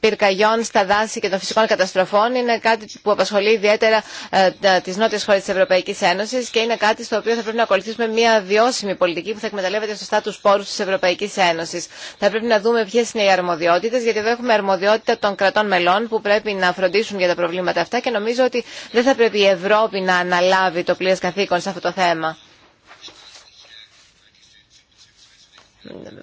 πυρκαγιών στα δάση και των φυσικών καταστροφών είναι κάτι που απασχολεί ιδιαίτερα ε, τις νότιες χώρες της Ευρωπαϊκής Ένωσης και είναι κάτι στο οποίο θα πρέπει να ακολουθήσουμε μια βιώσιμη πολιτική που θα εκμεταλλεύεται σωστά του πόρους της Ευρωπαϊκής Ένωσης. Θα πρέπει να δούμε ποιες είναι οι αρμοδιότητες γιατί εδώ έχουμε αρμοδιότητα των κρατών μελών που πρέπει να φροντίσουν για τα προβλήματα αυτά και νομίζω ότι δεν θα πρέπει η Ευρώπη να αναλάβει το πλήρες καθήκον σε αυτό το θέμα.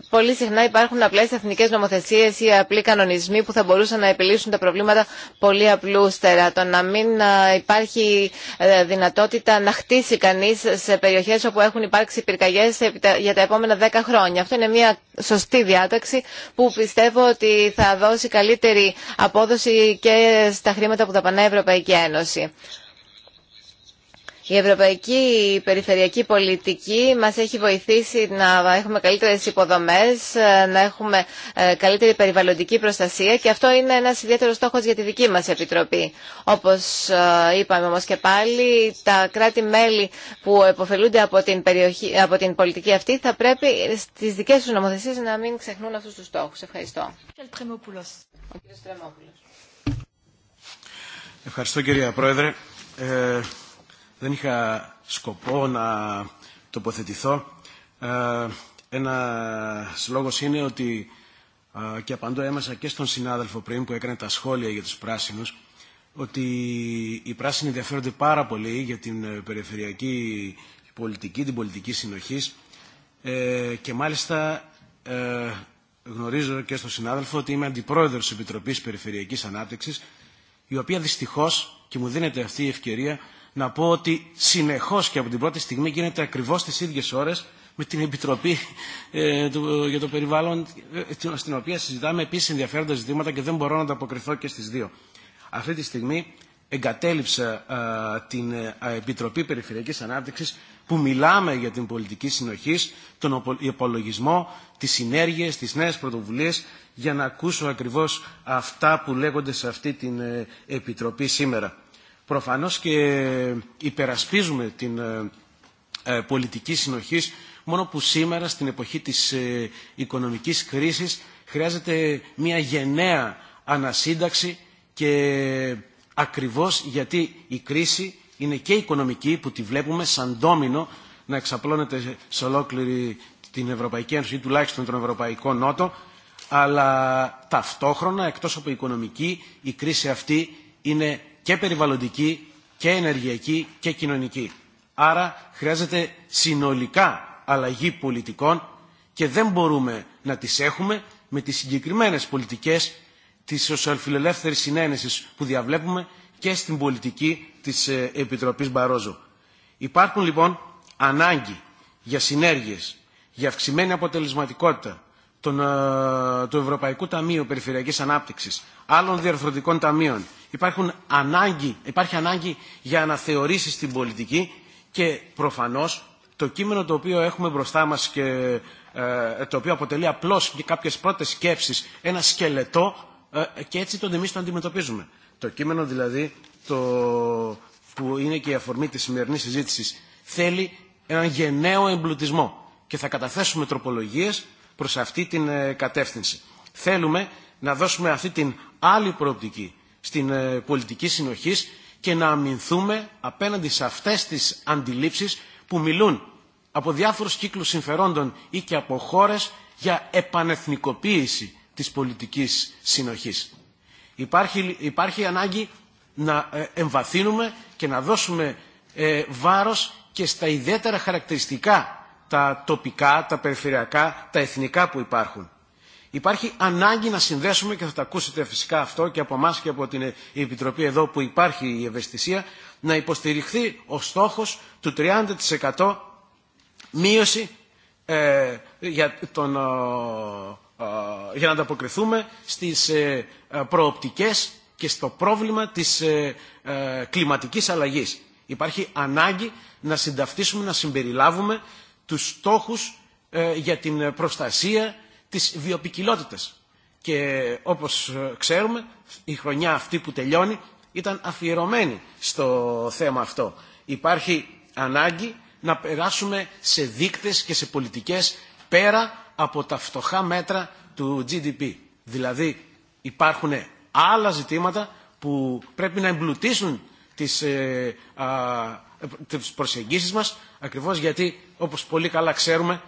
πολύ συχνά υπάρχουν απλές εθνικές νομοθεσίες ή απλοί κανονισμοί που θα μπορούσαν να επιλύσουν τα προβλήματα πολύ απλούστερα. Το να μην ε, υπάρχει ε, δυνατότητα να χτίσει κανείς σε περιοχές όπου έχουν υπάρξει πυρκαγιές για τα επόμενα δέκα χρόνια. Αυτό είναι μια σωστή διάταξη που πιστεύω ότι θα δώσει καλύτερη απόδοση και στα χρήματα που θα πανάει η Ευρωπαϊκή Ένωση. Η ευρωπαϊκή περιφερειακή πολιτική μας έχει βοηθήσει να έχουμε καλύτερες υποδομές, να έχουμε ε, καλύτερη περιβαλλοντική προστασία και αυτό είναι ένας ιδιαίτερος στόχος για τη δική μας Επιτροπή. Όπως ε, είπαμε όμως και πάλι, τα κράτη-μέλη που επωφελούνται από την, από την πολιτική αυτή θα πρέπει στις δικές τους νομοθεσίες να μην ξεχνούν αυτούς τους στόχους. Ευχαριστώ. Ευχαριστώ κυρία Πρόεδρε. Ε, δεν είχα σκοπό να τοποθετηθώ. Ε, Ένα λόγος είναι ότι, ε, και απαντώ έμασα και στον συνάδελφο πριν που έκανε τα σχόλια για τους πράσινους, ότι οι πράσινοι ενδιαφέρονται πάρα πολύ για την ε, περιφερειακή πολιτική, την πολιτική συνοχής και μάλιστα γνωρίζω και στον συνάδελφο ότι είμαι αντιπρόεδρος της Επιτροπής Περιφερειακής Ανάπτυξης η οποία δυστυχώς, και μου δίνεται αυτή η ευκαιρία, να πω ότι συνεχώς και από την πρώτη στιγμή γίνεται ακριβώς τις ίδιες ώρες με την Επιτροπή ε, για το Περιβάλλον, ε, στην οποία συζητάμε επίσης ενδιαφέροντα ζητήματα και δεν μπορώ να τα αποκριθώ και στις δύο. Αυτή τη στιγμή εγκατέλειψα ε, την ε, Επιτροπή Περιφερειακής Ανάπτυξης που μιλάμε για την πολιτική συνοχή, τον υπολογισμό, τις συνέργειες, τις νέες πρωτοβουλίες για να ακούσω ακριβώς αυτά που λέγονται σε αυτή την ε, Επιτροπή σήμερα προφανώς και υπερασπίζουμε την ε, ε, πολιτική συνοχής, μόνο που σήμερα στην εποχή της ε, οικονομικής κρίσης χρειάζεται μια γενναία ανασύνταξη και ακριβώς γιατί η κρίση είναι και οικονομική που τη βλέπουμε σαν ντόμινο να εξαπλώνεται σε ολόκληρη την Ευρωπαϊκή Ένωση ή τουλάχιστον τον Ευρωπαϊκό Νότο αλλά ταυτόχρονα εκτός από η οικονομική κρίση αυτή είναι και περιβαλλοντική και ενεργειακή και κοινωνική. Άρα χρειάζεται συνολικά αλλαγή πολιτικών και δεν μπορούμε να τις έχουμε με τις συγκεκριμένες πολιτικές της σοσιαλφιλελεύθερης συνένεσης που διαβλέπουμε και στην πολιτική της ε, Επιτροπής Μπαρόζο. Υπάρχουν λοιπόν ανάγκη για συνέργειες, για αυξημένη αποτελεσματικότητα ε, του Ευρωπαϊκού Ταμείου Περιφερειακής Ανάπτυξης, άλλων διαρθρωτικών ταμείων, υπάρχουν ανάγκη, υπάρχει ανάγκη για αναθεωρήσεις στην πολιτική και προφανώς το κείμενο το οποίο έχουμε μπροστά μας και ε, το οποίο αποτελεί απλώς και κάποιες πρώτες σκέψεις, ένα σκελετό ε, και έτσι τον εμείς το αντιμετωπίζουμε. Το κείμενο δηλαδή το, που είναι και η αφορμή της σημερινή συζήτηση θέλει έναν γενναίο εμπλουτισμό και θα καταθέσουμε τροπολογίες προς αυτή την ε, κατεύθυνση. Θέλουμε να δώσουμε αυτή την άλλη προοπτική στην ε, πολιτική συνοχής και να αμυνθούμε απέναντι σε αυτές τις αντιλήψεις που μιλούν από διάφορους κύκλους συμφερόντων ή και από χώρε για επανεθνικοποίηση της πολιτικής συνοχής. Υπάρχει, υπάρχει ανάγκη να ε, εμβαθύνουμε και να δώσουμε ε, βάρος και στα ιδιαίτερα χαρακτηριστικά, τα τοπικά, τα περιφερειακά, τα εθνικά που υπάρχουν. Υπάρχει ανάγκη να συνδέσουμε και θα το ακούσετε φυσικά αυτό και από εμά και από την Επιτροπή εδώ που υπάρχει η ευαισθησία να υποστηριχθεί ο στόχος του 30% μείωση ε, για, τον, για να ανταποκριθούμε στις ε, προοπτικές και στο πρόβλημα της ε, κλιματικής αλλαγής. Υπάρχει ανάγκη να συνταυτίσουμε, να συμπεριλάβουμε τους στόχους για την προστασία τις βιοπικιλότητες. Και όπως ε, ξέρουμε η χρονιά αυτή που τελειώνει ήταν αφιερωμένη στο θέμα αυτό. Υπάρχει ανάγκη να περάσουμε σε δείκτες και σε πολιτικές πέρα από τα φτωχά μέτρα του GDP. Δηλαδή υπάρχουν άλλα ζητήματα που πρέπει να εμπλουτίσουν τις, ε, α, ε, τις προσεγγίσεις μας ακριβώς γιατί όπως πολύ καλά ξέρουμε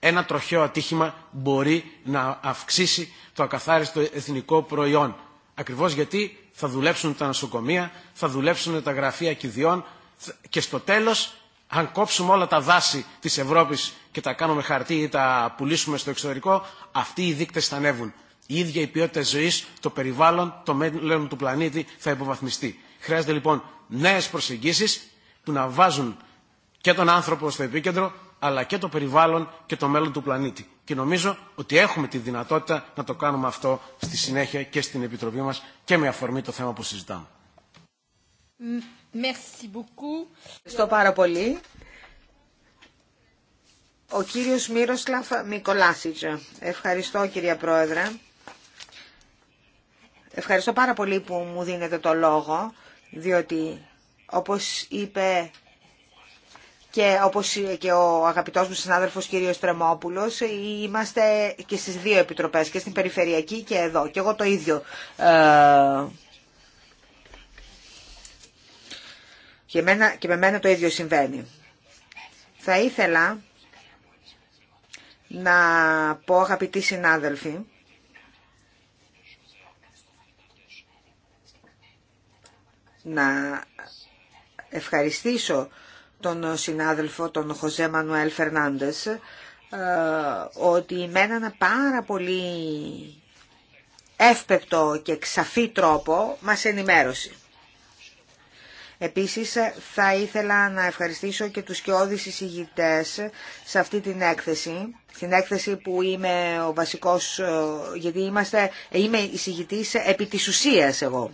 ένα τροχαίο ατύχημα μπορεί να αυξήσει το ακαθάριστο εθνικό προϊόν. Ακριβώς γιατί θα δουλέψουν τα νοσοκομεία, θα δουλέψουν τα γραφεία κηδιών και στο τέλος αν κόψουμε όλα τα δάση της Ευρώπης και τα κάνουμε χαρτί ή τα πουλήσουμε στο εξωτερικό, αυτοί οι δείκτες θα ανέβουν. Η ίδια η ποιότητα ζωής, το περιβάλλον, το μέλλον του πλανήτη θα υποβαθμιστεί. Χρειάζεται λοιπόν νέες προσεγγίσεις που να βάζουν και τον άνθρωπο στο επίκεντρο, αλλά και το περιβάλλον και το μέλλον του πλανήτη. Και νομίζω ότι έχουμε τη δυνατότητα να το κάνουμε αυτό στη συνέχεια και στην Επιτροπή μας και με αφορμή το θέμα που συζητάμε. Ευχαριστώ πάρα πολύ. Ο κύριος Μύροσλαφ Μικολάσιτζο. Ευχαριστώ κυρία Πρόεδρε. Ευχαριστώ πάρα πολύ που μου δίνετε το λόγο, διότι όπως είπε και όπως και ο αγαπητός μου συνάδελφος κύριος Τρεμόπουλος είμαστε και στις δύο επιτροπές και στην περιφερειακή και εδώ και εγώ το ίδιο ε, και, εμένα, και με μένα το ίδιο συμβαίνει θα ήθελα να πω αγαπητοί συνάδελφοι να ευχαριστήσω τον συνάδελφο, τον Χωζέ Μανουέλ Φερνάντες, ε, ότι με έναν πάρα πολύ εύπεπτο και ξαφή τρόπο μας ενημέρωσε. Επίσης θα ήθελα να ευχαριστήσω και τους σκιώδεις εισηγητές σε αυτή την έκθεση, την έκθεση που είμαι ο βασικός, ε, γιατί είμαστε, είμαι εισηγητής επί της ουσίας εγώ.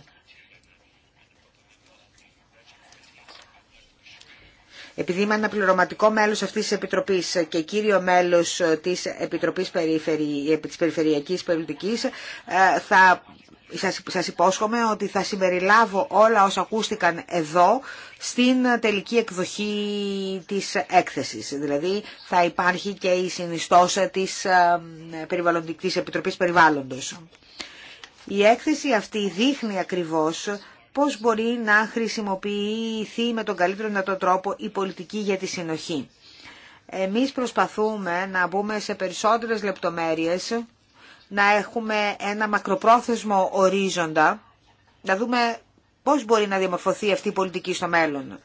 Επειδή είμαι ένα πληρωματικό μέλος αυτής της Επιτροπής και κύριο μέλος ε, της Επιτροπής Περιφερει... της Περιφερειακής Πολιτικής, ε, θα σας, υπόσχομαι ότι θα συμπεριλάβω όλα όσα ακούστηκαν εδώ στην τελική εκδοχή της έκθεσης. Δηλαδή θα υπάρχει και η συνιστόσα της, ε, περιβαλλοντικής, της Επιτροπής Περιβάλλοντος. Η έκθεση αυτή δείχνει ακριβώς πώς μπορεί να χρησιμοποιηθεί με τον καλύτερο δυνατό τρόπο η πολιτική για τη συνοχή. Εμείς προσπαθούμε να μπούμε σε περισσότερες λεπτομέρειες, να έχουμε ένα μακροπρόθεσμο ορίζοντα, να δούμε πώς μπορεί να διαμορφωθεί αυτή η πολιτική στο μέλλον.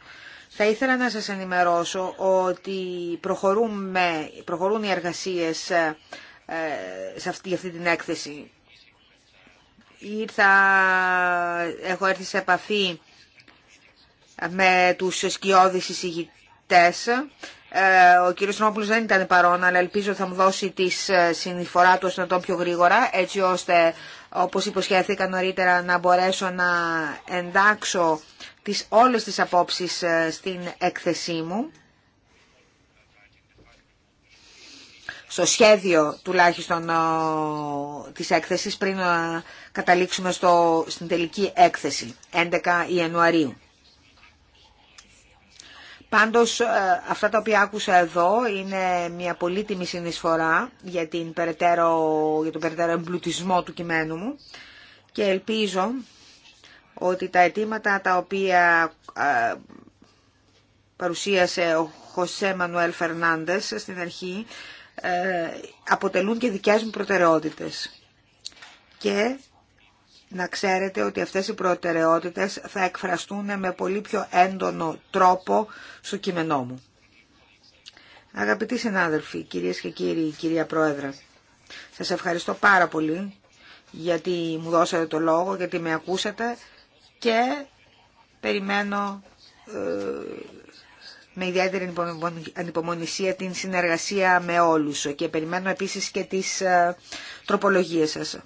Θα ήθελα να σας ενημερώσω ότι προχωρούμε, προχωρούν οι εργασίες ε, ε, σε αυτή την έκθεση ήρθα, έχω έρθει σε επαφή με τους σκιώδεις εισηγητές. Ε, ο κύριος Νόπουλος δεν ήταν παρόν, αλλά ελπίζω θα μου δώσει τη συνειφορά του να τον πιο γρήγορα, έτσι ώστε, όπως υποσχέθηκα νωρίτερα, να μπορέσω να εντάξω τις, όλες τις απόψεις ε, στην έκθεσή μου. στο σχέδιο τουλάχιστον της έκθεσης πριν καταλήξουμε στο, στην τελική έκθεση 11 Ιανουαρίου. Πάντως ε, αυτά τα οποία άκουσα εδώ είναι μια πολύτιμη συνεισφορά για, την για τον περαιτέρω εμπλουτισμό του κειμένου μου και ελπίζω ότι τα αιτήματα τα οποία ε, παρουσίασε ο Χωσέ Μανουέλ Φερνάντες στην αρχή ε, αποτελούν και δικές μου προτεραιότητες. Και να ξέρετε ότι αυτές οι προτεραιότητες θα εκφραστούν με πολύ πιο έντονο τρόπο στο κείμενό μου. Αγαπητοί συνάδελφοι, κυρίες και κύριοι, κυρία Πρόεδρε, σας ευχαριστώ πάρα πολύ γιατί μου δώσατε το λόγο, γιατί με ακούσατε και περιμένω ε, με ιδιαίτερη ανυπομονησία την συνεργασία με όλους και περιμένω επίσης και τις ε, τροπολογίες σας.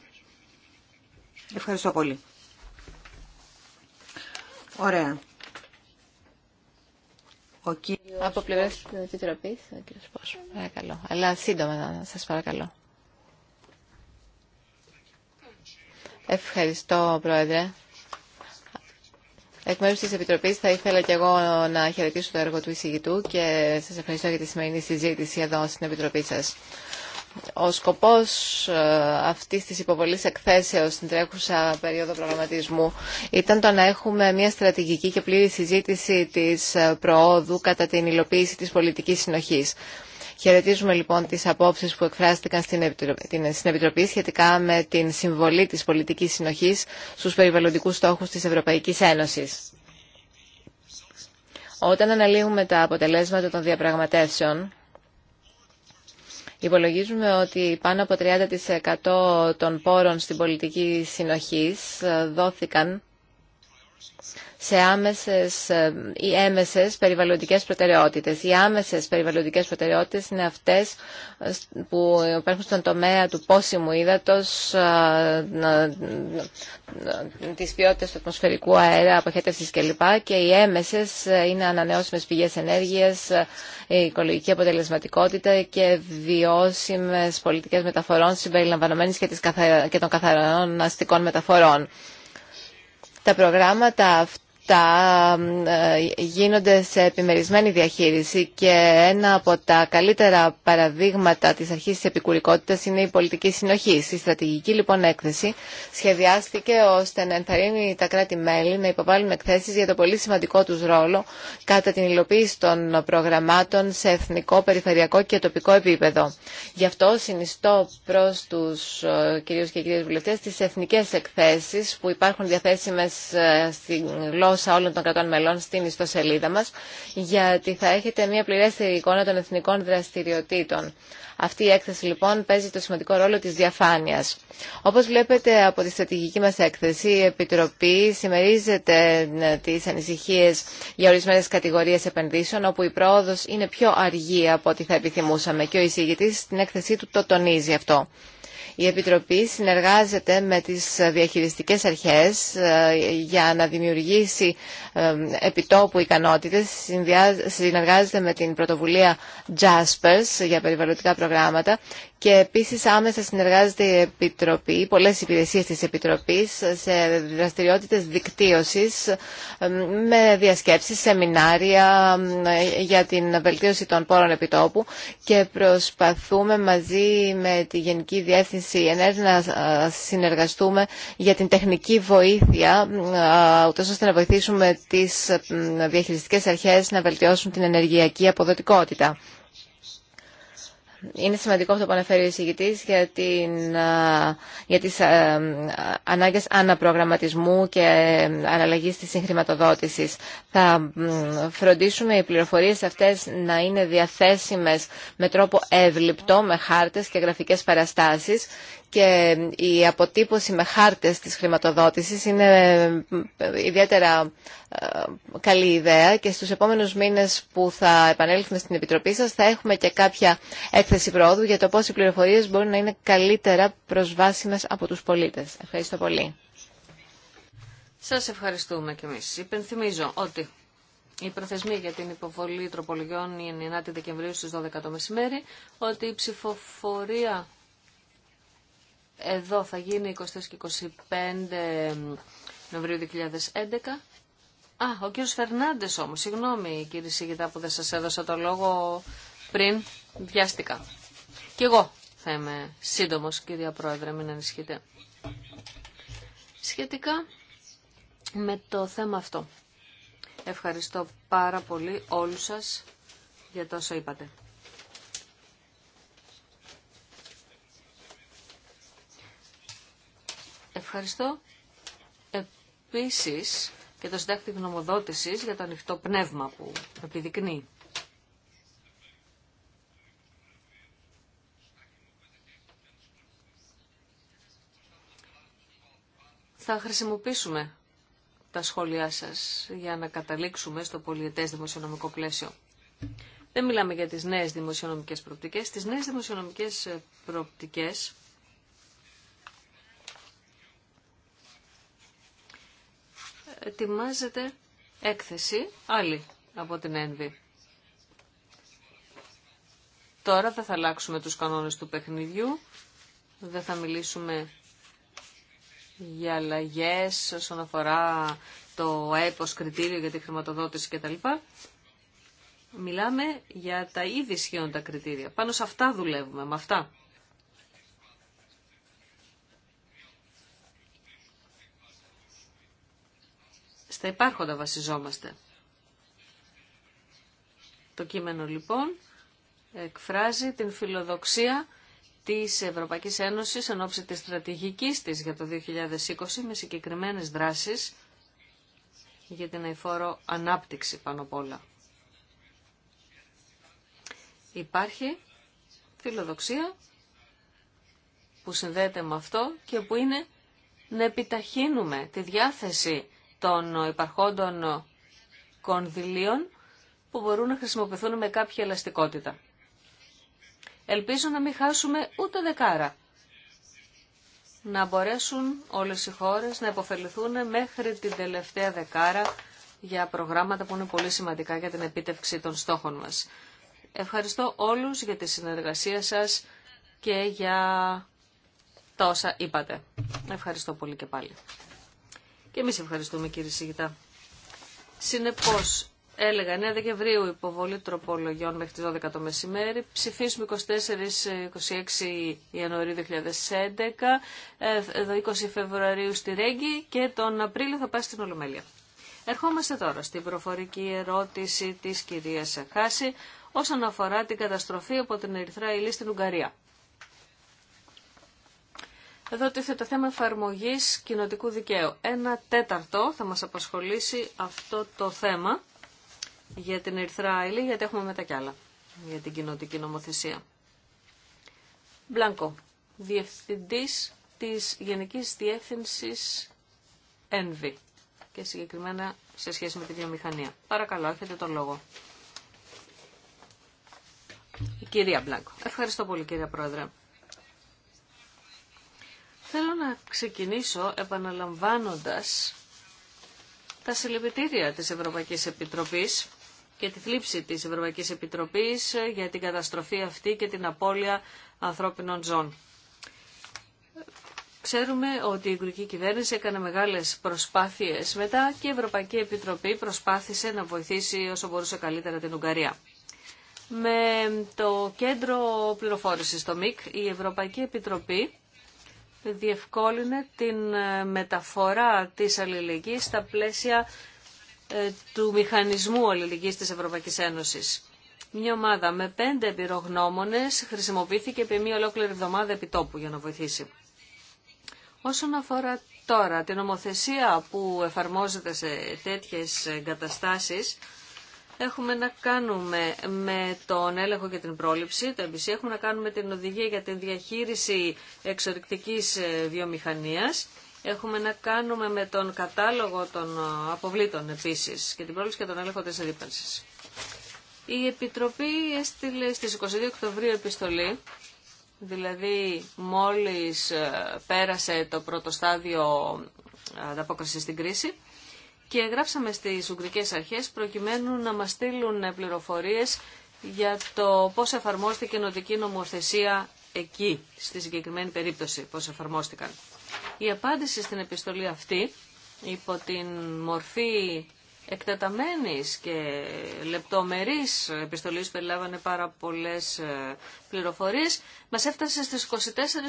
Ευχαριστώ πολύ. Ωραία. Ο κύριος... Από πλευρά της Επιτροπής, ο κύριος Πόσο, παρακαλώ. Αλλά σύντομα, σας παρακαλώ. Ευχαριστώ, Πρόεδρε. Εκ μέρους της Επιτροπής θα ήθελα και εγώ να χαιρετήσω το έργο του εισηγητού και σας ευχαριστώ για τη σημερινή συζήτηση εδώ στην Επιτροπή σας. Ο σκοπός ε, αυτής της υποβολής εκθέσεως στην τρέχουσα περίοδο προγραμματισμού ήταν το να έχουμε μια στρατηγική και πλήρη συζήτηση της ε, προόδου κατά την υλοποίηση της πολιτικής συνοχής. Χαιρετίζουμε λοιπόν τις απόψεις που εκφράστηκαν στην Επιτροπή σχετικά με την συμβολή της πολιτικής συνοχής στους περιβαλλοντικούς στόχους της Ευρωπαϊκής Ένωσης. Όταν αναλύουμε τα αποτελέσματα των διαπραγματεύσεων, Υπολογίζουμε ότι πάνω από 30% των πόρων στην πολιτική συνοχής ε, δόθηκαν σε άμεσες ε, ή έμεσες περιβαλλοντικές προτεραιότητες. Οι άμεσες περιβαλλοντικές προτεραιότητες είναι αυτές ε, που υπάρχουν στον τομέα του πόσιμου ύδατος, ε, της ποιότητας του ατμοσφαιρικού αέρα, αποχέτευσης κλπ. Και οι έμεσες είναι ανανεώσιμες πηγές ενέργειας, η οικολογική αποτελεσματικότητα και βιώσιμες πολιτικές μεταφορών συμπεριλαμβανομένης και των καθαρών αστικών μεταφορών. Τα προγράμματα αυτά αυτά ε, γίνονται σε επιμερισμένη διαχείριση και ένα από τα καλύτερα παραδείγματα της αρχής της επικουρικότητας είναι η πολιτική συνοχή. Η στρατηγική λοιπόν έκθεση σχεδιάστηκε ώστε να ενθαρρύνει τα κράτη-μέλη να υποβάλουν εκθέσεις για το πολύ σημαντικό τους ρόλο κατά την υλοποίηση των προγραμμάτων σε εθνικό, περιφερειακό και τοπικό επίπεδο. Γι' αυτό συνιστώ προς τους ε, κυρίους και κυρίες βουλευτές τις εθνικές εκθέσεις που υπάρχουν διαθέσιμες ε, στην γλώσσα γλώσσα όλων των κρατών μελών στην ιστοσελίδα μας, γιατί θα έχετε μια πληρέστερη εικόνα των εθνικών δραστηριοτήτων. Αυτή η έκθεση λοιπόν παίζει το σημαντικό ρόλο της διαφάνειας. Όπως βλέπετε από τη στρατηγική μας έκθεση, η Επιτροπή συμμερίζεται ε, τις ανησυχίες για ορισμένες κατηγορίες επενδύσεων, όπου η πρόοδος είναι πιο αργή από ό,τι θα επιθυμούσαμε και ο εισηγητής στην έκθεσή του το τονίζει αυτό. Η Επιτροπή συνεργάζεται με τις διαχειριστικές αρχές ε, για να δημιουργήσει ε, επιτόπου ικανότητες. Συνεργάζεται με την πρωτοβουλία Jaspers για περιβαλλοντικά προγράμματα και επίσης άμεσα συνεργάζεται η Επιτροπή, πολλές υπηρεσίες της Επιτροπής σε δραστηριότητες δικτύωσης με διασκέψεις, σεμινάρια για την βελτίωση των πόρων επιτόπου και προσπαθούμε μαζί με τη Γενική Διεύθυνση Ενέργεια να ε, συνεργαστούμε για την τεχνική βοήθεια ούτως ώστε να βοηθήσουμε τις διαχειριστικές αρχές να βελτιώσουν την ενεργειακή αποδοτικότητα. Είναι σημαντικό αυτό που αναφέρει ο εισηγητή για, για τις ανάγκες αναπρογραμματισμού και ε, αναλλαγή της συγχρηματοδότηση. Θα φροντίσουμε οι πληροφορίε αυτέ να είναι διαθέσιμε με τρόπο εύληπτο, με χάρτες και γραφικές παραστάσεις και η αποτύπωση με χάρτες της χρηματοδότησης είναι ε, ιδιαίτερα ε, καλή ιδέα και στους επόμενους μήνες που θα επανέλθουμε στην Επιτροπή σας θα έχουμε και κάποια έκθεση πρόοδου για το πώς οι πληροφορίες μπορούν να είναι καλύτερα προσβάσιμες από τους πολίτες. Ευχαριστώ πολύ. Σας ευχαριστούμε κι εμείς. Υπενθυμίζω ότι η προθεσμοί για την υποβολή τροπολογιών είναι 9 Δεκεμβρίου στις 12 το μεσημέρι, ότι η ψηφοφορία εδώ θα γίνει 20 και 25 Νοεμβρίου 2011. Α, ο κύριος Φερνάντες όμως, συγγνώμη κύριε Σιγητά που δεν σας έδωσα το λόγο πριν, βιάστηκα. Κι εγώ θα είμαι σύντομος κυρία Πρόεδρε, μην ανησυχείτε. Σχετικά με το θέμα αυτό. Ευχαριστώ πάρα πολύ όλους σας για τόσο είπατε. Ευχαριστώ επίσης και το συντάκτη γνωμοδότησης για το ανοιχτό πνεύμα που επιδεικνύει. Θα χρησιμοποιήσουμε τα σχόλιά σας για να καταλήξουμε στο πολιετές δημοσιονομικό πλαίσιο. Δεν μιλάμε για τις νέες δημοσιονομικές προοπτικές. Τις νέες δημοσιονομικές προοπτικές ετοιμάζεται έκθεση άλλη από την ΕΝΒΗ. Τώρα δεν θα αλλάξουμε τους κανόνες του παιχνιδιού, δεν θα μιλήσουμε για αλλαγέ όσον αφορά το έπος κριτήριο για τη χρηματοδότηση κτλ. Μιλάμε για τα ήδη τα κριτήρια. Πάνω σε αυτά δουλεύουμε, με αυτά. στα υπάρχοντα βασιζόμαστε. Το κείμενο λοιπόν εκφράζει την φιλοδοξία της Ευρωπαϊκής Ένωσης εν ώψη της στρατηγικής της για το 2020 με συγκεκριμένες δράσεις για την αηφόρο ανάπτυξη πάνω απ' όλα. Υπάρχει φιλοδοξία που συνδέεται με αυτό και που είναι να επιταχύνουμε τη διάθεση των υπαρχόντων κονδυλίων που μπορούν να χρησιμοποιηθούν με κάποια ελαστικότητα. Ελπίζω να μην χάσουμε ούτε δεκάρα. Να μπορέσουν όλες οι χώρες να υποφεληθούν μέχρι την τελευταία δεκάρα για προγράμματα που είναι πολύ σημαντικά για την επίτευξη των στόχων μας. Ευχαριστώ όλους για τη συνεργασία σας και για τα όσα είπατε. Ευχαριστώ πολύ και πάλι. Και εμείς ευχαριστούμε κύριε Σιγητά. Συνεπώς, έλεγα 9 Δεκεμβρίου υποβολή τροπολογιών μέχρι τις 12 το μεσημέρι. Ψηφίσουμε 24-26 Ιανουαρίου 2011, 20 ε, Φεβρουαρίου στη Ρέγγι και τον Απρίλιο θα πάει στην Ολομέλεια. Ερχόμαστε τώρα στην προφορική ερώτηση της κυρίας Χάση όσον αφορά την καταστροφή από την Ερυθρά Υλή στην Ουγγαρία. Εδώ τίθεται το θέμα εφαρμογή κοινοτικού δικαίου. Ένα τέταρτο θα μας απασχολήσει αυτό το θέμα για την Αιλή, γιατί έχουμε μετά κι άλλα για την κοινοτική νομοθεσία. Μπλάνκο, Διευθυντή τη Γενική διεύθυνση ΕΝΒΗ και συγκεκριμένα σε σχέση με τη βιομηχανία. Παρακαλώ, έχετε τον λόγο. Η κυρία Μπλάνκο. Ευχαριστώ πολύ κυρία Πρόεδρε. Θέλω να ξεκινήσω επαναλαμβάνοντας τα συλληπιτήρια της Ευρωπαϊκής Επιτροπής και τη θλίψη της Ευρωπαϊκής Επιτροπής για την καταστροφή αυτή και την απώλεια ανθρώπινων ζών. Ξέρουμε ότι η Υπουργική Κυβέρνηση έκανε μεγάλες προσπάθειες μετά και η Ευρωπαϊκή Επιτροπή προσπάθησε να βοηθήσει όσο μπορούσε καλύτερα την Ουγγαρία. Με το κέντρο πληροφόρησης, το ΜΙΚ, η Ευρωπαϊκή Επιτροπή διευκόλυνε την ε, μεταφορά της αλληλεγγύης στα πλαίσια ε, του μηχανισμού αλληλεγγύης της Ευρωπαϊκής Ένωσης. Μια ομάδα με πέντε εμπειρογνώμονες χρησιμοποιήθηκε επί μία ολόκληρη εβδομάδα επιτόπου για να βοηθήσει. Όσον αφορά τώρα την ομοθεσία που εφαρμόζεται σε τέτοιες εγκαταστάσεις, έχουμε να κάνουμε με τον έλεγχο και την πρόληψη, το MBC, έχουμε να κάνουμε την οδηγία για την διαχείριση εξορρυκτικής ε, βιομηχανίας, έχουμε να κάνουμε με τον κατάλογο των ε, αποβλήτων επίσης και την πρόληψη και τον έλεγχο της ρήπανσης. Η Επιτροπή έστειλε στις 22 Οκτωβρίου επιστολή, δηλαδή μόλις ε, πέρασε το πρώτο στάδιο ανταπόκριση στην κρίση, και γράψαμε στις Ουγγρικές Αρχές προκειμένου να μας στείλουν πληροφορίες για το πώς εφαρμόστηκε η νοτική νομοθεσία εκεί, στη συγκεκριμένη περίπτωση, πώς εφαρμόστηκαν. Η απάντηση στην επιστολή αυτή, υπό την μορφή εκτεταμένης και λεπτομερής επιστολής περιλάβανε πάρα πολλές ε, πληροφορίες, μας έφτασε στις 24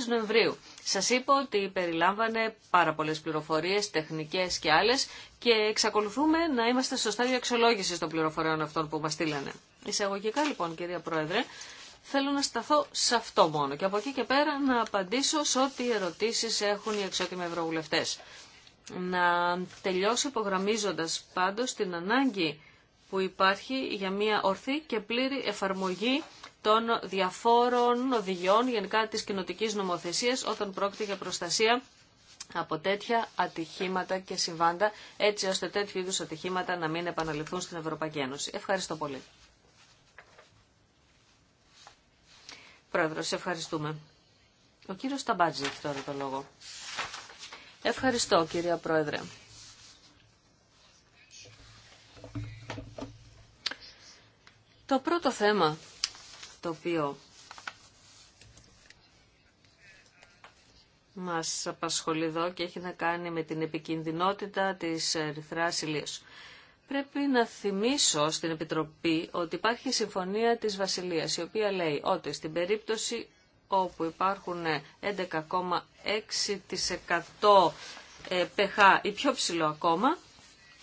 Νοεμβρίου. Σας είπα ότι περιλάμβανε πάρα πολλές πληροφορίες, τεχνικές και άλλες και εξακολουθούμε να είμαστε στο στάδιο αξιολόγηση των πληροφοριών αυτών που μας στείλανε. Εισαγωγικά λοιπόν κυρία Πρόεδρε, Θέλω να σταθώ σε αυτό μόνο και από εκεί και πέρα να απαντήσω σε ό,τι ερωτήσεις έχουν οι εξώτιμοι ευρωβουλευτές. Να τελειώσω υπογραμμίζοντας πάντως την ανάγκη που υπάρχει για μια ορθή και πλήρη εφαρμογή των διαφόρων οδηγιών γενικά της κοινοτικής νομοθεσίας όταν πρόκειται για προστασία από τέτοια ατυχήματα και συμβάντα, έτσι ώστε τέτοιου είδους ατυχήματα να μην επαναληφθούν στην Ευρωπαϊκή Ένωση. Ευχαριστώ πολύ. Πρόεδρος, ευχαριστούμε. Ο κύριος Ταμπάτζη έχει τώρα το λόγο. Ευχαριστώ κυρία Πρόεδρε. Το πρώτο θέμα το οποίο μας απασχολεί εδώ και έχει να κάνει με την επικινδυνότητα της ερυθράς ηλίας. Πρέπει να θυμίσω στην Επιτροπή ότι υπάρχει συμφωνία της Βασιλείας, η οποία λέει ότι στην περίπτωση όπου υπάρχουν 11,6% pH ε, ή πιο ψηλό ακόμα,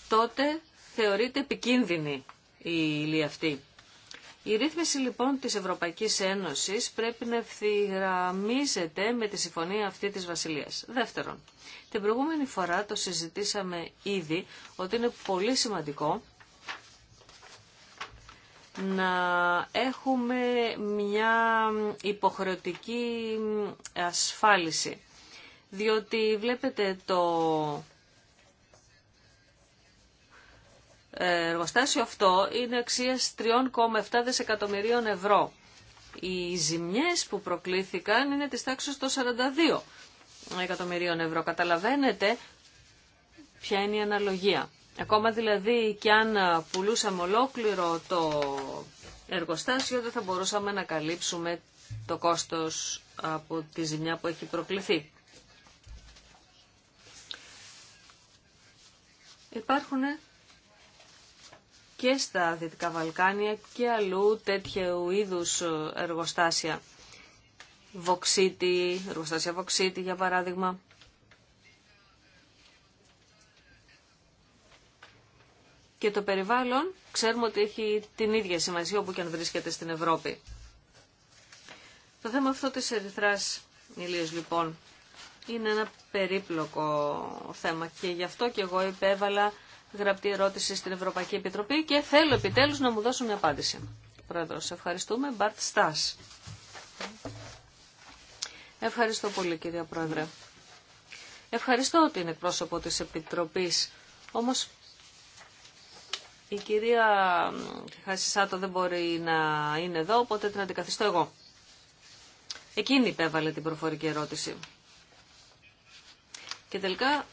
τότε θεωρείται επικίνδυνη η ύλη αυτή. Η ρύθμιση λοιπόν της Ευρωπαϊκής Ένωσης πρέπει να ευθυγραμμίζεται με τη συμφωνία αυτή της Βασιλείας. Δεύτερον, την προηγούμενη φορά το συζητήσαμε ήδη ότι είναι πολύ σημαντικό να έχουμε μια υποχρεωτική ασφάλιση. Διότι βλέπετε το εργοστάσιο αυτό είναι αξίας 3,7 δισεκατομμυρίων ευρώ. Οι ζημιές που προκλήθηκαν είναι της τάξης των 42 εκατομμυρίων ευρώ. Καταλαβαίνετε ποια είναι η αναλογία. Ακόμα δηλαδή και αν πουλούσαμε ολόκληρο το εργοστάσιο δεν θα μπορούσαμε να καλύψουμε το κόστος από τη ζημιά που έχει προκληθεί. Υπάρχουν και στα Δυτικά Βαλκάνια και αλλού τέτοιου είδους εργοστάσια. Βοξίτη, εργοστάσια Βοξίτη για παράδειγμα. και το περιβάλλον ξέρουμε ότι έχει την ίδια σημασία όπου και αν βρίσκεται στην Ευρώπη. Το θέμα αυτό της ερυθράς ηλίας λοιπόν είναι ένα περίπλοκο θέμα και γι' αυτό και εγώ υπέβαλα γραπτή ερώτηση στην Ευρωπαϊκή Επιτροπή και θέλω επιτέλους να μου δώσουν μια απάντηση. Πρόεδρος, ευχαριστούμε. Μπαρτ Ευχαριστώ πολύ κυρία Πρόεδρε. Ευχαριστώ την εκπρόσωπο της Επιτροπής, όμως η κυρία Χασισάτο δεν μπορεί να είναι εδώ, οπότε την αντικαθιστώ εγώ. Εκείνη υπέβαλε την προφορική ερώτηση. Και τελικά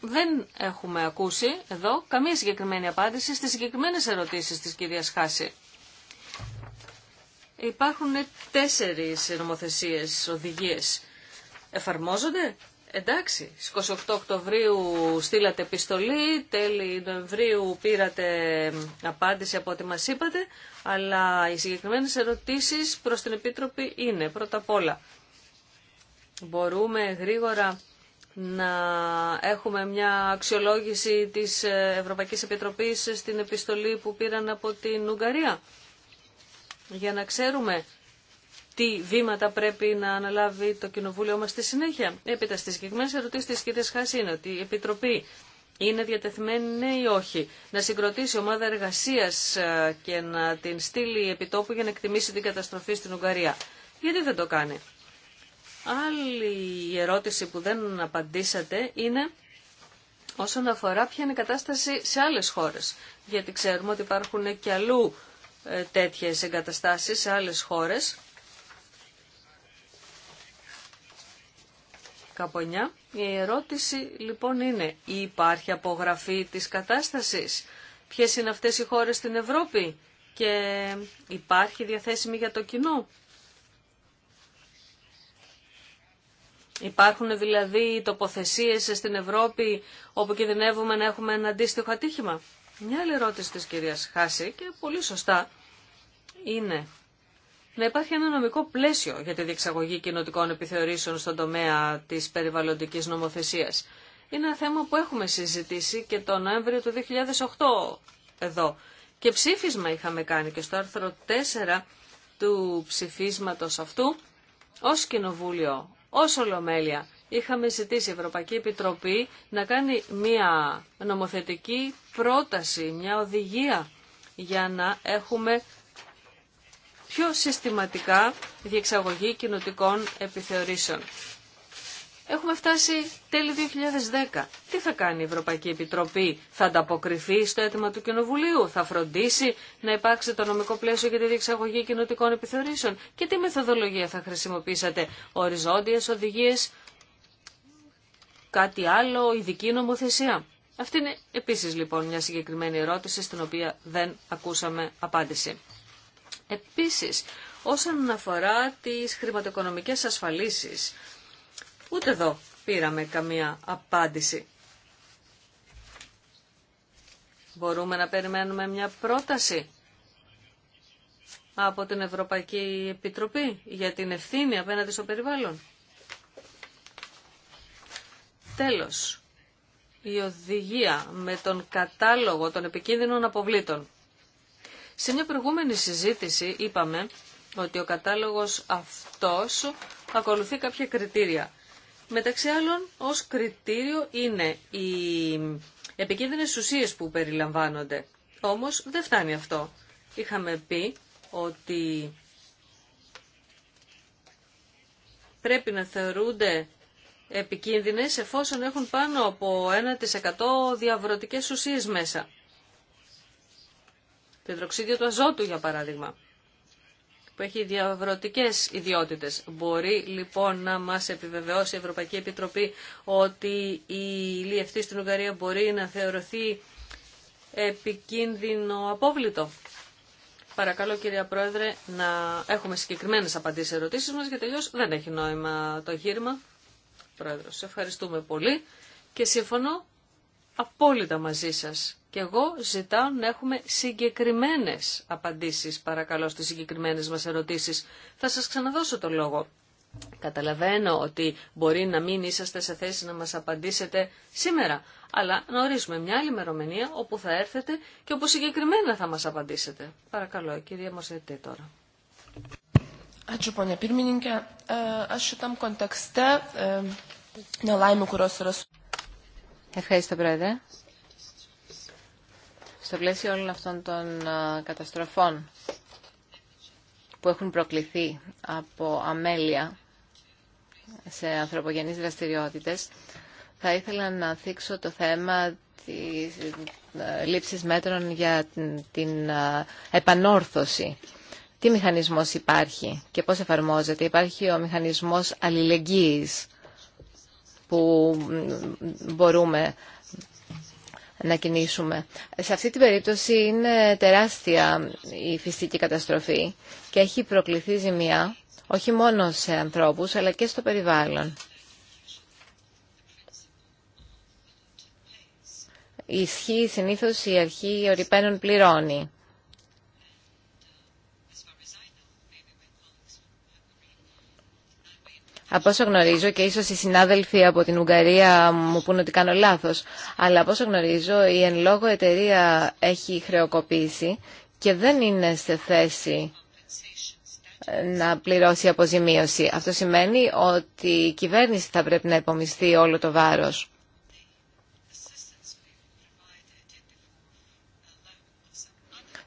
δεν έχουμε ακούσει εδώ καμία συγκεκριμένη απάντηση στις συγκεκριμένες ερωτήσεις της κυρίας Χάση. Υπάρχουν τέσσερις νομοθεσίες, οδηγίες. Εφαρμόζονται εντάξει, 28 Οκτωβρίου στείλατε επιστολή, τέλη Νοεμβρίου πήρατε απάντηση από ό,τι μας είπατε, αλλά οι συγκεκριμένες ερωτήσεις προς την Επίτροπη είναι πρώτα απ' όλα. Μπορούμε γρήγορα να έχουμε μια αξιολόγηση της ε, Ευρωπαϊκής Επιτροπής στην επιστολή που πήραν από την Ουγγαρία, για να ξέρουμε τι βήματα πρέπει να αναλάβει το Κοινοβούλιο μας στη συνέχεια. Έπειτα στις συγκεκριμένες ερωτήσεις της κυρίας Χάση είναι ότι η Επιτροπή είναι διατεθειμένη ναι ή όχι να συγκροτήσει ομάδα εργασίας ε, και να την στείλει επιτόπου για να εκτιμήσει την καταστροφή στην Ουγγαρία. Γιατί δεν το κάνει. Άλλη ερώτηση που δεν απαντήσατε είναι όσον αφορά ποια είναι η κατάσταση σε άλλες χώρες. Γιατί ξέρουμε ότι υπάρχουν και αλλού ε, τέτοιες εγκαταστάσεις σε άλλες χώρες Καπονιά. Η ερώτηση λοιπόν είναι, υπάρχει απογραφή της κατάστασης, ποιες είναι αυτές οι χώρες στην Ευρώπη και υπάρχει διαθέσιμη για το κοινό. Υπάρχουν δηλαδή τοποθεσίες στην Ευρώπη όπου κινδυνεύουμε να έχουμε ένα αντίστοιχο ατύχημα. Μια άλλη ερώτηση της κυρίας Χάση και πολύ σωστά είναι να υπάρχει ένα νομικό πλαίσιο για τη διεξαγωγή κοινοτικών επιθεωρήσεων στον τομέα της περιβαλλοντικής νομοθεσίας. Είναι ένα θέμα που έχουμε συζητήσει και τον Νοέμβριο του 2008 εδώ. Και ψήφισμα είχαμε κάνει και στο άρθρο 4 του ψηφίσματος αυτού, ως Κοινοβούλιο, ως Ολομέλεια, είχαμε ζητήσει η Ευρωπαϊκή Επιτροπή να κάνει μία νομοθετική πρόταση, μια οδηγία για να έχουμε πιο συστηματικά διεξαγωγή κοινοτικών επιθεωρήσεων. Έχουμε φτάσει τέλη 2010. Τι θα κάνει η Ευρωπαϊκή Επιτροπή, θα ανταποκριθεί στο αίτημα του Κοινοβουλίου, θα φροντίσει να υπάρξει το νομικό πλαίσιο για τη διεξαγωγή κοινοτικών επιθεωρήσεων και τι μεθοδολογία θα χρησιμοποιήσατε, οριζόντιες οδηγίες, κάτι άλλο, ειδική νομοθεσία. Αυτή είναι επίσης λοιπόν μια συγκεκριμένη ερώτηση στην οποία δεν ακούσαμε απάντηση. Επίσης, όσον αφορά τις χρηματοοικονομικές ασφαλίσεις, ούτε εδώ πήραμε καμία απάντηση. Μπορούμε να περιμένουμε μια πρόταση από την Ευρωπαϊκή Επιτροπή για την ευθύνη απέναντι στο περιβάλλον. Τέλος, η οδηγία με τον κατάλογο των επικίνδυνων αποβλήτων. Σε μια προηγούμενη συζήτηση είπαμε ότι ο κατάλογος αυτός ακολουθεί κάποια κριτήρια. Μεταξύ άλλων, ως κριτήριο είναι οι επικίνδυνες ουσίες που περιλαμβάνονται. Όμως δεν φτάνει αυτό. Είχαμε πει ότι πρέπει να θεωρούνται επικίνδυνες εφόσον έχουν πάνω από 1% διαβρωτικές ουσίες μέσα. Το του αζότου, για παράδειγμα, που έχει διαβρωτικές ιδιότητες. Μπορεί λοιπόν να μας επιβεβαιώσει η Ευρωπαϊκή Επιτροπή ότι η ύλη στην Ουγγαρία μπορεί να θεωρηθεί επικίνδυνο απόβλητο. Παρακαλώ κυρία Πρόεδρε να έχουμε συγκεκριμένες απαντήσεις σε ερωτήσεις μας γιατί αλλιώς δεν έχει νόημα το γύρμα. Σε ευχαριστούμε πολύ και συμφωνώ απόλυτα μαζί σας. Και εγώ ζητάω να έχουμε συγκεκριμένες απαντήσεις, παρακαλώ, στις συγκεκριμένες μας ερωτήσεις. Θα σας ξαναδώσω το λόγο. Καταλαβαίνω ότι μπορεί να μην είσαστε σε θέση να μας απαντήσετε σήμερα, αλλά να ορίσουμε μια άλλη ημερομηνία όπου θα έρθετε και όπου συγκεκριμένα θα μας απαντήσετε. Παρακαλώ, κυρία Μοσετή τώρα. Ευχαριστώ, Πρόεδρε. Στο πλαίσιο όλων αυτών των καταστροφών που έχουν προκληθεί από αμέλεια σε ανθρωπογενείς δραστηριότητες, θα ήθελα να θίξω το θέμα της ε, λήψης μέτρων για την επανόρθωση. Τι μηχανισμός υπάρχει και πώς εφαρμόζεται. Υπάρχει ο μηχανισμός αλληλεγγύης που μπορούμε να κινήσουμε. Σε αυτή την περίπτωση είναι τεράστια η φυσική καταστροφή και έχει προκληθεί ζημιά όχι μόνο σε ανθρώπους αλλά και στο περιβάλλον. Ισχύει συνήθως η αρχή ορυπαίνων πληρώνει. Από όσο γνωρίζω και ίσως οι συνάδελφοι από την Ουγγαρία μου πούν ότι κάνω λάθος, αλλά από όσο γνωρίζω η εν λόγω εταιρεία έχει χρεοκοπήσει και δεν είναι σε θέση ε, να πληρώσει αποζημίωση. Αυτό σημαίνει ότι η κυβέρνηση θα πρέπει να υπομειστεί όλο το βάρος.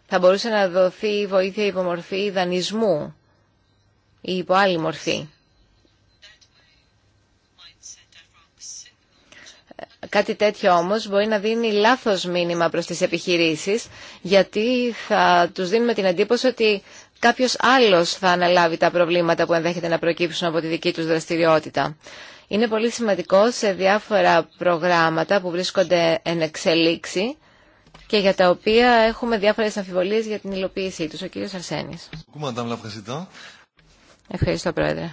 Θα μπορούσε να δοθεί βοήθεια μορφή δανεισμού ή υπό άλλη μορφή. Κάτι τέτοιο όμως μπορεί να δίνει λάθος μήνυμα προς τις επιχειρήσεις γιατί θα τους δίνουμε την εντύπωση ότι κάποιος άλλος θα αναλάβει τα προβλήματα που ενδέχεται να προκύψουν από τη δική τους δραστηριότητα. Είναι πολύ σημαντικό σε διάφορα προγράμματα που βρίσκονται εν εξελίξη και για τα οποία έχουμε διάφορες αμφιβολίες για την υλοποίησή τους. Ο κύριος Αρσένης. Ευχαριστώ, Πρόεδρε.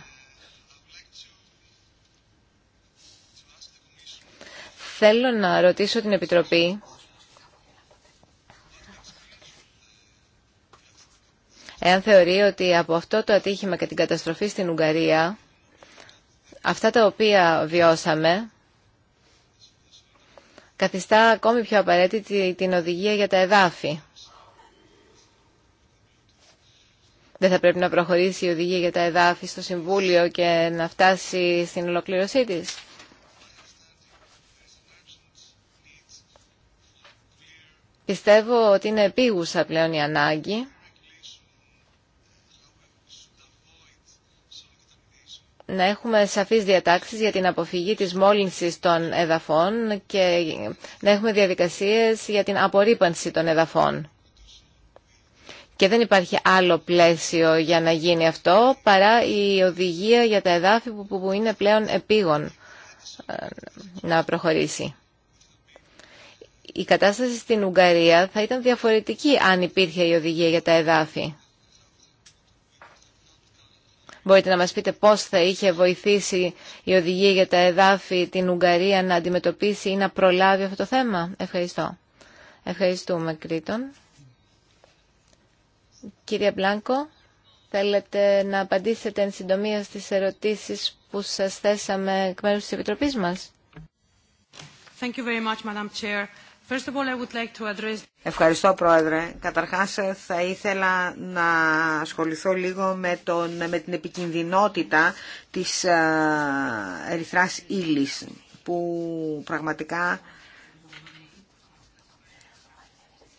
Θέλω να ρωτήσω την Επιτροπή εάν θεωρεί ότι από αυτό το ατύχημα και την καταστροφή στην Ουγγαρία αυτά τα οποία βιώσαμε καθιστά ακόμη πιο απαραίτητη την οδηγία για τα εδάφη. Δεν θα πρέπει να προχωρήσει η οδηγία για τα εδάφη στο Συμβούλιο και να φτάσει στην ολοκλήρωσή της. Πιστεύω ότι είναι επίγουσα πλέον η ανάγκη να έχουμε σαφείς διατάξεις για την αποφυγή της μόλυνσης των εδαφών και να έχουμε διαδικασίες για την απορρίπανση των εδαφών. Και δεν υπάρχει άλλο πλαίσιο για να γίνει αυτό παρά η οδηγία για τα εδάφη που είναι πλέον επίγον ε, να προχωρήσει η κατάσταση στην Ουγγαρία θα ήταν διαφορετική αν υπήρχε η οδηγία για τα εδάφη. Μπορείτε να μας πείτε πώς θα είχε βοηθήσει η οδηγία για τα εδάφη την Ουγγαρία να αντιμετωπίσει ή να προλάβει αυτό το θέμα. Ευχαριστώ. Ευχαριστούμε, Κρήτον. Κυρία Μπλάνκο, θέλετε να απαντήσετε εν συντομία στις ερωτήσεις που σας θέσαμε εκ μέρους της Επιτροπής μας. Thank you very much, Ευχαριστώ Πρόεδρε. Καταρχάς θα ήθελα να ασχοληθώ λίγο με, την επικινδυνότητα της α, ε, ερυθράς που πραγματικά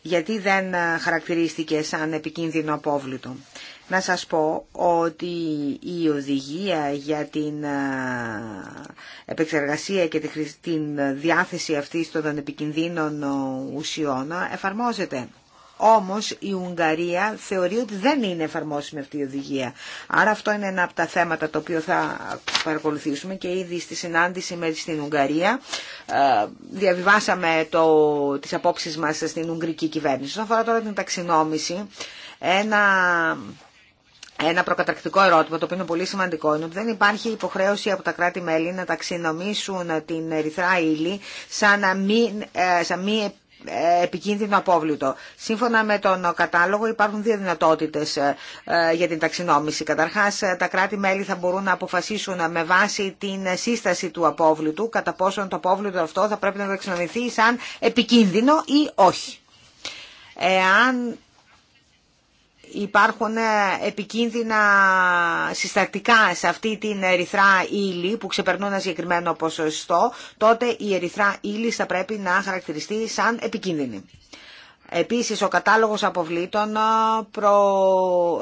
γιατί δεν χαρακτηρίστηκε σαν επικίνδυνο απόβλητο να σας πω ότι η οδηγία για την επεξεργασία και την διάθεση αυτής των επικινδύνων ουσιών εφαρμόζεται. Όμως η Ουγγαρία θεωρεί ότι δεν είναι εφαρμόσιμη αυτή η οδηγία. Άρα αυτό είναι ένα από τα θέματα το οποίο θα παρακολουθήσουμε και ήδη στη συνάντηση με την Ουγγαρία διαβιβάσαμε το, τις απόψεις μας στην Ουγγρική κυβέρνηση. Όσον αφορά τώρα την ταξινόμηση, ένα ένα προκαταρκτικό ερώτημα, το οποίο είναι πολύ σημαντικό, είναι ότι δεν υπάρχει υποχρέωση από τα κράτη-μέλη να ταξινομήσουν την ερυθρά ύλη σαν ε, μη, σαν ε, επικίνδυνο απόβλητο. Σύμφωνα με τον κατάλογο υπάρχουν δύο δυνατότητες ε, για την ταξινόμηση. Καταρχάς τα κράτη-μέλη θα μπορούν να αποφασίσουν με βάση την σύσταση του απόβλητου κατά πόσο το απόβλητο αυτό θα πρέπει να ταξινομηθεί σαν επικίνδυνο ή όχι. Εάν υπάρχουν ε, επικίνδυνα συστατικά σε αυτή την ερυθρά ύλη που ξεπερνούν ένα συγκεκριμένο ποσοστό, τότε η ερυθρά ύλη θα πρέπει να χαρακτηριστεί σαν επικίνδυνη. Επίσης, ο κατάλογος αποβλήτων ε, προ...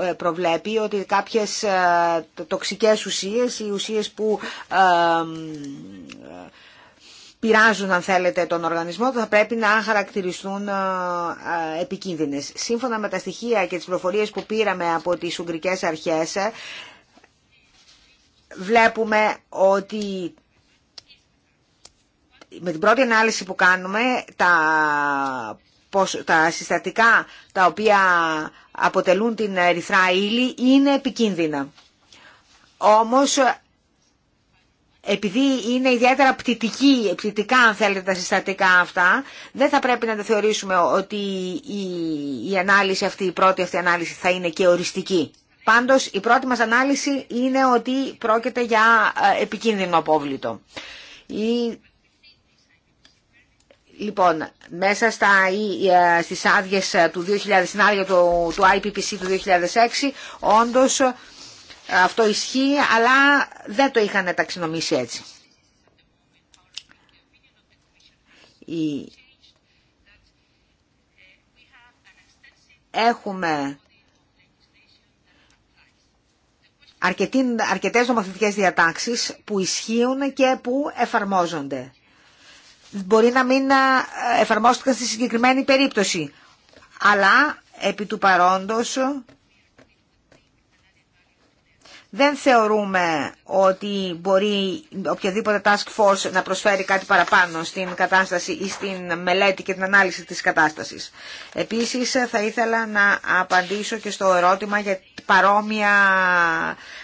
Ε, προβλέπει ότι κάποιες τοξικές ουσίες, οι ουσίες που πειράζουν αν θέλετε τον οργανισμό θα πρέπει να χαρακτηριστούν ε, ε, επικίνδυνες. Σύμφωνα με τα στοιχεία και τις πληροφορίες που πήραμε από τις Ουγγρικές Αρχές ε, βλέπουμε ότι με την πρώτη ανάλυση που κάνουμε τα, τα συστατικά τα οποία αποτελούν την ερυθρά ύλη είναι επικίνδυνα. Όμως επειδή είναι ιδιαίτερα πτυτική, πτυτικά αν θέλετε τα συστατικά αυτά, δεν θα πρέπει να τα θεωρήσουμε ότι η, η ανάλυση αυτή, η πρώτη αυτή ανάλυση θα είναι και οριστική. Πάντως η πρώτη μας ανάλυση είναι ότι πρόκειται για ε, επικίνδυνο απόβλητο. Λοιπόν, μέσα στα, ε, στις άδειες του 2000, στην του, του IPPC του 2006, όντως αυτό ισχύει, αλλά δεν το είχαν ταξινομήσει έτσι. Έχουμε αρκετές νομοθετικές διατάξεις που ισχύουν και που εφαρμόζονται. Μπορεί να μην ε, εφαρμόστηκαν στη συγκεκριμένη περίπτωση, αλλά επί του παρόντος δεν θεωρούμε ότι μπορεί οποιαδήποτε task force να προσφέρει κάτι παραπάνω στην κατάσταση ή στην μελέτη και την ανάλυση της κατάστασης. Επίσης θα ήθελα να απαντήσω και στο ερώτημα για παρόμοια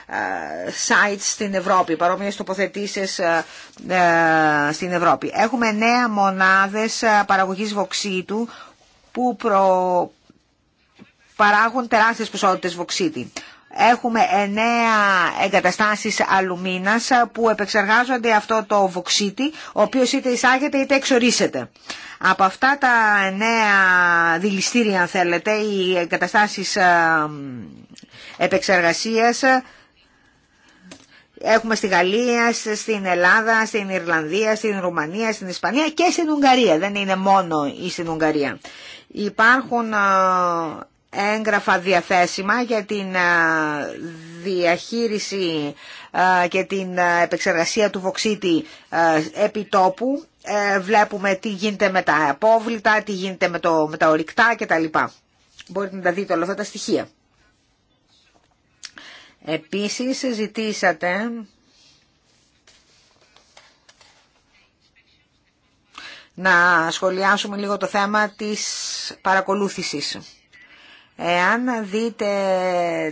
ε, sites στην Ευρώπη, παρόμοιες τοποθετήσεις ε, ε, στην Ευρώπη. Έχουμε νέα μονάδες παραγωγής βοξίτου που προ... παράγουν τεράστιες ποσότητες βοξίτη. Έχουμε εννέα εγκαταστάσεις αλουμίνας που επεξεργάζονται αυτό το βοξίτη, ο οποίος είτε εισάγεται είτε εξορίσεται. Από αυτά τα εννέα δηληστήρια, αν θέλετε, οι εγκαταστάσεις ε, επεξεργασίας, Έχουμε στη Γαλλία, στην Ελλάδα, στην Ιρλανδία, στην Ρουμανία, στην Ισπανία και στην Ουγγαρία. Δεν είναι μόνο ή στην Ουγγαρία. Υπάρχουν ε, έγγραφα διαθέσιμα για την διαχείριση και την επεξεργασία του βοξίτη επιτόπου. Ε, βλέπουμε τι γίνεται με τα απόβλητα, τι γίνεται με, το, με τα ορυκτά κτλ. Μπορείτε να τα δείτε όλα αυτά τα στοιχεία. Επίσης ζητήσατε να σχολιάσουμε λίγο το θέμα της παρακολούθησης. Εάν δείτε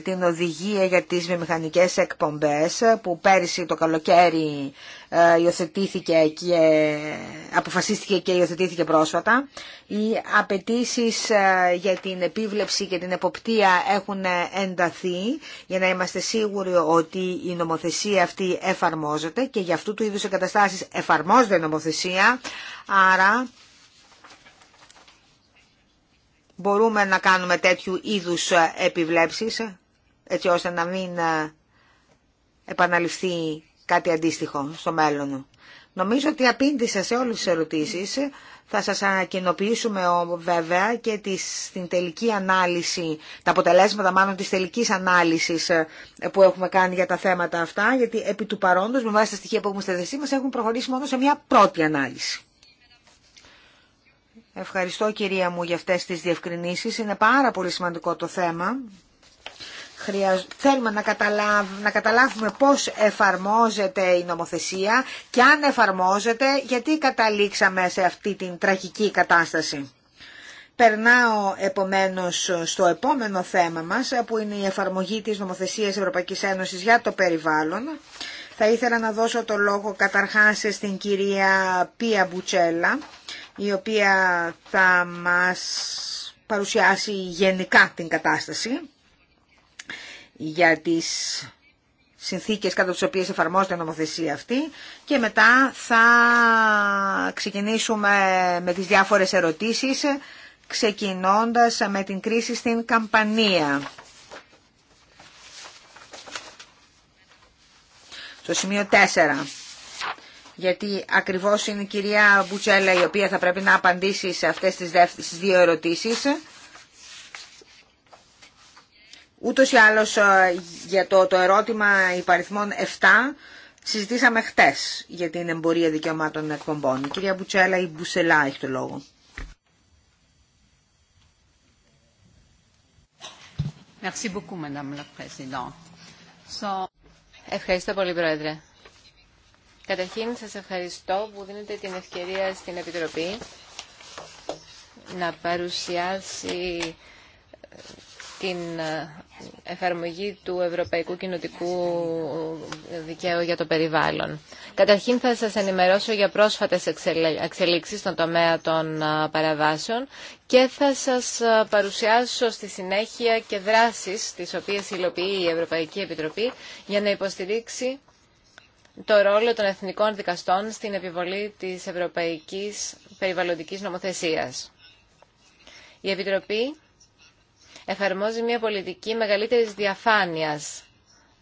την οδηγία για τις βιομηχανικές εκπομπές που πέρυσι το καλοκαίρι ε, υιοθετήθηκε και αποφασίστηκε και υιοθετήθηκε πρόσφατα, οι απαιτήσει ε, για την επίβλεψη και την εποπτεία έχουν ενταθεί για να είμαστε σίγουροι ότι η νομοθεσία αυτή εφαρμόζεται και για αυτού του είδους εγκαταστάσεις εφαρμόζεται η νομοθεσία, άρα μπορούμε να κάνουμε τέτοιου είδους ε, επιβλέψεις, έτσι ώστε να μην ε, επαναληφθεί κάτι αντίστοιχο στο μέλλον. Νομίζω ότι απήντησα σε όλες τις ερωτήσεις. Θα σας ανακοινοποιήσουμε βέβαια και τις, την τελική ανάλυση, τα αποτελέσματα μάλλον της τελικής ανάλυσης ε, που έχουμε κάνει για τα θέματα αυτά, γιατί επί του παρόντος, με βάση τα στοιχεία που έχουμε στη μας, έχουμε προχωρήσει μόνο σε μια πρώτη ανάλυση. Ευχαριστώ κυρία μου για αυτές τις διευκρινήσεις. Είναι πάρα πολύ σημαντικό το θέμα. Θέλουμε να, να καταλάβουμε πώς εφαρμόζεται η νομοθεσία και αν εφαρμόζεται γιατί καταλήξαμε σε αυτή την τραγική κατάσταση. Περνάω επομένως στο επόμενο θέμα μας που είναι η εφαρμογή της νομοθεσίας Ευρωπαϊκής Ένωσης για το περιβάλλον. Θα ήθελα να δώσω το λόγο καταρχάς στην κυρία Πία Μπουτσέλα η οποία θα μας παρουσιάσει γενικά την κατάσταση για τις συνθήκες κατά τις οποίες εφαρμόζεται η νομοθεσία αυτή και μετά θα ξεκινήσουμε με τις διάφορες ερωτήσεις ξεκινώντας με την κρίση στην Καμπανία. Στο σημείο 4 γιατί ακριβώς είναι η κυρία Μπουτσέλα η οποία θα πρέπει να απαντήσει σε αυτές τις δύο ερωτήσεις. Ούτως ή άλλως ε, για το, το ερώτημα υπαριθμών 7 συζητήσαμε χτες για την εμπορία δικαιωμάτων εκπομπών. Η κυρία Μπουτσέλα ή Μπουσελά έχει το λόγο. Ευχαριστώ πολύ, Πρόεδρε. Καταρχήν σας ευχαριστώ που δίνετε την ευκαιρία στην Επιτροπή να παρουσιάσει ε, την ε, εφαρμογή του Ευρωπαϊκού Κοινοτικού Δικαίου για το Περιβάλλον. Καταρχήν θα σας ενημερώσω για πρόσφατες εξελίξεις στον τομέα των ε, παραβάσεων και θα σας παρουσιάσω στη συνέχεια και δράσεις τις οποίες υλοποιεί η Ευρωπαϊκή Επιτροπή για να υποστηρίξει το ρόλο των εθνικών δικαστών στην επιβολή της ευρωπαϊκής περιβαλλοντικής νομοθεσίας. Η Επιτροπή εφαρμόζει μια πολιτική μεγαλύτερης διαφάνειας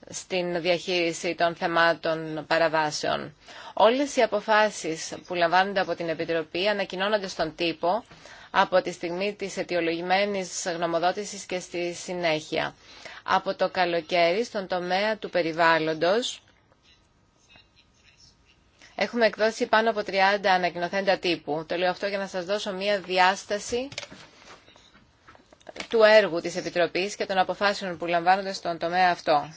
στην διαχείριση των θεμάτων παραβάσεων. Όλες οι αποφάσεις που λαμβάνονται από την Επιτροπή ανακοινώνονται στον τύπο από τη στιγμή της αιτιολογημένης γνωμοδότησης και στη συνέχεια. Από το καλοκαίρι στον τομέα του περιβάλλοντος Έχουμε εκδώσει πάνω από 30 ανακοινοθέντα τύπου. Το λέω αυτό για να σας δώσω μία διάσταση του έργου της Επιτροπής και των αποφάσεων που λαμβάνονται στον τομέα αυτό.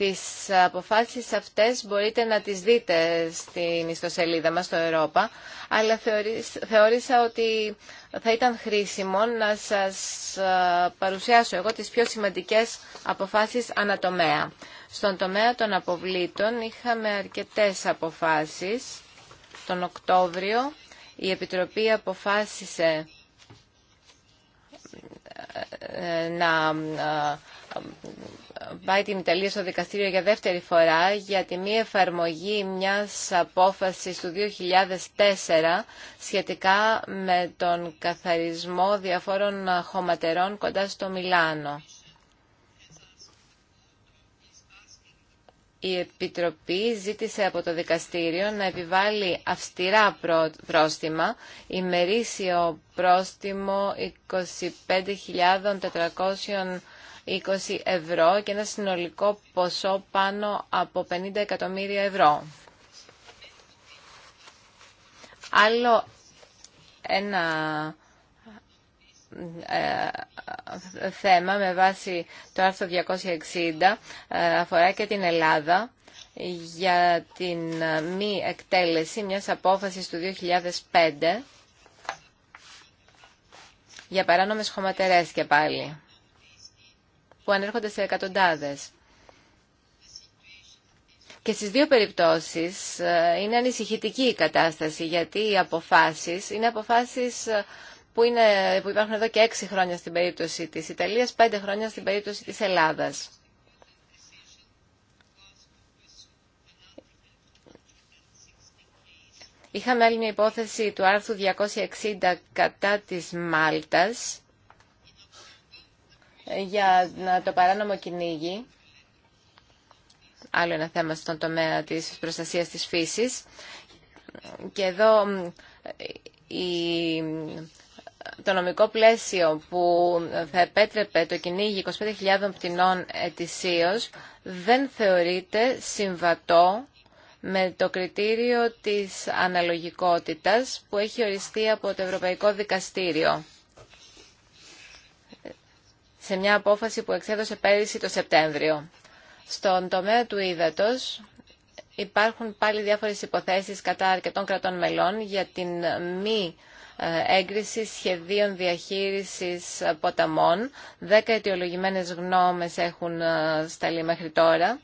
Τις αποφάσεις αυτές μπορείτε να τις δείτε στην ιστοσελίδα μας στο Ευρώπα, αλλά θεώρησα ότι θα ήταν χρήσιμο να σας ε, παρουσιάσω εγώ τις πιο σημαντικές αποφάσεις ανατομέα. Στον τομέα των αποβλήτων είχαμε αρκετές αποφάσεις. Τον Οκτώβριο η Επιτροπή αποφάσισε ε, ε, να πάει την Ιταλία στο δικαστήριο για δεύτερη φορά για τη μη εφαρμογή μιας απόφασης του 2004 σχετικά με τον καθαρισμό διαφόρων χωματερών κοντά στο Μιλάνο. Η Επιτροπή ζήτησε από το δικαστήριο να επιβάλλει αυστηρά πρόστιμα, ημερήσιο πρόστιμο 25.400 ευρώ και ένα συνολικό ποσό πάνω από 50 εκατομμύρια ευρώ. Άλλο ένα ε, θέμα με βάση το άρθρο 260 ε, αφορά και την Ελλάδα για την ε, μη εκτέλεση μιας απόφασης του 2005 για παράνομες χωματερές και πάλι που ανέρχονται σε εκατοντάδες. Και στις δύο περιπτώσεις ε, είναι ανησυχητική η κατάσταση, γιατί οι αποφάσεις είναι αποφάσεις ε, που, είναι, που υπάρχουν εδώ και έξι χρόνια στην περίπτωση της Ιταλίας, πέντε χρόνια στην περίπτωση της Ελλάδας. Είχαμε άλλη μια υπόθεση του άρθρου 260 κατά της Μάλτας, για το παράνομο κυνήγι, άλλο ένα θέμα στον τομέα της προστασίας της φύσης. Και εδώ η, το νομικό πλαίσιο που θα επέτρεπε το κυνήγι 25.000 πτηνών ετησίως δεν θεωρείται συμβατό με το κριτήριο της αναλογικότητας που έχει οριστεί από το Ευρωπαϊκό Δικαστήριο σε μια απόφαση που εξέδωσε πέρυσι το Σεπτέμβριο. Στον τομέα του ύδατος υπάρχουν πάλι διάφορες υποθέσεις κατά αρκετών κρατών μελών για την μη ε, έγκριση σχεδίων διαχείρισης ε, ποταμών. Δέκα αιτιολογημένες γνώμες έχουν ε, σταλεί μέχρι τώρα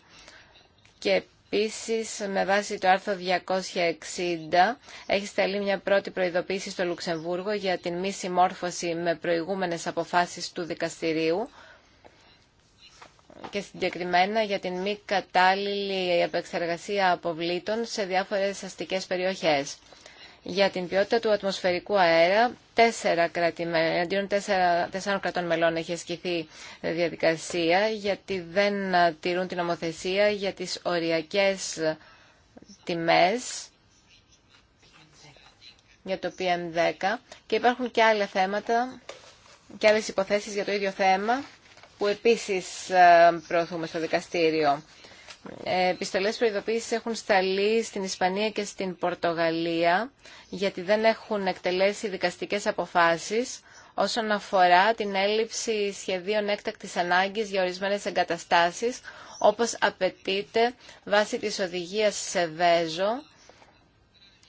και Επίσης, με βάση το άρθρο 260, έχει σταλεί μια πρώτη προειδοποίηση στο Λουξεμβούργο για την μη συμμόρφωση με προηγούμενες αποφάσεις του δικαστηρίου και συγκεκριμένα για την μη κατάλληλη επεξεργασία αποβλήτων σε διάφορες αστικές περιοχές για την ποιότητα του ατμοσφαιρικού αέρα, τέσσερα κρατημένα, αντίον τέσσερα, τέσσερα κρατών μελών έχει ασκηθεί διαδικασία, γιατί δεν τηρούν την ομοθεσία για τις οριακές τιμές για το PM10 και υπάρχουν και άλλα θέματα και άλλες υποθέσεις για το ίδιο θέμα που επίσης ε, προωθούμε στο δικαστήριο. Ε, επιστολέ προειδοποίησης έχουν σταλεί στην Ισπανία και στην Πορτογαλία γιατί δεν έχουν εκτελέσει δικαστικές αποφάσεις όσον αφορά την έλλειψη σχεδίων έκτακτης ανάγκης για ορισμένες εγκαταστάσεις όπως απαιτείται βάσει της οδηγίας σε Βέζο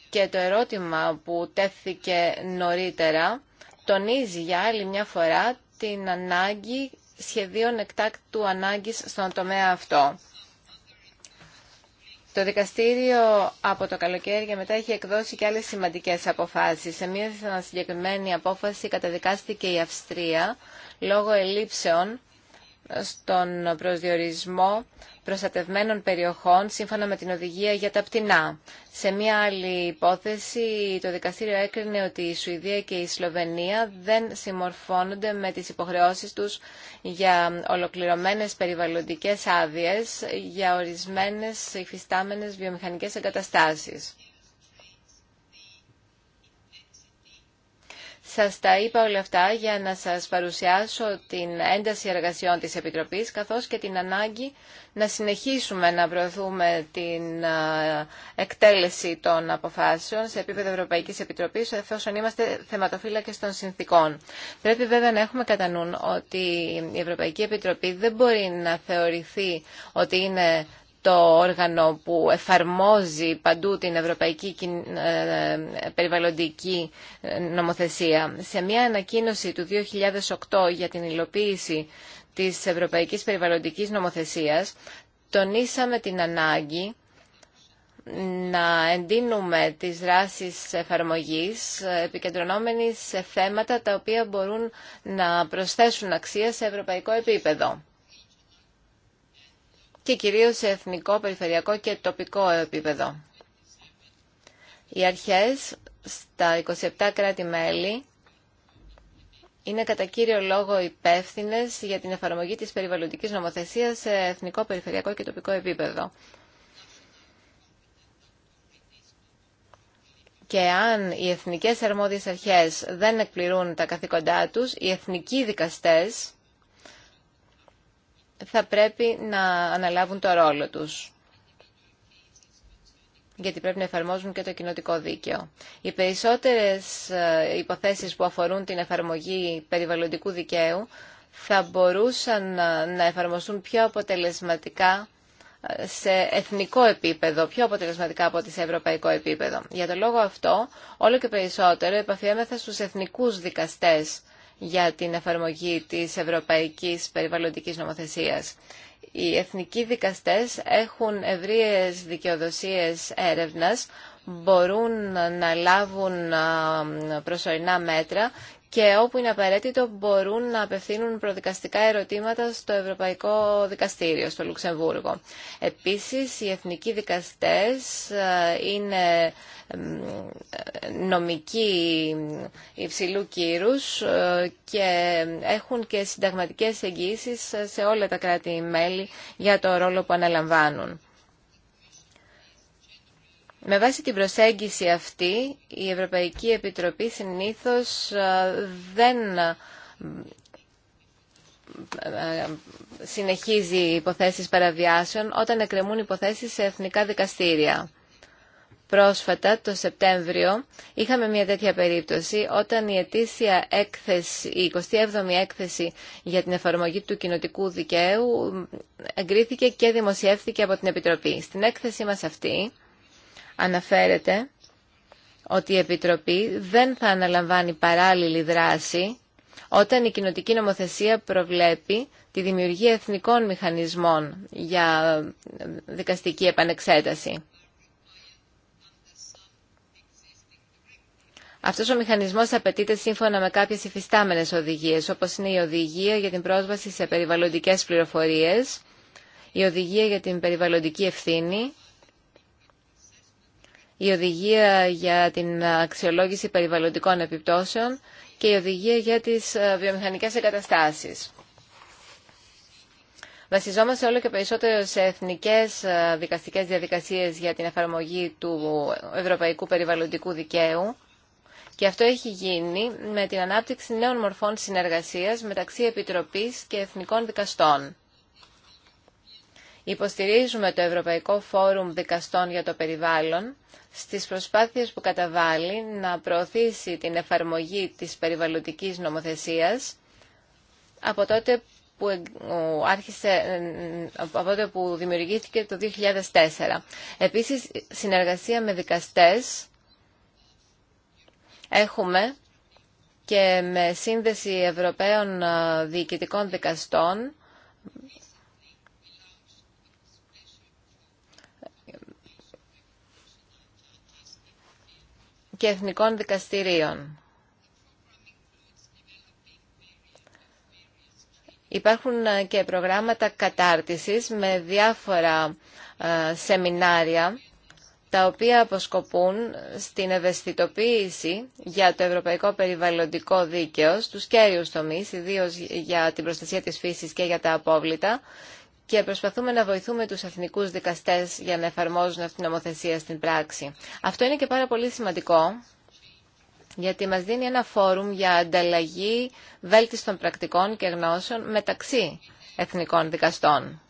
και το ερώτημα που τέθηκε νωρίτερα τονίζει για άλλη μια φορά την ανάγκη σχεδίων εκτάκτου ανάγκης στον τομέα αυτό. Το δικαστήριο από το καλοκαίρι και μετά έχει εκδώσει και άλλες σημαντικές αποφάσεις. Σε μια συγκεκριμένη απόφαση καταδικάστηκε η Αυστρία λόγω ελήψεων στον προσδιορισμό προστατευμένων περιοχών σύμφωνα με την οδηγία για τα πτηνά. Σε μια άλλη υπόθεση, το δικαστήριο έκρινε ότι η Σουηδία και η Σλοβενία δεν συμμορφώνονται με τις υποχρεώσεις τους για ολοκληρωμένες περιβαλλοντικές άδειες για ορισμένες υφιστάμενες βιομηχανικές εγκαταστάσεις. Σας τα είπα όλα αυτά για να σας παρουσιάσω την ένταση εργασιών της Επιτροπής καθώς και την ανάγκη να συνεχίσουμε να προωθούμε την εκτέλεση των αποφάσεων σε επίπεδο Ευρωπαϊκής Επιτροπής εφόσον είμαστε θεματοφύλακες των συνθήκων. Πρέπει βέβαια να έχουμε κατά νου ότι η Ευρωπαϊκή Επιτροπή δεν μπορεί να θεωρηθεί ότι είναι το όργανο που εφαρμόζει παντού την ευρωπαϊκή ε, ε, περιβαλλοντική ε, νομοθεσία. Σε μια ανακοίνωση του 2008 για την υλοποίηση της ευρωπαϊκής περιβαλλοντικής νομοθεσίας, τονίσαμε την ανάγκη να εντείνουμε τις δράσεις εφαρμογής επικεντρωνόμενοι σε θέματα τα οποία μπορούν να προσθέσουν αξία σε ευρωπαϊκό επίπεδο και κυρίως σε εθνικό, περιφερειακό και τοπικό επίπεδο. Οι αρχές στα 27 κράτη-μέλη είναι κατά κύριο λόγο υπεύθυνε για την εφαρμογή της περιβαλλοντικής νομοθεσίας σε εθνικό, περιφερειακό και τοπικό επίπεδο. Και αν οι εθνικές αρμόδιες αρχές δεν εκπληρούν τα καθήκοντά τους, οι εθνικοί δικαστές θα πρέπει να αναλάβουν το ρόλο τους. Γιατί πρέπει να εφαρμόζουν και το κοινοτικό δίκαιο. Οι περισσότερες ε, υποθέσεις που αφορούν την εφαρμογή περιβαλλοντικού δικαίου θα μπορούσαν ε, να εφαρμοστούν πιο αποτελεσματικά ε, σε εθνικό επίπεδο, πιο αποτελεσματικά από ότι σε ευρωπαϊκό επίπεδο. Για τον λόγο αυτό, όλο και περισσότερο επαφιέμεθα στους εθνικούς δικαστές για την εφαρμογή της ευρωπαϊκής περιβαλλοντικής νομοθεσίας. Οι εθνικοί δικαστές έχουν ευρείες δικαιοδοσίες έρευνας, μπορούν να λάβουν προσωρινά μέτρα και όπου είναι απαραίτητο μπορούν να απευθύνουν προδικαστικά ερωτήματα στο Ευρωπαϊκό Δικαστήριο, στο Λουξεμβούργο. Επίσης, οι εθνικοί δικαστές ε, είναι νομικοί υψηλού κύρους ε, και έχουν και συνταγματικές εγγύησεις σε όλα τα κράτη-μέλη για το ρόλο που αναλαμβάνουν. Με βάση την προσέγγιση αυτή, η Ευρωπαϊκή Επιτροπή συνήθως ε, δεν ε, ε, συνεχίζει υποθέσεις παραβιάσεων όταν εκκρεμούν υποθέσεις σε εθνικά δικαστήρια. Πρόσφατα, το Σεπτέμβριο, είχαμε μια τέτοια περίπτωση όταν η ετήσια έκθεση, η 27η έκθεση για την εφαρμογή του κοινοτικού δικαίου εγκρίθηκε και δημοσιεύθηκε από την Επιτροπή. Στην έκθεση μας αυτή, αναφέρεται ότι η Επιτροπή δεν θα αναλαμβάνει παράλληλη δράση όταν η κοινοτική νομοθεσία προβλέπει τη δημιουργία εθνικών μηχανισμών για δικαστική επανεξέταση. Αυτός ο μηχανισμός απαιτείται σύμφωνα με κάποιες υφιστάμενες οδηγίες, όπως είναι η οδηγία για την πρόσβαση σε περιβαλλοντικές πληροφορίες, η οδηγία για την περιβαλλοντική ευθύνη η οδηγία για την αξιολόγηση περιβαλλοντικών επιπτώσεων και η οδηγία για τις ε, βιομηχανικές εγκαταστάσεις. Βασιζόμαστε όλο και περισσότερο σε εθνικές ε, δικαστικές διαδικασίες για την εφαρμογή του ευρωπαϊκού περιβαλλοντικού δικαίου και αυτό έχει γίνει με την ανάπτυξη νέων μορφών συνεργασίας μεταξύ Επιτροπής και Εθνικών Δικαστών. Υποστηρίζουμε το Ευρωπαϊκό Φόρουμ Δικαστών για το Περιβάλλον στις προσπάθειες που καταβάλει να προωθήσει την εφαρμογή της περιβαλλοντικής νομοθεσίας από τότε που, άρχισε, από τότε που δημιουργήθηκε το 2004. Επίσης, συνεργασία με δικαστές έχουμε και με σύνδεση Ευρωπαίων ε, Διοικητικών Δικαστών και εθνικών δικαστηρίων. Υπάρχουν ε, και προγράμματα κατάρτισης με διάφορα ε, σεμινάρια τα οποία αποσκοπούν στην ευαισθητοποίηση για το ευρωπαϊκό περιβαλλοντικό δίκαιο στους κέριους τομείς, ιδίως για την προστασία της φύσης και για τα απόβλητα και προσπαθούμε να βοηθούμε τους εθνικούς δικαστές για να εφαρμόζουν αυτήν την νομοθεσία στην πράξη. Αυτό είναι και πάρα πολύ σημαντικό γιατί μας δίνει ένα φόρουμ για ανταλλαγή βέλτιστων πρακτικών και γνώσεων μεταξύ εθνικών δικαστών.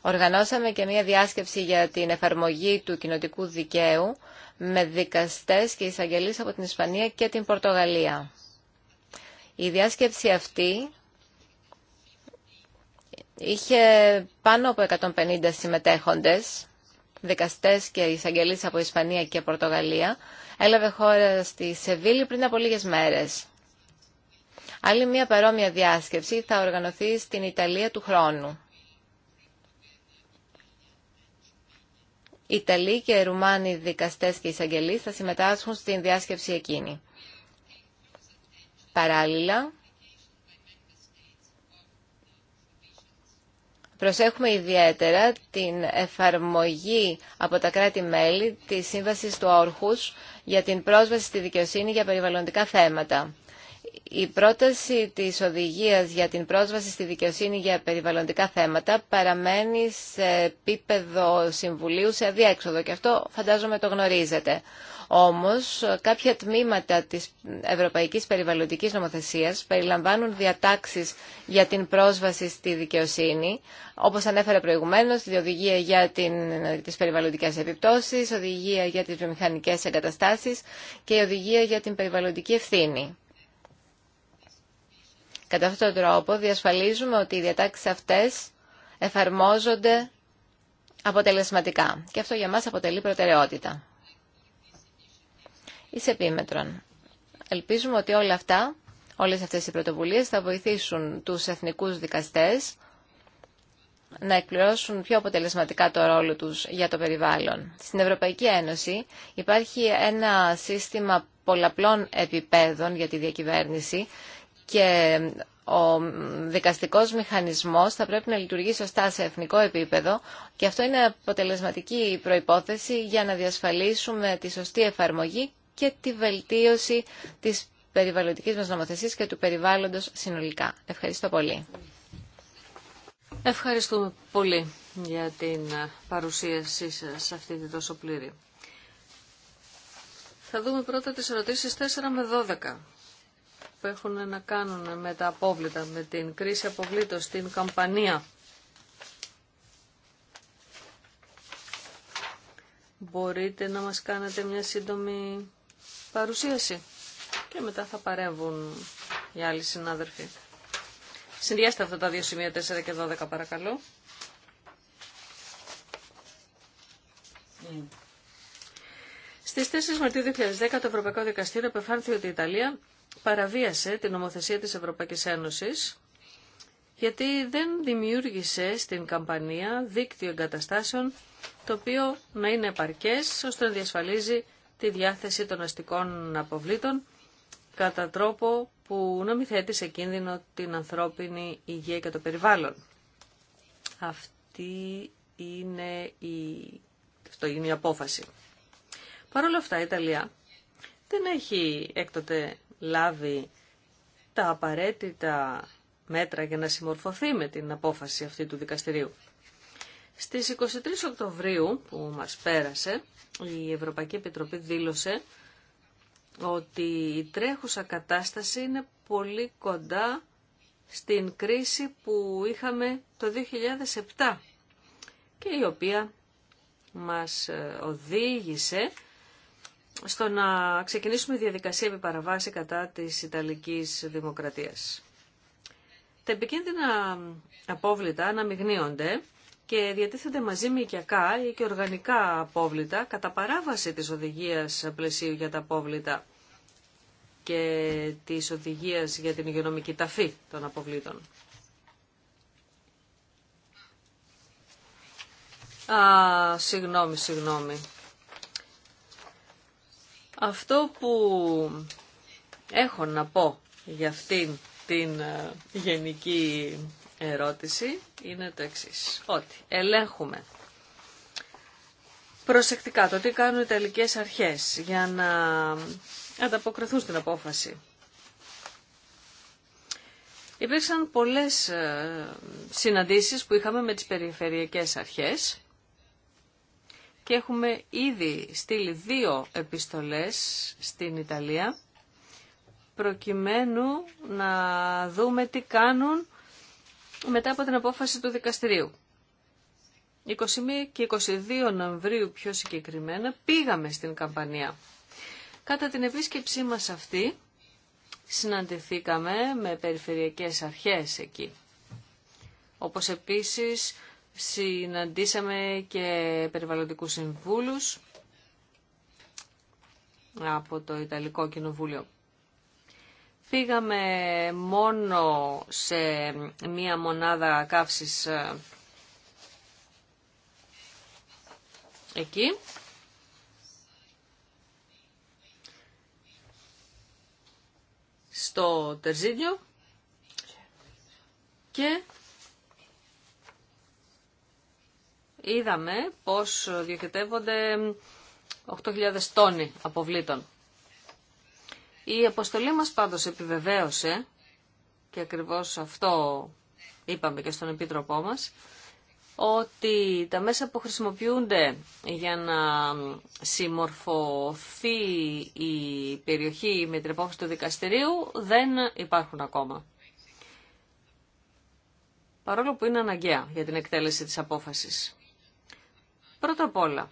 Οργανώσαμε και μία διάσκεψη για την εφαρμογή του κοινοτικού δικαίου με δικαστές και εισαγγελείς από την Ισπανία και την Πορτογαλία. Η διάσκεψη αυτή είχε πάνω από 150 συμμετέχοντες, δικαστές και εισαγγελείς από Ισπανία και Πορτογαλία, έλαβε χώρα στη Σεβίλη πριν από λίγες μέρες. Άλλη μια παρόμοια διάσκεψη θα οργανωθεί στην Ιταλία του χρόνου. Ιταλοί και Ρουμάνοι δικαστές και εισαγγελείς θα συμμετάσχουν στην διάσκεψη εκείνη. Παράλληλα, Προσέχουμε ιδιαίτερα την εφαρμογή από τα κράτη-μέλη της Σύμβασης του Όρχους για την πρόσβαση στη δικαιοσύνη για περιβαλλοντικά θέματα. Η πρόταση της οδηγίας για την πρόσβαση στη δικαιοσύνη για περιβαλλοντικά θέματα παραμένει σε επίπεδο συμβουλίου σε αδιέξοδο και αυτό φαντάζομαι το γνωρίζετε. Όμως κάποια τμήματα της Ευρωπαϊκής Περιβαλλοντικής Νομοθεσίας περιλαμβάνουν διατάξεις για την πρόσβαση στη δικαιοσύνη, όπως ανέφερα προηγουμένως, τη οδηγία για την, τις περιβαλλοντικές επιπτώσεις, οδηγία για τις βιομηχανικές εγκαταστάσεις και η οδηγία για την περιβαλλοντική ευθύνη. Κατά αυτόν τον τρόπο διασφαλίζουμε ότι οι διατάξεις αυτές εφαρμόζονται αποτελεσματικά και αυτό για μας αποτελεί προτεραιότητα. Εις επίμετρον. Ελπίζουμε ότι όλα αυτά, όλες αυτές οι πρωτοβουλίες θα βοηθήσουν τους εθνικούς δικαστές να εκπληρώσουν πιο αποτελεσματικά το ρόλο τους για το περιβάλλον. Στην Ευρωπαϊκή Ένωση υπάρχει ένα σύστημα πολλαπλών επιπέδων για τη διακυβέρνηση και ο δικαστικός μηχανισμός θα πρέπει να λειτουργεί σωστά σε εθνικό επίπεδο και αυτό είναι αποτελεσματική προϋπόθεση για να διασφαλίσουμε τη σωστή εφαρμογή και τη βελτίωση της περιβαλλοντικής μας νομοθεσίας και του περιβάλλοντος συνολικά. Ευχαριστώ πολύ. Ευχαριστούμε πολύ για την παρουσίασή σας αυτή τη τόσο πλήρη. Θα δούμε πρώτα τις ερωτήσεις 4 με 12 που έχουν να κάνουν με τα απόβλητα, με την κρίση αποβλήτων στην καμπανία. Μπορείτε να μας κάνετε μια σύντομη παρουσίαση και μετά θα παρέμβουν οι άλλοι συνάδελφοι. Συνδυάστε αυτά τα δύο σημεία 4 και 12 παρακαλώ. Ναι. Στις 4 Μαρτίου 2010 το Ευρωπαϊκό Δικαστήριο επεφάνθηκε ότι η Ιταλία παραβίασε την νομοθεσία της Ευρωπαϊκής Ένωσης γιατί δεν δημιούργησε στην καμπανία δίκτυο εγκαταστάσεων το οποίο να είναι επαρκές ώστε να διασφαλίζει τη διάθεση των αστικών αποβλήτων κατά τρόπο που να μην θέτει σε κίνδυνο την ανθρώπινη υγεία και το περιβάλλον. Αυτή είναι η, αυτό είναι η απόφαση. Παρ' όλα αυτά η Ιταλία δεν έχει έκτοτε λάβει τα απαραίτητα μέτρα για να συμμορφωθεί με την απόφαση αυτή του δικαστηρίου. Στις 23 Οκτωβρίου που μας πέρασε, η Ευρωπαϊκή Επιτροπή δήλωσε ότι η τρέχουσα κατάσταση είναι πολύ κοντά στην κρίση που είχαμε το 2007 και η οποία μας ε, οδήγησε στο να ξεκινήσουμε διαδικασία επιπαραβάση κατά της Ιταλικής Δημοκρατίας. Τα επικίνδυνα απόβλητα αναμειγνύονται και διατίθενται μαζί με οικιακά ή και οργανικά απόβλητα κατά παράβαση της οδηγίας πλαισίου για τα απόβλητα και της οδηγίας για την υγειονομική ταφή των αποβλήτων. Α, συγγνώμη, συγγνώμη. Αυτό που έχω να πω για αυτήν την ε, γενική ερώτηση είναι το εξή. Ότι ελέγχουμε προσεκτικά το τι κάνουν οι Ιταλικές αρχές για να ανταποκριθούν στην απόφαση. Υπήρξαν πολλές ε, συναντήσεις που είχαμε με τις περιφερειακές αρχές και έχουμε ήδη στείλει δύο επιστολές στην Ιταλία προκειμένου να δούμε τι κάνουν μετά από την απόφαση του δικαστηρίου. 21 και 22 Νοεμβρίου πιο συγκεκριμένα πήγαμε στην Καμπανία. Κατά την επίσκεψή μας αυτή συναντηθήκαμε με περιφερειακές αρχές εκεί. Όπως επίσης Συναντήσαμε και περιβαλλοντικούς συμβούλους από το Ιταλικό Κοινοβούλιο. Φύγαμε μόνο σε μία μονάδα καύσης ε, εκεί. Στο Τερζίνιο και είδαμε πώς διοχετεύονται 8.000 τόνοι αποβλήτων. Η αποστολή μας πάντως επιβεβαίωσε, και ακριβώς αυτό είπαμε και στον Επίτροπό μας, ότι τα μέσα που χρησιμοποιούνται για να συμμορφωθεί η περιοχή με την απόφαση του δικαστηρίου δεν υπάρχουν ακόμα. Παρόλο που είναι αναγκαία για την εκτέλεση της απόφασης. Πρώτα απ' όλα,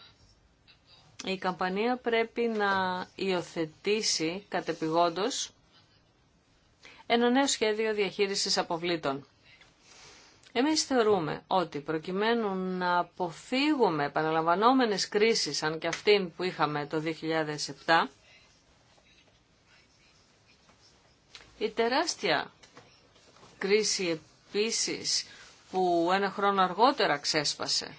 η καμπανία πρέπει να υιοθετήσει κατεπηγόντως ένα νέο σχέδιο διαχείρισης αποβλήτων. Εμείς θεωρούμε ότι προκειμένου να αποφύγουμε επαναλαμβανόμενες κρίσεις, αν και αυτήν που είχαμε το 2007, η τεράστια κρίση επίσης που ένα χρόνο αργότερα ξέσπασε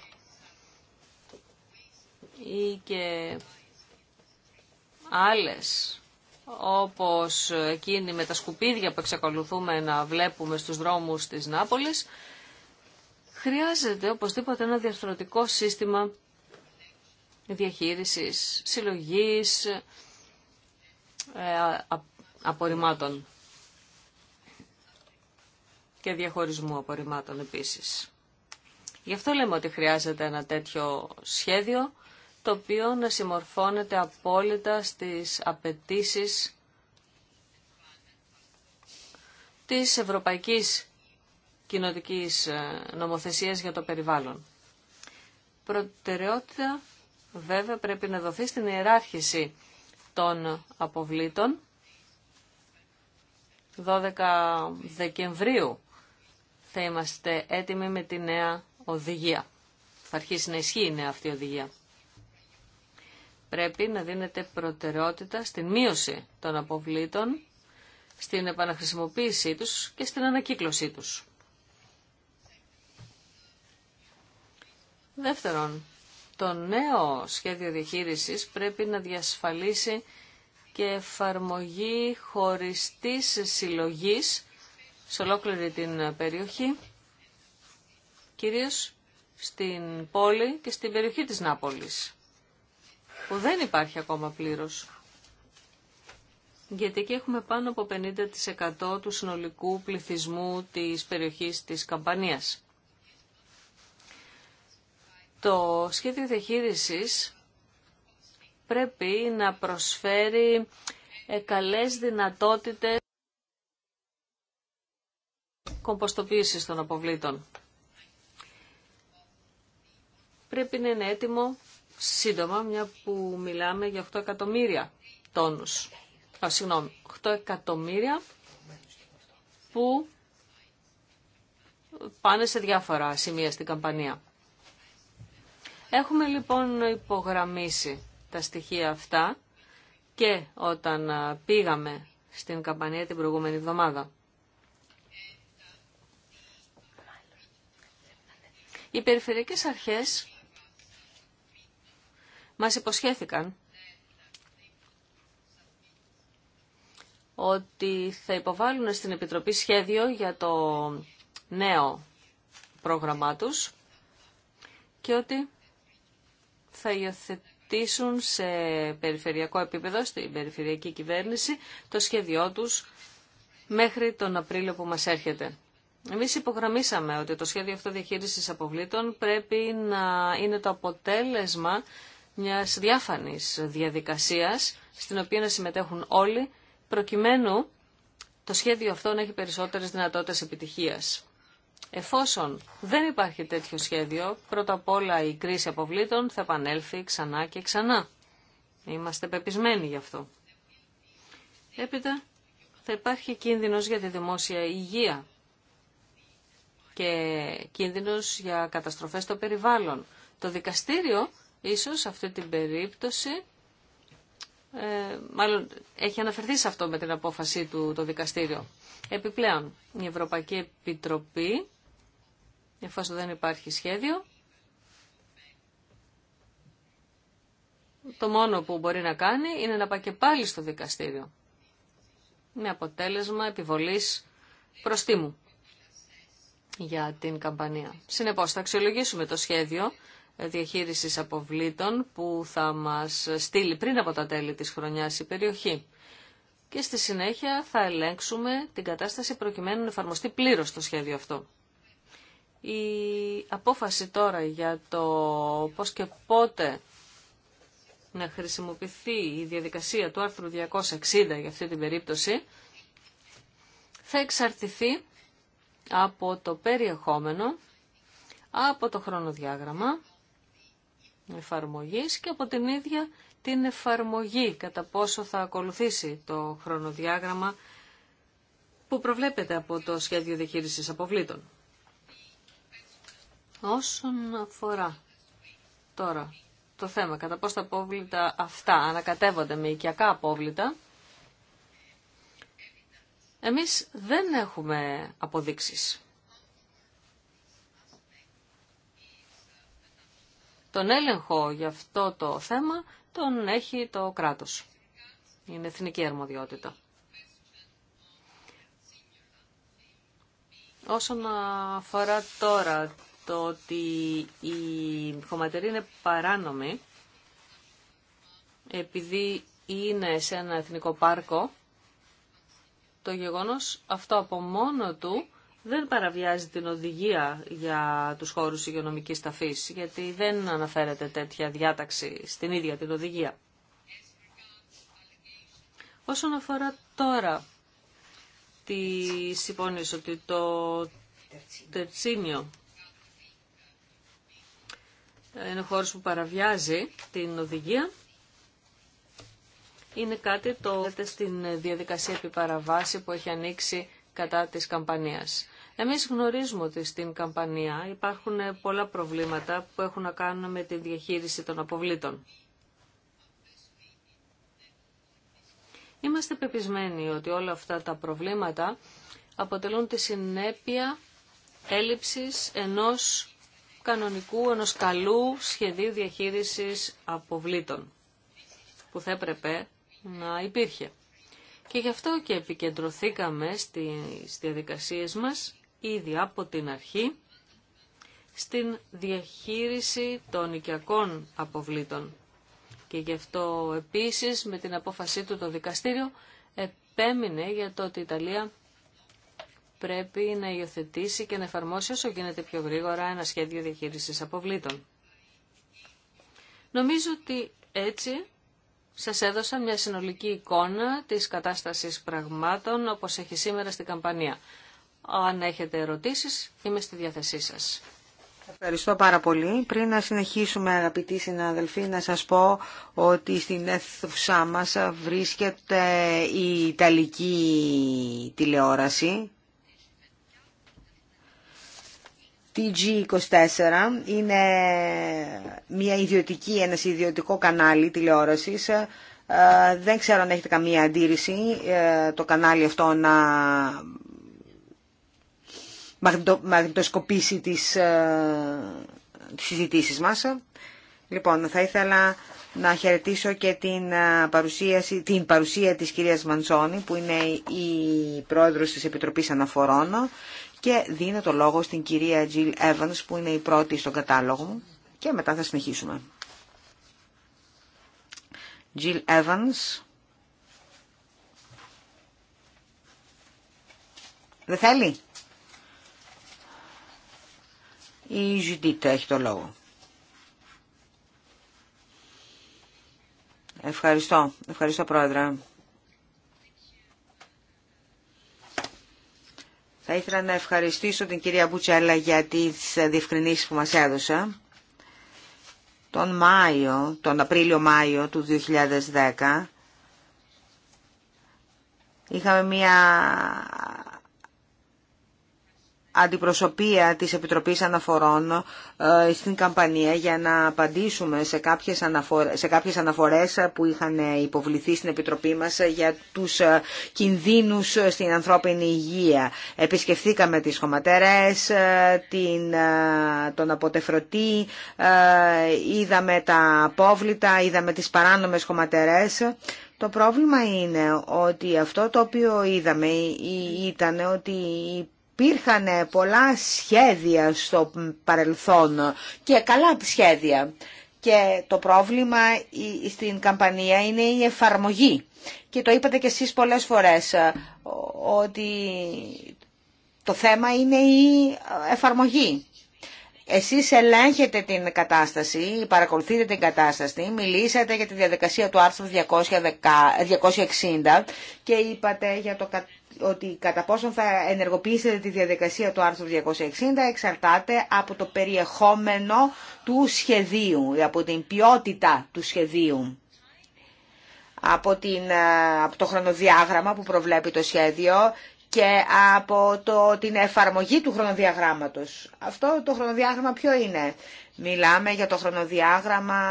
ή και άλλες όπως εκείνη με τα σκουπίδια που εξακολουθούμε να βλέπουμε στους δρόμους της Νάπολης, χρειάζεται οπωσδήποτε ένα διαρθρωτικό σύστημα διαχείρισης, συλλογής, ε, απορριμμάτων και διαχωρισμού απορριμμάτων επίσης. Γι' αυτό λέμε ότι χρειάζεται ένα τέτοιο σχέδιο το οποίο να συμμορφώνεται απόλυτα στις απαιτήσει της Ευρωπαϊκής Κοινοτικής ε, Νομοθεσίας για το Περιβάλλον. Προτεραιότητα βέβαια πρέπει να δοθεί στην ιεράρχηση των αποβλήτων 12 Δεκεμβρίου θα είμαστε έτοιμοι με τη νέα οδηγία. Θα αρχίσει να ισχύει η νέα αυτή η οδηγία πρέπει να δίνεται προτεραιότητα στην μείωση των αποβλήτων, στην επαναχρησιμοποίησή τους και στην ανακύκλωσή τους. Δεύτερον, το νέο σχέδιο διαχείρισης πρέπει να διασφαλίσει και εφαρμογή χωριστής συλλογής σε ολόκληρη την περιοχή, κυρίως στην πόλη και στην περιοχή της Νάπολης που δεν υπάρχει ακόμα πλήρως. Γιατί εκεί έχουμε πάνω από 50% του συνολικού πληθυσμού της περιοχής της Καμπανίας. Το σχέδιο διαχείριση πρέπει να προσφέρει ε, καλές δυνατότητες κομποστοποίησης των αποβλήτων. Πρέπει να είναι έτοιμο σύντομα, μια που μιλάμε για 8 εκατομμύρια τόνους. Α, συγγνώμη, 8 εκατομμύρια που πάνε σε διάφορα σημεία στην καμπανία. Έχουμε λοιπόν υπογραμμίσει τα στοιχεία αυτά και όταν πήγαμε στην καμπανία την προηγούμενη εβδομάδα. Οι περιφερειακές αρχές μας υποσχέθηκαν ότι θα υποβάλουν στην Επιτροπή σχέδιο για το νέο πρόγραμμά τους και ότι θα υιοθετήσουν σε περιφερειακό επίπεδο, στην περιφερειακή κυβέρνηση, το σχέδιό τους μέχρι τον Απρίλιο που μας έρχεται. Εμείς υπογραμμίσαμε ότι το σχέδιο αυτοδιαχείρισης αποβλήτων πρέπει να είναι το αποτέλεσμα μιας διάφανης διαδικασίας στην οποία να συμμετέχουν όλοι προκειμένου το σχέδιο αυτό να έχει περισσότερες δυνατότητες επιτυχίας. Εφόσον δεν υπάρχει τέτοιο σχέδιο, πρώτα απ' όλα η κρίση αποβλήτων θα επανέλθει ξανά και ξανά. Είμαστε πεπισμένοι γι' αυτό. Έπειτα θα υπάρχει κίνδυνος για τη δημόσια υγεία και κίνδυνος για καταστροφές στο περιβάλλον. Το δικαστήριο Ίσως σε αυτή την περίπτωση, ε, μάλλον έχει αναφερθεί σε αυτό με την απόφαση του το δικαστήριο. Επιπλέον, η Ευρωπαϊκή Επιτροπή, εφόσον δεν υπάρχει σχέδιο, το μόνο που μπορεί να κάνει είναι να πάει και πάλι στο δικαστήριο. Με αποτέλεσμα επιβολής προστίμου για την καμπανία. Συνεπώς, θα αξιολογήσουμε το σχέδιο διαχείρισης αποβλήτων που θα μας στείλει πριν από τα τέλη της χρονιάς η περιοχή. Και στη συνέχεια θα ελέγξουμε την κατάσταση προκειμένου να εφαρμοστεί πλήρως το σχέδιο αυτό. Η απόφαση τώρα για το πώς και πότε να χρησιμοποιηθεί η διαδικασία του άρθρου 260 για αυτή την περίπτωση θα εξαρτηθεί από το περιεχόμενο, από το χρονοδιάγραμμα εφαρμογής και από την ίδια την εφαρμογή, κατά πόσο θα ακολουθήσει το χρονοδιάγραμμα που προβλέπεται από το σχέδιο διαχείρισης αποβλήτων. Όσον αφορά τώρα το θέμα, κατά πόσο τα απόβλητα αυτά ανακατεύονται με οικιακά απόβλητα, εμείς δεν έχουμε αποδείξεις. Τον έλεγχο για αυτό το θέμα τον έχει το κράτος. Είναι εθνική αρμοδιότητα. Όσον αφορά τώρα το ότι η χωματερή είναι παράνομη, επειδή είναι σε ένα εθνικό πάρκο, το γεγονός αυτό από μόνο του δεν παραβιάζει την οδηγία για τους χώρους υγειονομικής ταφής, γιατί δεν αναφέρεται τέτοια διάταξη στην ίδια την οδηγία. Όσον αφορά τώρα τη υπόνοιες ότι το Τερτσίνιο είναι χώρος που παραβιάζει την οδηγία, είναι κάτι το στην διαδικασία επιπαραβάση που έχει ανοίξει κατά της καμπανίας. Εμείς γνωρίζουμε ότι στην Καμπανία υπάρχουν πολλά προβλήματα που έχουν να κάνουν με τη διαχείριση των αποβλήτων. Είμαστε πεπισμένοι ότι όλα αυτά τα προβλήματα αποτελούν τη συνέπεια έλλειψης ενός κανονικού, ενός καλού σχεδίου διαχείρισης αποβλήτων που θα έπρεπε να υπήρχε. Και γι' αυτό και επικεντρωθήκαμε στις διαδικασίες μας ήδη από την αρχή στην διαχείριση των οικιακών αποβλήτων. Και γι' αυτό επίσης με την απόφασή του το δικαστήριο επέμεινε για το ότι η Ιταλία πρέπει να υιοθετήσει και να εφαρμόσει όσο γίνεται πιο γρήγορα ένα σχέδιο διαχείρισης αποβλήτων. Νομίζω ότι έτσι σας έδωσα μια συνολική εικόνα της κατάστασης πραγμάτων όπως έχει σήμερα στην καμπανία. Αν έχετε ερωτήσεις, είμαι στη διάθεσή σας. Ευχαριστώ πάρα πολύ. Πριν να συνεχίσουμε αγαπητοί συναδελφοί να σας πω ότι στην αίθουσά μας βρίσκεται η Ιταλική τηλεόραση. TG24 είναι μια ιδιωτική, ένα ιδιωτικό κανάλι τηλεόρασης. Ε, δεν ξέρω αν έχετε καμία αντίρρηση ε, το κανάλι αυτό να μαγνητοσκοπήσει τις, ε, τις συζητήσεις μας. Λοιπόν, θα ήθελα να χαιρετήσω και την, ε, παρουσίαση, την παρουσία της κυρίας Μαντζόνη, που είναι η πρόεδρος της Επιτροπής Αναφορών και δίνω το λόγο στην κυρία Τζιλ Evans, που είναι η πρώτη στον κατάλογο μου και μετά θα συνεχίσουμε. Jill Evans. Δεν θέλει. Η Ζητήτα έχει το λόγο. Ευχαριστώ. Ευχαριστώ πρόεδρε. Θα ήθελα να ευχαριστήσω την κυρία Μπουτσέλα για τις διευκρινήσεις που μας έδωσε. Τον Μάιο, τον Απρίλιο-Μάιο του 2010, είχαμε μια αντιπροσωπεία της Επιτροπής Αναφορών ε, στην Καμπανία για να απαντήσουμε σε κάποιες, αναφορές, που είχαν υποβληθεί στην Επιτροπή μας για τους ε, κινδύνους στην ανθρώπινη υγεία. Επισκεφθήκαμε τις χωματερές, ε, τον αποτεφρωτή, είδαμε τα απόβλητα, είδαμε τις παράνομες χωματερές το πρόβλημα είναι ότι αυτό το οποίο είδαμε ήταν ότι υπήρχαν πολλά σχέδια στο παρελθόν και καλά σχέδια. Και το πρόβλημα στην καμπανία είναι η εφαρμογή. Και το είπατε και εσείς πολλές φορές ε, ότι το θέμα είναι η εφαρμογή. Εσείς ελέγχετε την κατάσταση, παρακολουθείτε την κατάσταση, μιλήσατε για τη διαδικασία του άρθρου 260 και είπατε για το ότι κατά πόσον θα ενεργοποιήσετε τη διαδικασία του άρθρου 260 εξαρτάται από το περιεχόμενο του σχεδίου, από την ποιότητα του σχεδίου, από, την, ε, από το χρονοδιάγραμμα που προβλέπει το σχέδιο και από την εφαρμογή του χρονοδιαγράμματος. Αυτό το χρονοδιάγραμμα ποιο είναι. Μιλάμε για το χρονοδιάγραμμα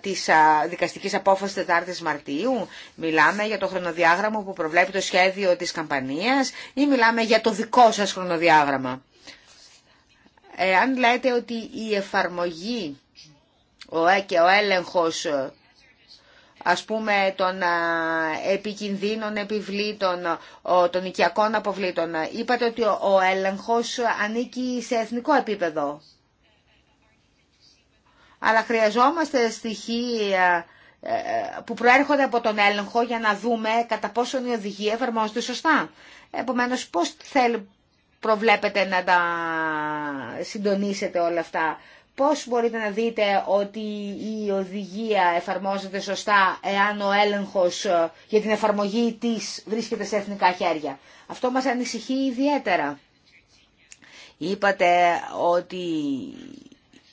της δικαστικής απόφασης Μαρτίου. Μιλάμε για το χρονοδιάγραμμα που προβλέπει το σχέδιο της καμπανίας ή μιλάμε για το δικό σας χρονοδιάγραμμα. Αν λέτε ότι η εφαρμογή ε, και ο έλεγχος ας πούμε των επικινδύνων επιβλήτων, των οικιακών αποβλήτων. Είπατε ότι ο έλεγχος ανήκει σε εθνικό επίπεδο αλλά χρειαζόμαστε στοιχεία ε, που προέρχονται από τον έλεγχο για να δούμε κατά πόσο η οδηγία εφαρμόζεται σωστά. Επομένως, πώς θέλ προβλέπετε να τα συντονίσετε όλα αυτά. Πώς μπορείτε να δείτε ότι η οδηγία εφαρμόζεται σωστά εάν ο έλεγχος ε, για την εφαρμογή της βρίσκεται σε εθνικά χέρια. Αυτό μας ανησυχεί ιδιαίτερα. Είπατε ότι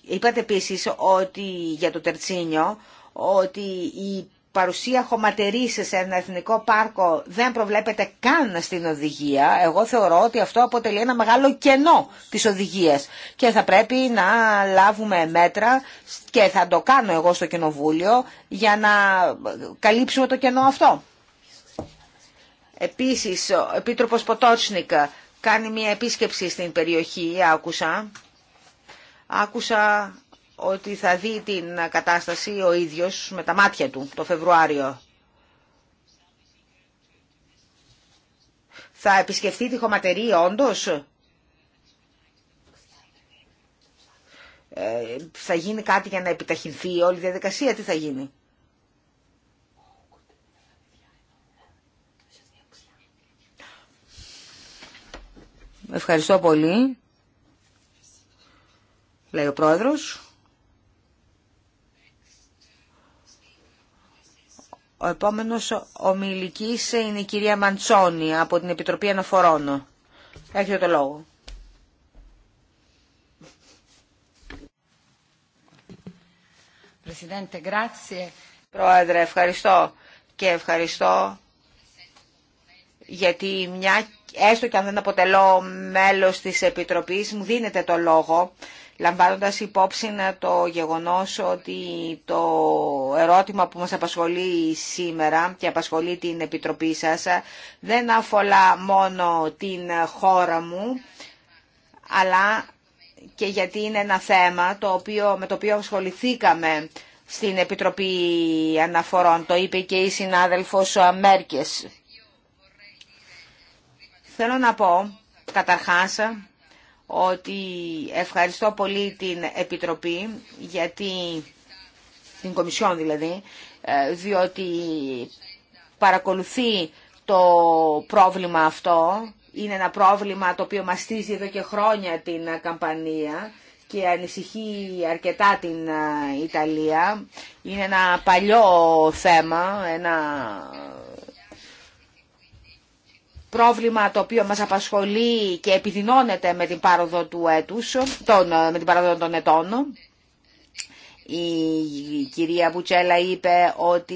Είπατε επίση ότι για το Τερτσίνιο ότι η παρουσία χωματερή σε ένα εθνικό πάρκο δεν προβλέπεται καν στην οδηγία. Εγώ θεωρώ ότι αυτό αποτελεί ένα μεγάλο κενό τη οδηγία. και θα πρέπει να λάβουμε μέτρα και θα το κάνω εγώ στο Κοινοβούλιο για να καλύψουμε το κενό αυτό. Επίσης, ο Επίτροπος Ποτότσνικ κάνει μια επίσκεψη στην περιοχή, άκουσα, Άκουσα ότι θα δει την κατάσταση ο ίδιος με τα μάτια του το Φεβρουάριο. Θα επισκεφθεί τη χωματερή όντως. Ε, θα γίνει κάτι για να επιταχυνθεί όλη η διαδικασία, τι θα γίνει. Ευχαριστώ πολύ λέει ο πρόεδρος. Ο επόμενος ομιλικής είναι η κυρία Μαντσόνη από την Επιτροπή Αναφορών. Έχετε το λόγο. Πρόεδρε, ευχαριστώ και ευχαριστώ γιατί μια, έστω και αν δεν αποτελώ μέλος της Επιτροπής μου δίνεται το λόγο λαμβάνοντας υπόψη το γεγονός ότι το ερώτημα που μας απασχολεί σήμερα και απασχολεί την Επιτροπή σας δεν αφορά μόνο την χώρα μου, αλλά και γιατί είναι ένα θέμα το οποίο, με το οποίο ασχοληθήκαμε στην Επιτροπή Αναφορών. Το είπε και η συνάδελφος Μέρκες. Θέλω να πω, καταρχάς, ότι ευχαριστώ πολύ την Επιτροπή, γιατί, την Κομισιόν δηλαδή, ε, διότι παρακολουθεί το πρόβλημα αυτό. Είναι ένα πρόβλημα το οποίο μαστίζει εδώ και χρόνια την καμπανία και ανησυχεί αρκετά την ε, Ιταλία. Είναι ένα παλιό θέμα, ένα πρόβλημα το οποίο μας απασχολεί και επιδεινώνεται με την πάροδο του έτους, τον, ε, με την των ετών. Η κυρία Βουτσέλα είπε ότι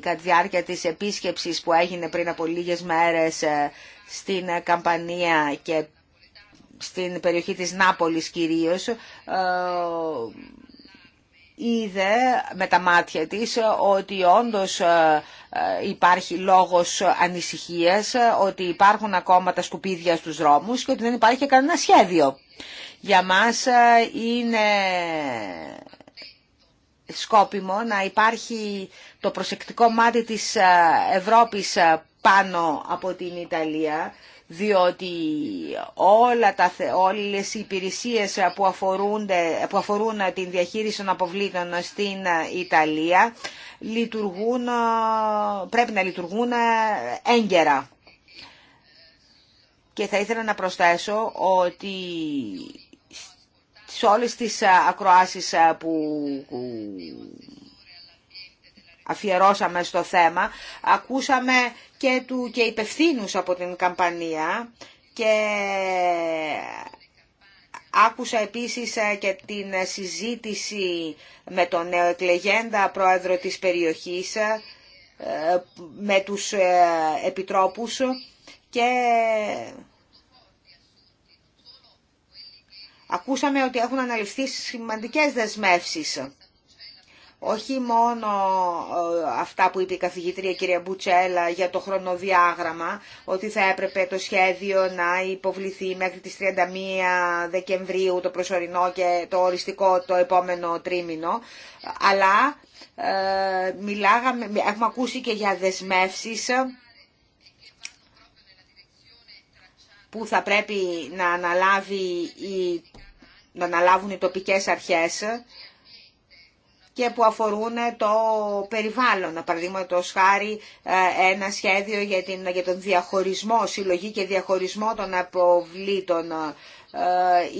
κατά τη διάρκεια της επίσκεψης που έγινε πριν από λίγες μέρες ε, στην Καμπανία και στην περιοχή της Νάπολης κυρίως, ε, είδε με τα μάτια της ότι όντως ε, ε, υπάρχει λόγος ανησυχίας, ότι υπάρχουν ακόμα τα σκουπίδια στους δρόμους και ότι δεν υπάρχει κανένα σχέδιο. Για μας ε, είναι σκόπιμο να υπάρχει το προσεκτικό μάτι της Ευρώπης πάνω από την Ιταλία διότι όλα τα, όλες οι υπηρεσίες που, που αφορούν την διαχείριση των αποβλήτων στην Ιταλία λειτουργούν, πρέπει να λειτουργούν έγκαιρα. Και θα ήθελα να προσθέσω ότι σε όλες τις ακροάσεις που αφιερώσαμε στο θέμα. Ακούσαμε και, του, και υπευθύνους από την καμπανία και άκουσα επίσης ε, και την συζήτηση με τον νεοεκλεγέντα πρόεδρο της περιοχής ε, με τους ε, επιτρόπους και ακούσαμε ότι έχουν αναλυφθεί σημαντικές δεσμεύσεις όχι μόνο ε, αυτά που είπε η καθηγήτρια κυρία Μπουτσέλα για το χρονοδιάγραμμα, ότι θα έπρεπε το σχέδιο να υποβληθεί μέχρι τις 31 Δεκεμβρίου το προσωρινό και το οριστικό το επόμενο τρίμηνο, αλλά ε, μιλάγαμε, έχουμε ακούσει και για δεσμεύσεις που θα πρέπει να, αναλάβει η, να αναλάβουν οι τοπικές αρχές και που αφορούν το περιβάλλον. Παραδείγματο χάρη ε, ένα σχέδιο για, την, για τον διαχωρισμό, συλλογή και διαχωρισμό των αποβλήτων, ε,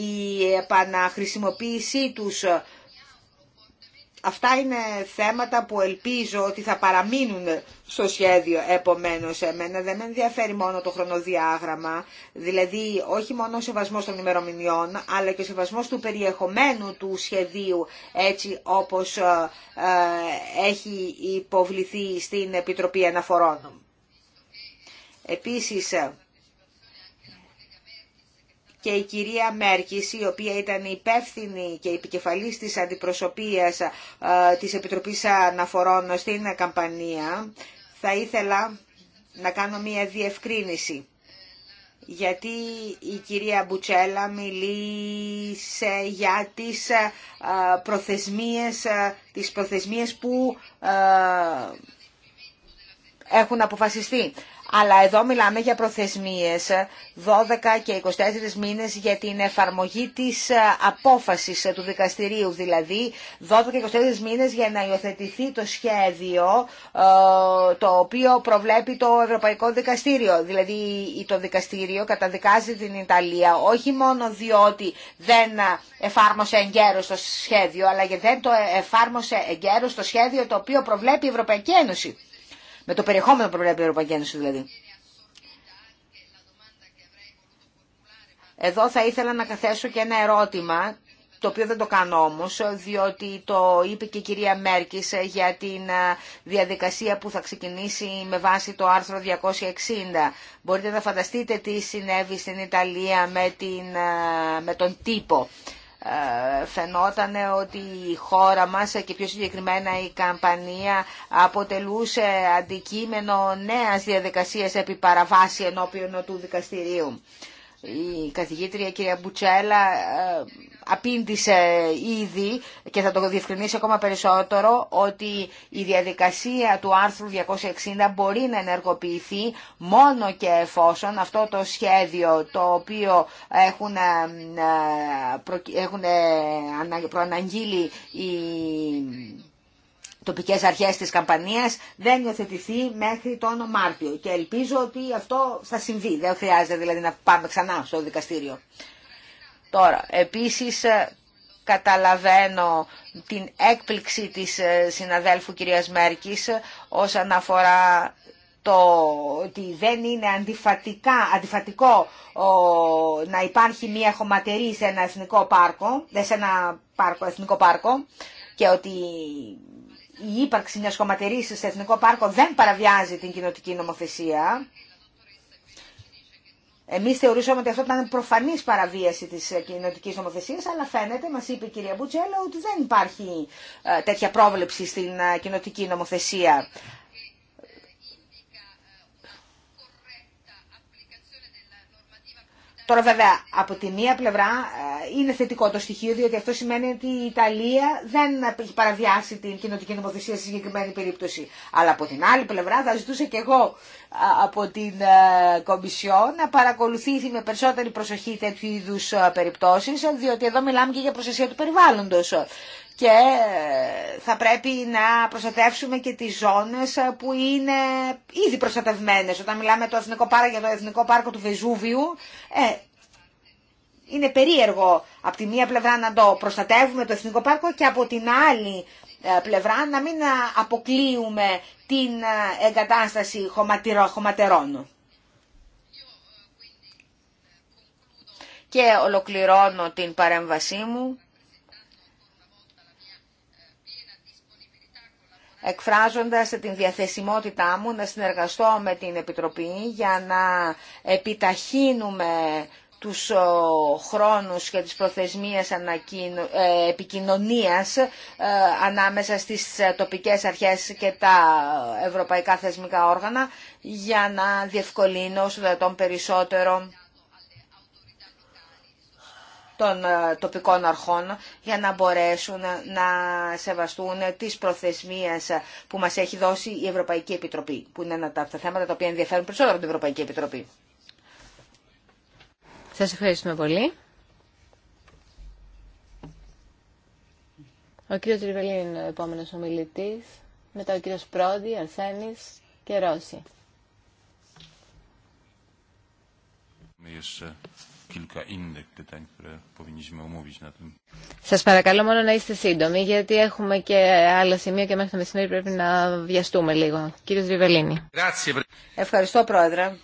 η επαναχρησιμοποίησή τους Αυτά είναι θέματα που ελπίζω ότι θα παραμείνουν στο σχέδιο. Επομένως, εμένα δεν με ενδιαφέρει μόνο το χρονοδιάγραμμα, δηλαδή όχι μόνο ο σεβασμός των ημερομηνιών, αλλά και ο σεβασμός του περιεχομένου του σχεδίου, έτσι όπως ε, ε, έχει υποβληθεί στην Επιτροπή Αναφορών. Επίσης, και η κυρία Μέρκης, η οποία ήταν υπεύθυνη και επικεφαλής της αντιπροσωπείας ε, της Επιτροπής Αναφορών στην Καμπανία, θα ήθελα να κάνω μία διευκρίνηση. Γιατί η κυρία Μπουτσέλα μιλήσε για τις ε, προθεσμίες, ε, τις προθεσμίες που έχουν αποφασιστεί αλλά εδώ μιλάμε για προθεσμίες 12 και 24 μήνες για την εφαρμογή της ε, απόφασης ε, του δικαστηρίου, δηλαδή 12 και 24 μήνες για να υιοθετηθεί το σχέδιο ε, το οποίο προβλέπει το Ευρωπαϊκό Δικαστήριο. Δηλαδή το δικαστήριο καταδικάζει την Ιταλία όχι μόνο διότι δεν εφάρμοσε εγκαίρως το σχέδιο, αλλά γιατί δεν το εφάρμοσε εγκαίρως το σχέδιο το οποίο προβλέπει η Ευρωπαϊκή Ένωση με το περιεχόμενο που προβλέπει η Ευρωπαϊκή Ένωση δηλαδή. Εδώ θα ήθελα να καθέσω και ένα ερώτημα, το οποίο δεν το κάνω όμως, διότι το είπε και η κυρία Μέρκης ε, για την ε, διαδικασία που θα ξεκινήσει με βάση το άρθρο 260. Μπορείτε να φανταστείτε τι συνέβη στην Ιταλία με, ε, με τον τύπο φαινόταν ότι η χώρα μας και πιο συγκεκριμένα η καμπανία αποτελούσε αντικείμενο νέας διαδικασίας επί παραβάση ενώπιον του δικαστηρίου. Η καθηγήτρια κυρία Μπουτσέλα ε, απήντησε ήδη και θα το διευκρινίσει ακόμα περισσότερο ότι η διαδικασία του άρθρου 260 μπορεί να ενεργοποιηθεί μόνο και εφόσον αυτό το σχέδιο το οποίο έχουν, ε, έχουν ε, προαναγγείλει οι τοπικές αρχές της Καμπανίας δεν υιοθετηθεί μέχρι τον Μάρτιο και ελπίζω ότι αυτό θα συμβεί, δεν χρειάζεται δηλαδή να πάμε ξανά στο δικαστήριο. Τώρα, επίσης ε, καταλαβαίνω την έκπληξη της ε, συναδέλφου κυρίας Μέρκης ε, όσον αφορά το ότι δεν είναι αντιφατικά, αντιφατικό να υπάρχει μια χωματερή σε ένα εθνικό πάρκο, σε ένα πάρκο, εθνικό πάρκο και ότι η ύπαρξη μιας χωματερής σε εθνικό πάρκο δεν παραβιάζει την κοινοτική νομοθεσία. Εμεί θεωρούσαμε ότι αυτό ήταν προφανή παραβίαση τη ε, κοινωτική νομοθεσία, αλλά φαίνεται, μα είπε η κυρία Μπουτσέλο, ότι δεν υπάρχει ε, τέτοια πρόβλεψη στην ε, κοινωτική νομοθεσία. Τώρα βέβαια από τη μία πλευρά ε, είναι θετικό το στοιχείο διότι αυτό σημαίνει ότι η Ιταλία δεν έχει παραβιάσει την κοινοτική νομοθεσία σε συγκεκριμένη περίπτωση. Αλλά από την άλλη πλευρά θα ζητούσα και εγώ ε, από την ε, Κομισιό να παρακολουθήσει με περισσότερη προσοχή τέτοιου είδου περιπτώσεις διότι εδώ μιλάμε και για προστασία του περιβάλλοντο και ε, θα πρέπει να προστατεύσουμε και τις ζώνες ε, που είναι ήδη προστατευμένες. Όταν μιλάμε το εθνικό πάρκο, για το Εθνικό Πάρκο του Βεζούβιου, ε, είναι περίεργο από τη μία πλευρά να το προστατεύουμε το Εθνικό Πάρκο και από την άλλη πλευρά να μην αποκλείουμε την εγκατάσταση χωματερών. Και ολοκληρώνω την παρέμβασή μου εκφράζοντας την διαθεσιμότητά μου να συνεργαστώ με την Επιτροπή για να επιταχύνουμε τους χρόνους και τις προθεσμίες ε, επικοινωνίας ε, ανάμεσα στις ε, τοπικές αρχές και τα ευρωπαϊκά θεσμικά όργανα για να διευκολύνω όσο δυνατόν περισσότερο των ε, τοπικών αρχών για να μπορέσουν να σεβαστούν τις προθεσμίες που μας έχει δώσει η Ευρωπαϊκή Επιτροπή, που είναι ένα από τα θέματα τα οποία ενδιαφέρουν περισσότερο την Ευρωπαϊκή Επιτροπή. Σας ευχαριστούμε πολύ. Ο κύριος Τριβελίν είναι ο επόμενος ομιλητής, μετά ο κύριος Πρόδη, Αρσένης και Ρώση. Ε, σας παρακαλώ μόνο να είστε σύντομοι, γιατί έχουμε και άλλα σημεία και μέχρι το μεσημέρι πρέπει να βιαστούμε λίγο. Κύριος Ριβελίνη. Ευχαριστώ, Πρόεδρε.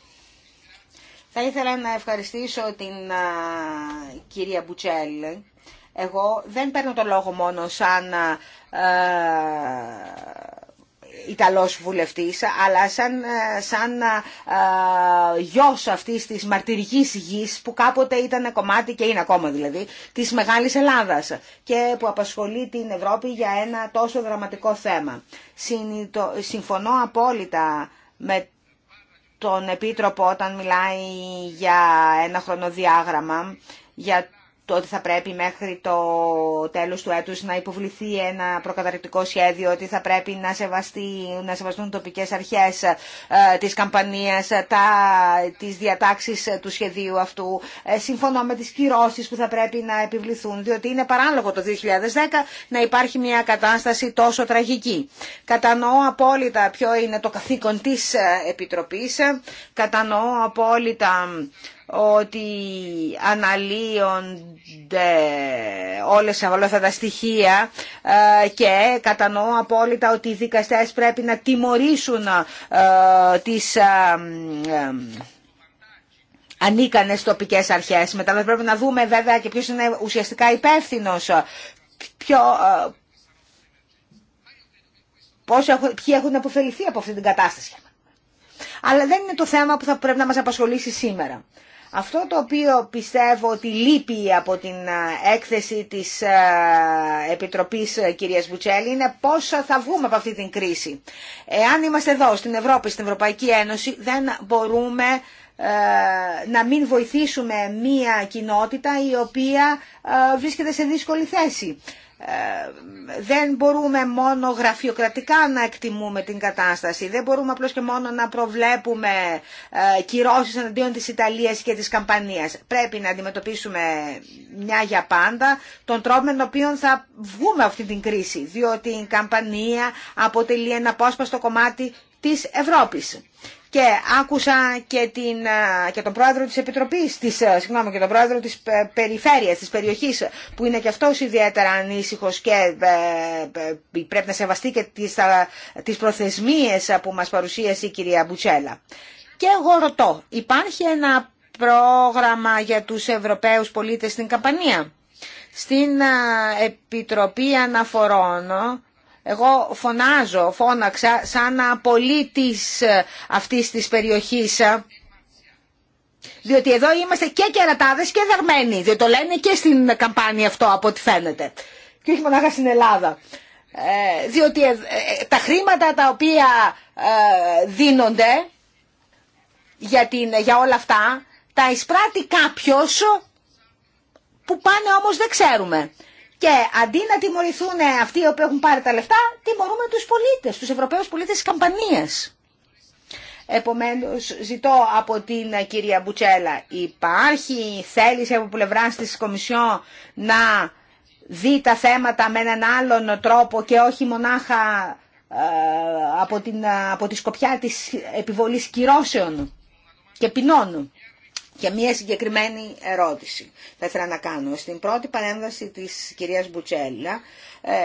Θα ήθελα να ευχαριστήσω την κυρία Μπουτσέλ. Εγώ δεν παίρνω το λόγο μόνο σαν Ιταλός βουλευτής, αλλά σαν, ε, σαν αυτή ε, ε, γιος αυτής της μαρτυρικής γης που κάποτε ήταν κομμάτι και είναι ακόμα δηλαδή της Μεγάλης Ελλάδας και που απασχολεί την Ευρώπη για ένα τόσο δραματικό θέμα. Συμφωνώ απόλυτα με τον Επίτροπο όταν μιλάει για ένα χρονοδιάγραμμα, για το ότι θα πρέπει μέχρι το τέλος του έτους να υποβληθεί ένα προκαταρκτικό σχέδιο, ότι θα πρέπει να, σεβαστεί, να σεβαστούν τοπικές αρχές ε, της καμπανίας, τα, τις διατάξεις του σχεδίου αυτού, ε, συμφωνώ με τις κυρώσεις που θα πρέπει να επιβληθούν, διότι είναι παράλογο το 2010 να υπάρχει μια κατάσταση τόσο τραγική. Κατανοώ απόλυτα ποιο είναι το καθήκον της ε, Επιτροπής, κατανοώ απόλυτα ότι αναλύονται όλες αυτά τα στοιχεία ε, και κατανοώ απόλυτα ότι οι δικαστές πρέπει να τιμωρήσουν ε, τις ε, ανίκανες τοπικές αρχές. Μετά πρέπει να δούμε βέβαια και ποιος είναι ουσιαστικά υπεύθυνος, ποιο, έχουν, ποιοι έχουν αποφεληθεί από αυτή την κατάσταση. Αλλά δεν είναι το θέμα που θα πρέπει να μας απασχολήσει σήμερα. Αυτό το οποίο πιστεύω ότι λείπει από την έκθεση της Επιτροπής κυρίας Μπουτσέλη είναι πώς θα βγούμε από αυτή την κρίση. Εάν είμαστε εδώ στην Ευρώπη, στην Ευρωπαϊκή Ένωση, δεν μπορούμε να μην βοηθήσουμε μία κοινότητα η οποία βρίσκεται σε δύσκολη θέση. Ε, δεν μπορούμε μόνο γραφειοκρατικά να εκτιμούμε την κατάσταση. Δεν μπορούμε απλώς και μόνο να προβλέπουμε ε, κυρώσεις εναντίον της Ιταλίας και της Καμπανίας. Πρέπει να αντιμετωπίσουμε μια για πάντα τον τρόπο με τον οποίο θα βγούμε αυτή την κρίση. Διότι η Καμπανία αποτελεί ένα απόσπαστο κομμάτι της Ευρώπης και άκουσα και, την, τον πρόεδρο της Επιτροπής, της, συγγνώμη, και τον πρόεδρο της ε, περιφέρειας, της περιοχής, που είναι και αυτός ιδιαίτερα ανήσυχο και ε, ε, πρέπει να σεβαστεί και τις, τις προθεσμίες που μας παρουσίασε η κυρία Μπουτσέλα. Και εγώ ρωτώ, υπάρχει ένα πρόγραμμα για τους Ευρωπαίους πολίτες στην Καμπανία. Στην Επιτροπή Αναφορών εγώ φωνάζω, φώναξα σαν πολίτης ε, αυτής της περιοχής ε, διότι εδώ είμαστε και κερατάδες και δαρμένοι, διότι το λένε και στην καμπάνια αυτό από ό,τι φαίνεται. Και όχι μονάχα στην Ελλάδα. Ε, διότι τα χρήματα τα οποία δίνονται για, την, για όλα αυτά, τα εισπράττει κάποιος που πάνε όμως δεν ξέρουμε. Και αντί να τιμωρηθούν αυτοί οι οποίοι έχουν πάρει τα λεφτά, τιμωρούμε τους πολίτες, τους Ευρωπαίους πολίτες της καμπανίας. Επομένως, ζητώ από την κυρία Μπουτσέλα, υπάρχει θέληση από πλευρά της Κομισιόν να δει τα θέματα με έναν άλλον τρόπο και όχι μονάχα ε, από, την, ε, από τη σκοπιά της επιβολής κυρώσεων και ποινών και μία συγκεκριμένη ερώτηση θα ήθελα να κάνω. Στην πρώτη παρέμβαση της κυρίας Μπουτσέλλα ε,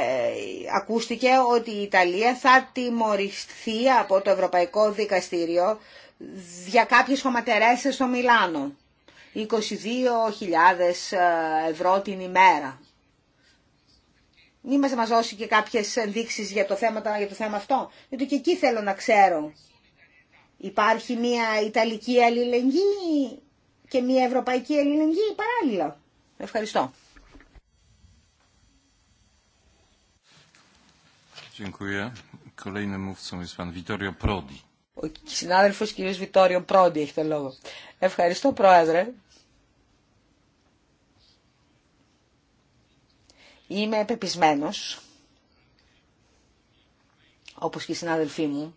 ακούστηκε ότι η Ιταλία θα τιμωρηθεί από το Ευρωπαϊκό Δικαστήριο για κάποιες χωματερέσεις στο Μιλάνο. 22.000 ε, ευρώ την ημέρα. Μη δώσει και κάποιες ενδείξεις για το, θέμα, για το θέμα αυτό. Γιατί και εκεί θέλω να ξέρω. Υπάρχει μια Ιταλική αλληλεγγύη και μια ευρωπαϊκή ελληνική παράλληλα. Ευχαριστώ. Ο συνάδελφος κ. Βιτόριο Πρόντι έχει το λόγο. Ευχαριστώ πρόεδρε. Είμαι επεπισμένος, όπως και οι συνάδελφοί μου,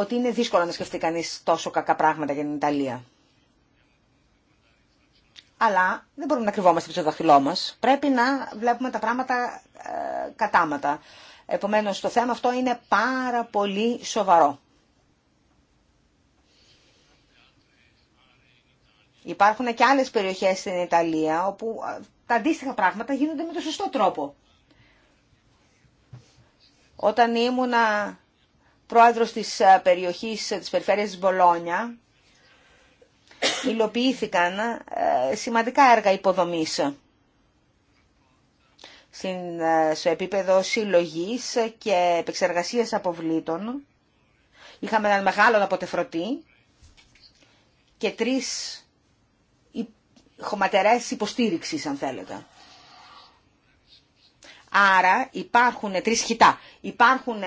ότι είναι δύσκολο να σκεφτεί κανείς τόσο κακά πράγματα για την Ιταλία. Αλλά δεν μπορούμε να κρυβόμαστε πίσω το δαχτυλό μα. Πρέπει να βλέπουμε τα πράγματα ε, κατάματα. Επομένως, το θέμα αυτό είναι πάρα πολύ σοβαρό. Υπάρχουν και άλλες περιοχές στην Ιταλία όπου ε, τα αντίστοιχα πράγματα γίνονται με τον σωστό τρόπο. Όταν ήμουνα πρόεδρος της ε, περιοχής ε, της περιφέρειας της Μπολόνια, υλοποιήθηκαν ε, σημαντικά έργα υποδομής στο επίπεδο συλλογής και επεξεργασίας αποβλήτων. Είχαμε έναν μεγάλο αποτεφρωτή και τρεις χωματερές υποστήριξης, αν θέλετε. Άρα υπάρχουν τρεις χιτά. Υπάρχουν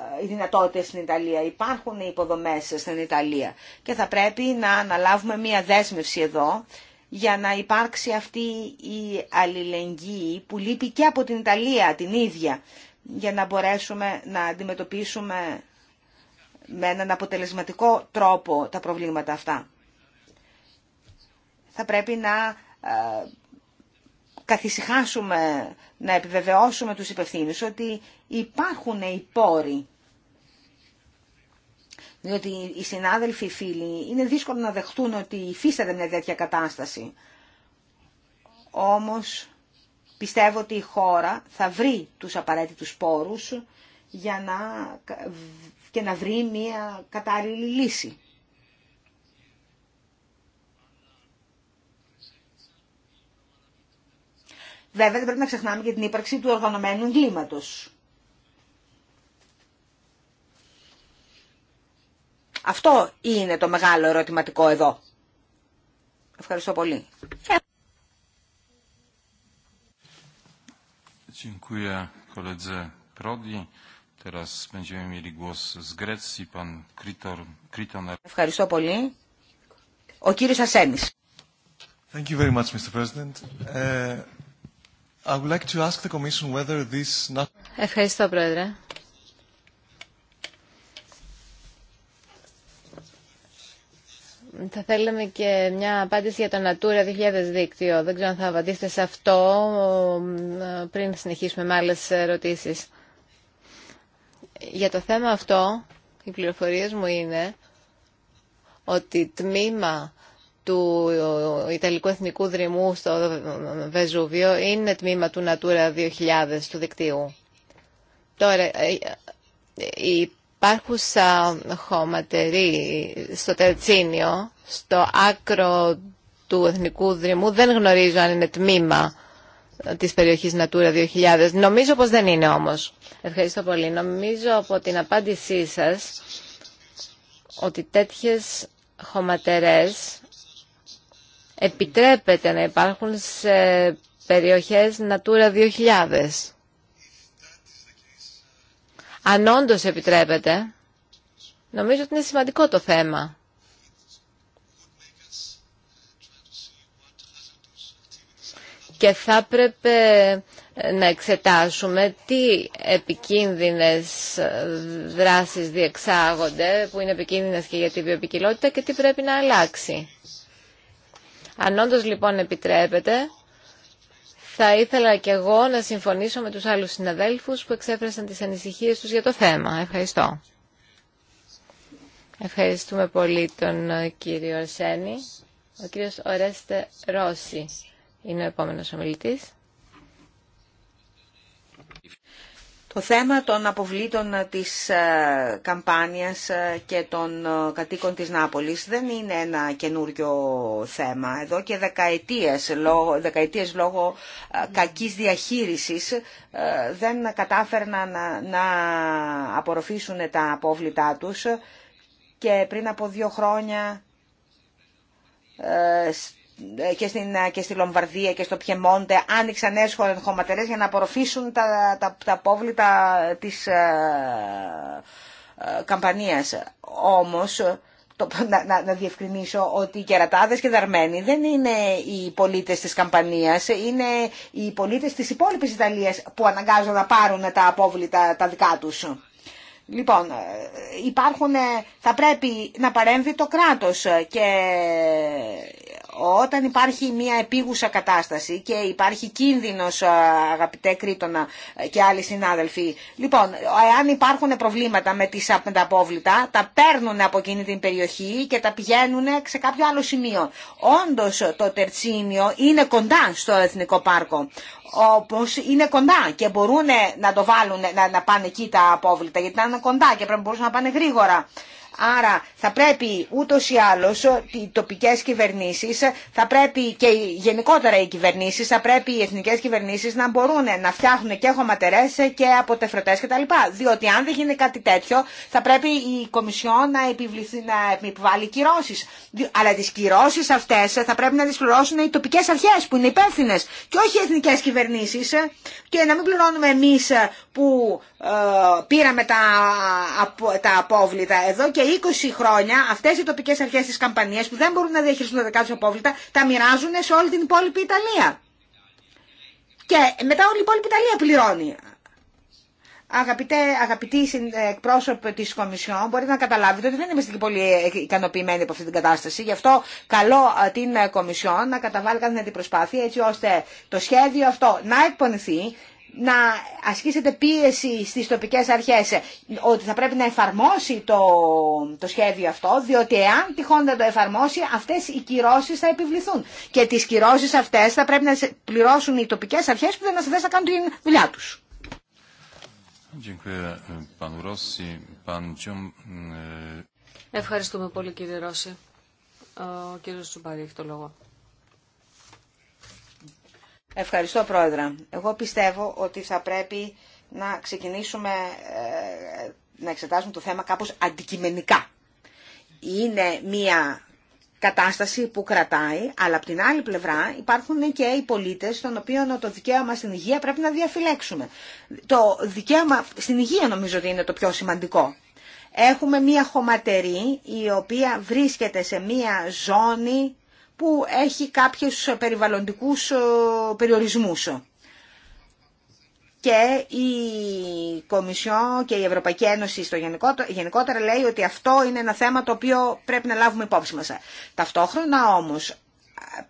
ε, οι δυνατότητε στην Ιταλία, υπάρχουν οι υποδομές στην Ιταλία και θα πρέπει να αναλάβουμε μία δέσμευση εδώ για να υπάρξει αυτή η αλληλεγγύη που λείπει και από την Ιταλία την ίδια για να μπορέσουμε να αντιμετωπίσουμε με έναν αποτελεσματικό τρόπο τα προβλήματα αυτά. Θα πρέπει να ε, καθησυχάσουμε, να επιβεβαιώσουμε τους υπευθύνους ότι υπάρχουν οι πόροι. Διότι οι συνάδελφοι, φίλοι, είναι δύσκολο να δεχτούν ότι υφίσταται μια τέτοια κατάσταση. Όμως πιστεύω ότι η χώρα θα βρει τους απαραίτητους πόρους για να, και να βρει μια κατάλληλη λύση. Βέβαια δεν πρέπει να ξεχνάμε και την ύπαρξη του οργανωμένου εγκλήματος. Αυτό είναι το μεγάλο ερωτηματικό εδώ. Ευχαριστώ πολύ. Ευχαριστώ πολύ. Ο κύριος Ασένης. Thank you very much, I would like to ask the Commission whether this... Ευχαριστώ, Πρόεδρε. Θα θέλαμε και μια απάντηση για το Natura 2000 δίκτυο. Δεν ξέρω αν θα απαντήσετε σε αυτό πριν συνεχίσουμε με άλλες ερωτήσεις. Για το θέμα αυτό, οι πληροφορίες μου είναι ότι τμήμα του Ιταλικού Εθνικού Δρυμού στο Βεζούβιο είναι τμήμα του Natura 2000 του δικτύου. Τώρα, η ε, ε, ε, υπάρχουσα χωματερή στο Τερτσίνιο, στο άκρο του Εθνικού Δρυμού, δεν γνωρίζω αν είναι τμήμα της περιοχής Natura 2000. Νομίζω πως δεν είναι όμως. Ευχαριστώ πολύ. Νομίζω από την απάντησή σας ότι τέτοιες χωματερές επιτρέπεται να υπάρχουν σε περιοχές Natura 2000. Αν όντως επιτρέπεται, νομίζω ότι είναι σημαντικό το θέμα. Και θα έπρεπε να εξετάσουμε τι επικίνδυνες δράσεις διεξάγονται, που είναι επικίνδυνες και για τη βιοπικιλότητα και τι πρέπει να αλλάξει. Αν όντως λοιπόν επιτρέπετε, θα ήθελα και εγώ να συμφωνήσω με τους άλλους συναδέλφους που εξέφρασαν τις ανησυχίες τους για το θέμα. Ευχαριστώ. Ευχαριστούμε πολύ τον ε, κύριο Αρσένη. Ο κύριος Ορέστε Ρώση είναι ο επόμενος ομιλητής. το θέμα των αποβλήτων της ε, καμπάνιας ε, και των ε, κατοίκων της Νάπολης δεν είναι ένα καινούριο θέμα. Εδώ και δεκαετίες λόγω, δεκαετίες λόγω κακής διαχείρισης δεν κατάφερναν να, να απορροφήσουν τα απόβλητά τους και πριν από δύο χρόνια ε, ε, και, στη Λομβαρδία και στο Πιεμόντε άνοιξαν νέες χωματερές για να απορροφήσουν τα, απόβλητα τα πόβλητα της ε, καμπανίας. Όμως, να, να, διευκρινίσω ότι οι κερατάδες και δαρμένοι δεν είναι οι πολίτες της Καμπανίας, είναι οι πολίτες της υπόλοιπης Ιταλίας που αναγκάζονται να πάρουν τα απόβλητα τα δικά τους. Λοιπόν, υπάρχουν, θα πρέπει να παρέμβει το κράτος και όταν υπάρχει μια επίγουσα κατάσταση και υπάρχει κίνδυνος αγαπητέ Κρήτονα και άλλοι συνάδελφοι λοιπόν, εάν υπάρχουν προβλήματα με, τις, τα απόβλητα τα παίρνουν από εκείνη την περιοχή και τα πηγαίνουν σε κάποιο άλλο σημείο όντως το Τερτσίνιο είναι κοντά στο Εθνικό Πάρκο όπως είναι κοντά και μπορούν να το βάλουν να, να πάνε εκεί τα απόβλητα γιατί είναι κοντά και πρέπει να μπορούσαν να πάνε γρήγορα Άρα θα πρέπει ούτως ή άλλως οι τοπικές κυβερνήσεις, θα πρέπει και γενικότερα οι κυβερνήσεις, θα πρέπει οι εθνικές κυβερνήσεις να μπορούν να φτιάχνουν και χωματερές και αποτεφρωτές κτλ. Διότι αν δεν γίνει κάτι τέτοιο θα πρέπει η Κομισιόν να, επιβληθεί, να επιβάλλει κυρώσεις. Αλλά τις κυρώσεις αυτές θα πρέπει να τις πληρώσουν οι τοπικές αρχές που είναι υπεύθυνε και όχι οι εθνικές κυβερνήσεις και να μην πληρώνουμε εμείς που ε, πήραμε τα, τα απόβλητα εδώ 20 χρόνια αυτέ οι τοπικέ αρχέ τη Καμπανία που δεν μπορούν να διαχειριστούν τα δικά του απόβλητα τα μοιράζουν σε όλη την υπόλοιπη Ιταλία. Και μετά όλη η υπόλοιπη Ιταλία πληρώνει. Αγαπητέ, αγαπητοί ε, εκπρόσωποι τη Κομισιόν, μπορείτε να καταλάβετε ότι δεν είμαστε και πολύ ε, ικανοποιημένοι από αυτή την κατάσταση. Γι' αυτό καλώ ε, την Κομισιόν να καταβάλει κάθε την προσπάθεια έτσι ώστε το σχέδιο αυτό να εκπονηθεί, να ασκήσετε πίεση στις τοπικές αρχές ότι θα πρέπει να εφαρμόσει το, το σχέδιο αυτό, διότι εάν τυχόν δεν το εφαρμόσει, αυτές οι κυρώσεις θα επιβληθούν. Και τις κυρώσεις αυτές θα πρέπει να πληρώσουν οι τοπικές αρχές που δεν θα να κάνουν τη δουλειά τους. E, e- Ευχαριστούμε πολύ κύριε Ρώση. Ο κύριος Τσουμπάρη έχει το λόγο. Ευχαριστώ πρόεδρα. Εγώ πιστεύω ότι θα πρέπει να ξεκινήσουμε ε, να εξετάζουμε το θέμα κάπως αντικειμενικά. Είναι μια κατάσταση που κρατάει, αλλά από την άλλη πλευρά υπάρχουν και οι πολίτες των οποίων το δικαίωμα στην υγεία πρέπει να διαφυλέξουμε. Το δικαίωμα στην υγεία νομίζω ότι είναι το πιο σημαντικό. Έχουμε μια χωματερή η οποία βρίσκεται σε μια ζώνη που έχει κάποιους περιβαλλοντικούς ε, περιορισμούς. Και η Κομισιό και η Ευρωπαϊκή Ένωση στο γενικότερα λέει ότι αυτό είναι ένα θέμα το οποίο πρέπει να λάβουμε υπόψη μας. Ταυτόχρονα όμως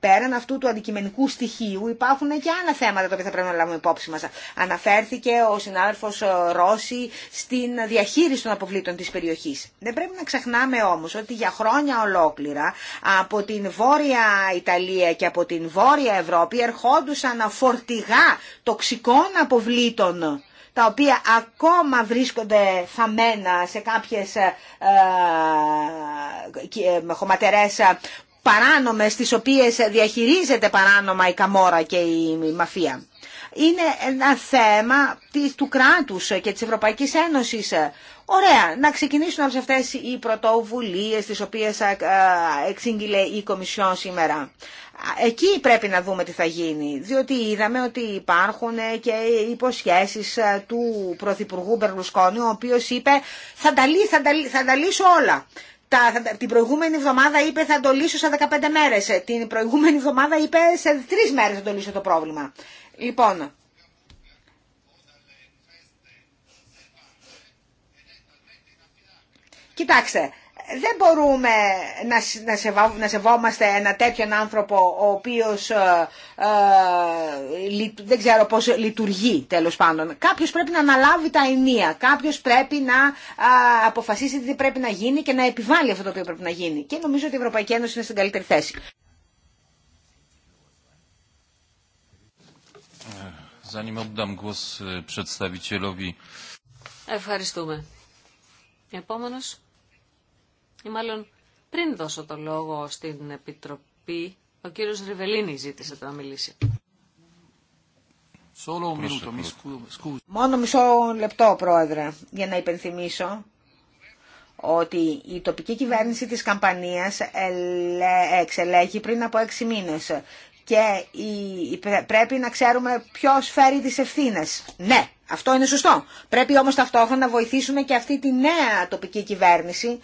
πέραν αυτού του αντικειμενικού στοιχείου υπάρχουν και άλλα θέματα τα οποία θα πρέπει να λάβουμε υπόψη μας. Αναφέρθηκε ο συνάδελφος ε, Ρώση στην διαχείριση των αποβλήτων της περιοχής. Δεν πρέπει να ξεχνάμε όμως ότι για χρόνια ολόκληρα από την Βόρεια Ιταλία και από την Βόρεια Ευρώπη ερχόντουσαν φορτηγά τοξικών αποβλήτων τα οποία ακόμα βρίσκονται θαμμένα σε κάποιες ε, ε χωματερές παράνομες τις οποίες διαχειρίζεται παράνομα η καμόρα και η μαφία. Είναι ένα θέμα του κράτους και της Ευρωπαϊκής Ένωσης. Ωραία, να ξεκινήσουν όλες αυτές οι πρωτοβουλίες τις οποίες εξήγηλε η Κομισιόν σήμερα. Εκεί πρέπει να δούμε τι θα γίνει, διότι είδαμε ότι υπάρχουν ε, και υποσχέσεις ε, του Πρωθυπουργού Μπερλουσκόνη, ο οποίος είπε θα τα, θα τα λύσω όλα τα, την προηγούμενη εβδομάδα είπε θα το λύσω σε 15 μέρες. Την προηγούμενη εβδομάδα είπε σε 3 μέρες θα το λύσω το πρόβλημα. Λοιπόν, Κοιτάξτε, δεν μπορούμε να, σεβόμαστε ένα τέτοιον άνθρωπο ο οποίος ε, ε, δεν ξέρω πώς λειτουργεί τέλος πάντων. Κάποιος πρέπει να αναλάβει τα ενία, κάποιος πρέπει να αποφασίσει τι πρέπει να γίνει και να επιβάλλει αυτό το οποίο πρέπει να γίνει. Και νομίζω ότι η Ευρωπαϊκή Ένωση είναι στην καλύτερη θέση. E, Ευχαριστούμε. Επόμενος ή μάλλον πριν δώσω το λόγο στην Επιτροπή, ο κύριος Ριβελίνη ζήτησε το να μιλήσει. Μόνο μισό λεπτό, Πρόεδρε, για να υπενθυμίσω ότι η τοπική κυβέρνηση της Καμπανίας εξελέγει πριν από έξι μήνες και πρέπει να ξέρουμε ποιος φέρει τις ευθύνες. Ναι, αυτό είναι σωστό. Πρέπει όμως ταυτόχρονα να βοηθήσουμε και αυτή τη νέα τοπική κυβέρνηση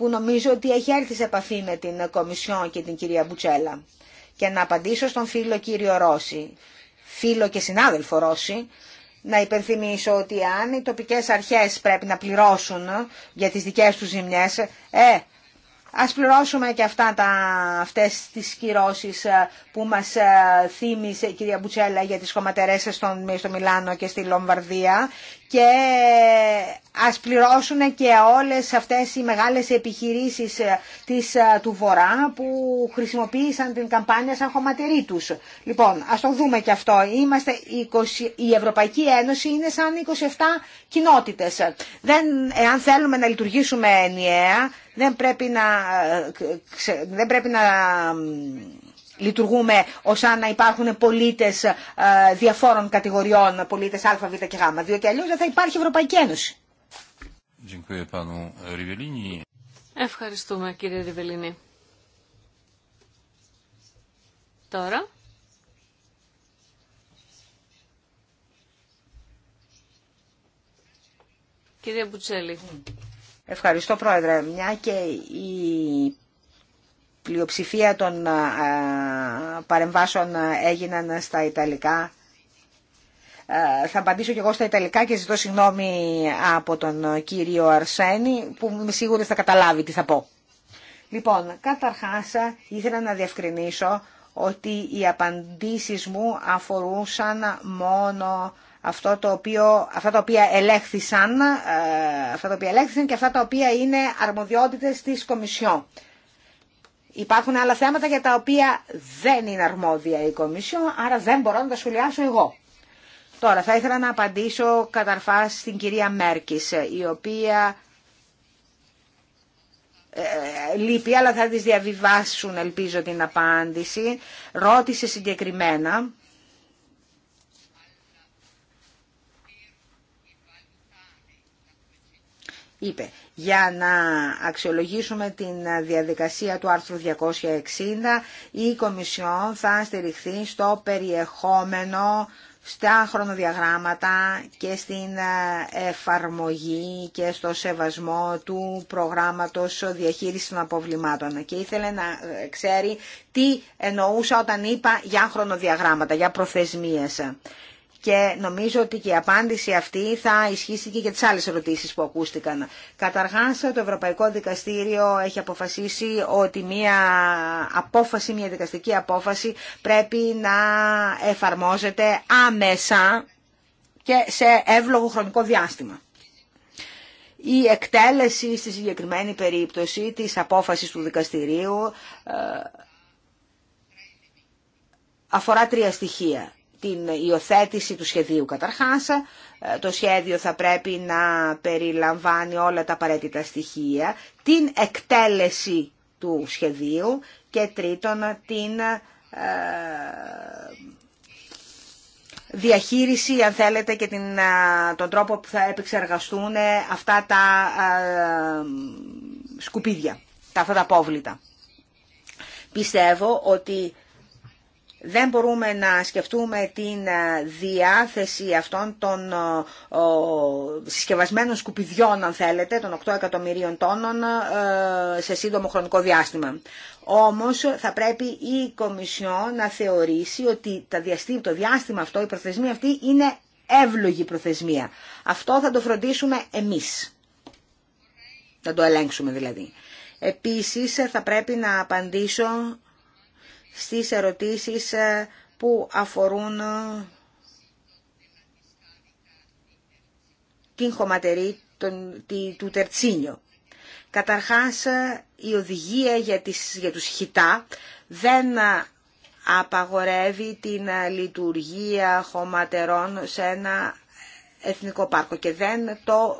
που νομίζω ότι έχει έρθει σε επαφή με την Κομισιόν και την κυρία Μπουτσέλα. Και να απαντήσω στον φίλο κύριο Ρώση, φίλο και συνάδελφο Ρώση, να υπενθυμίσω ότι αν οι τοπικές αρχές πρέπει να πληρώσουν για τις δικές τους ζημιές, ε, Ας πληρώσουμε και αυτά τα, αυτές τις κυρώσεις ε, που μας ε, θύμισε η κυρία Μπουτσέλα για τις χωματερές στο, στο Μιλάνο και στη Λομβαρδία και ε, ας πληρώσουν και όλες αυτές οι μεγάλες επιχειρήσεις της, του Βορρά που χρησιμοποίησαν την καμπάνια σαν χωματερή τους. Λοιπόν, ας το δούμε και αυτό. Είμαστε 20, η Ευρωπαϊκή Ένωση είναι σαν 27 κοινότητες. Δεν, εάν θέλουμε να λειτουργήσουμε ενιαία, δεν πρέπει να, ε, δεν πρέπει να λειτουργούμε ως αν να υπάρχουν πολίτες ε, διαφόρων κατηγοριών, πολίτες Α, Β και Γ, διότι αλλιώς δεν θα υπάρχει Ευρωπαϊκή Ένωση. Ευχαριστούμε κύριε Ριβελίνη. Τώρα. Κύριε Μπουτσέλη. Mm. Ευχαριστώ Πρόεδρε. Μια και η πλειοψηφία των παρεμβάσεων έγιναν στα Ιταλικά. Θα απαντήσω και εγώ στα Ιταλικά και ζητώ συγγνώμη από τον κύριο Αρσένη που είμαι σίγουρη θα καταλάβει τι θα πω. Λοιπόν, καταρχάς ήθελα να διευκρινίσω ότι οι απαντήσεις μου αφορούσαν μόνο αυτό το οποίο, αυτά τα οποία ελέγχθησαν, ε, αυτά τα οποία και αυτά τα οποία είναι αρμοδιότητες της Κομισιόν. Υπάρχουν άλλα θέματα για τα οποία δεν είναι αρμόδια η Κομισιόν, άρα δεν μπορώ να τα σχολιάσω εγώ. Τώρα θα ήθελα να απαντήσω καταρφάς στην κυρία Μέρκης, η οποία ε, λείπει, αλλά θα της διαβιβάσουν ελπίζω την απάντηση. Ρώτησε συγκεκριμένα είπε για να αξιολογήσουμε την διαδικασία του άρθρου 260 η Κομισιόν θα στηριχθεί στο περιεχόμενο στα χρονοδιαγράμματα και στην ε, εφαρμογή και στο σεβασμό του προγράμματος διαχείρισης των αποβλημάτων. Και ήθελε να ε, ξέρει τι εννοούσα όταν είπα για χρονοδιαγράμματα, για προθεσμίες και νομίζω ότι και η απάντηση αυτή θα ισχύσει και για τις άλλες ερωτήσεις που ακούστηκαν. Καταρχάς, το Ευρωπαϊκό Δικαστήριο έχει αποφασίσει ότι μια απόφαση, μια δικαστική απόφαση πρέπει να εφαρμόζεται άμεσα και σε εύλογο χρονικό διάστημα. Η εκτέλεση στη συγκεκριμένη περίπτωση της απόφασης του δικαστηρίου ε, αφορά τρία στοιχεία την υιοθέτηση του σχεδίου καταρχάς. Ε, το σχέδιο θα πρέπει να περιλαμβάνει όλα τα απαραίτητα στοιχεία, την εκτέλεση του σχεδίου και τρίτον την ε, διαχείριση, αν θέλετε, και την, ε, τον τρόπο που θα επεξεργαστούν αυτά τα σκουπίδια, αυτά τα απόβλητα. Πιστεύω ότι δεν μπορούμε να σκεφτούμε την ε, διάθεση αυτών των ε, συσκευασμένων σκουπιδιών, αν θέλετε, των 8 εκατομμυρίων τόνων ε, σε σύντομο χρονικό διάστημα. Όμως θα πρέπει η Κομισιό να θεωρήσει ότι το διάστημα αυτό, η προθεσμία αυτή είναι εύλογη προθεσμία. Αυτό θα το φροντίσουμε εμείς. Θα το ελέγξουμε δηλαδή. Επίσης θα πρέπει να απαντήσω στις ερωτήσεις ε, που αφορούν ε, την χωματερή του Τερτσίνιο. Καταρχάς, ε, η οδηγία για, τις, για τους χιτά δεν απαγορεύει την λειτουργία χωματερών σε ένα εθνικό πάρκο και δεν το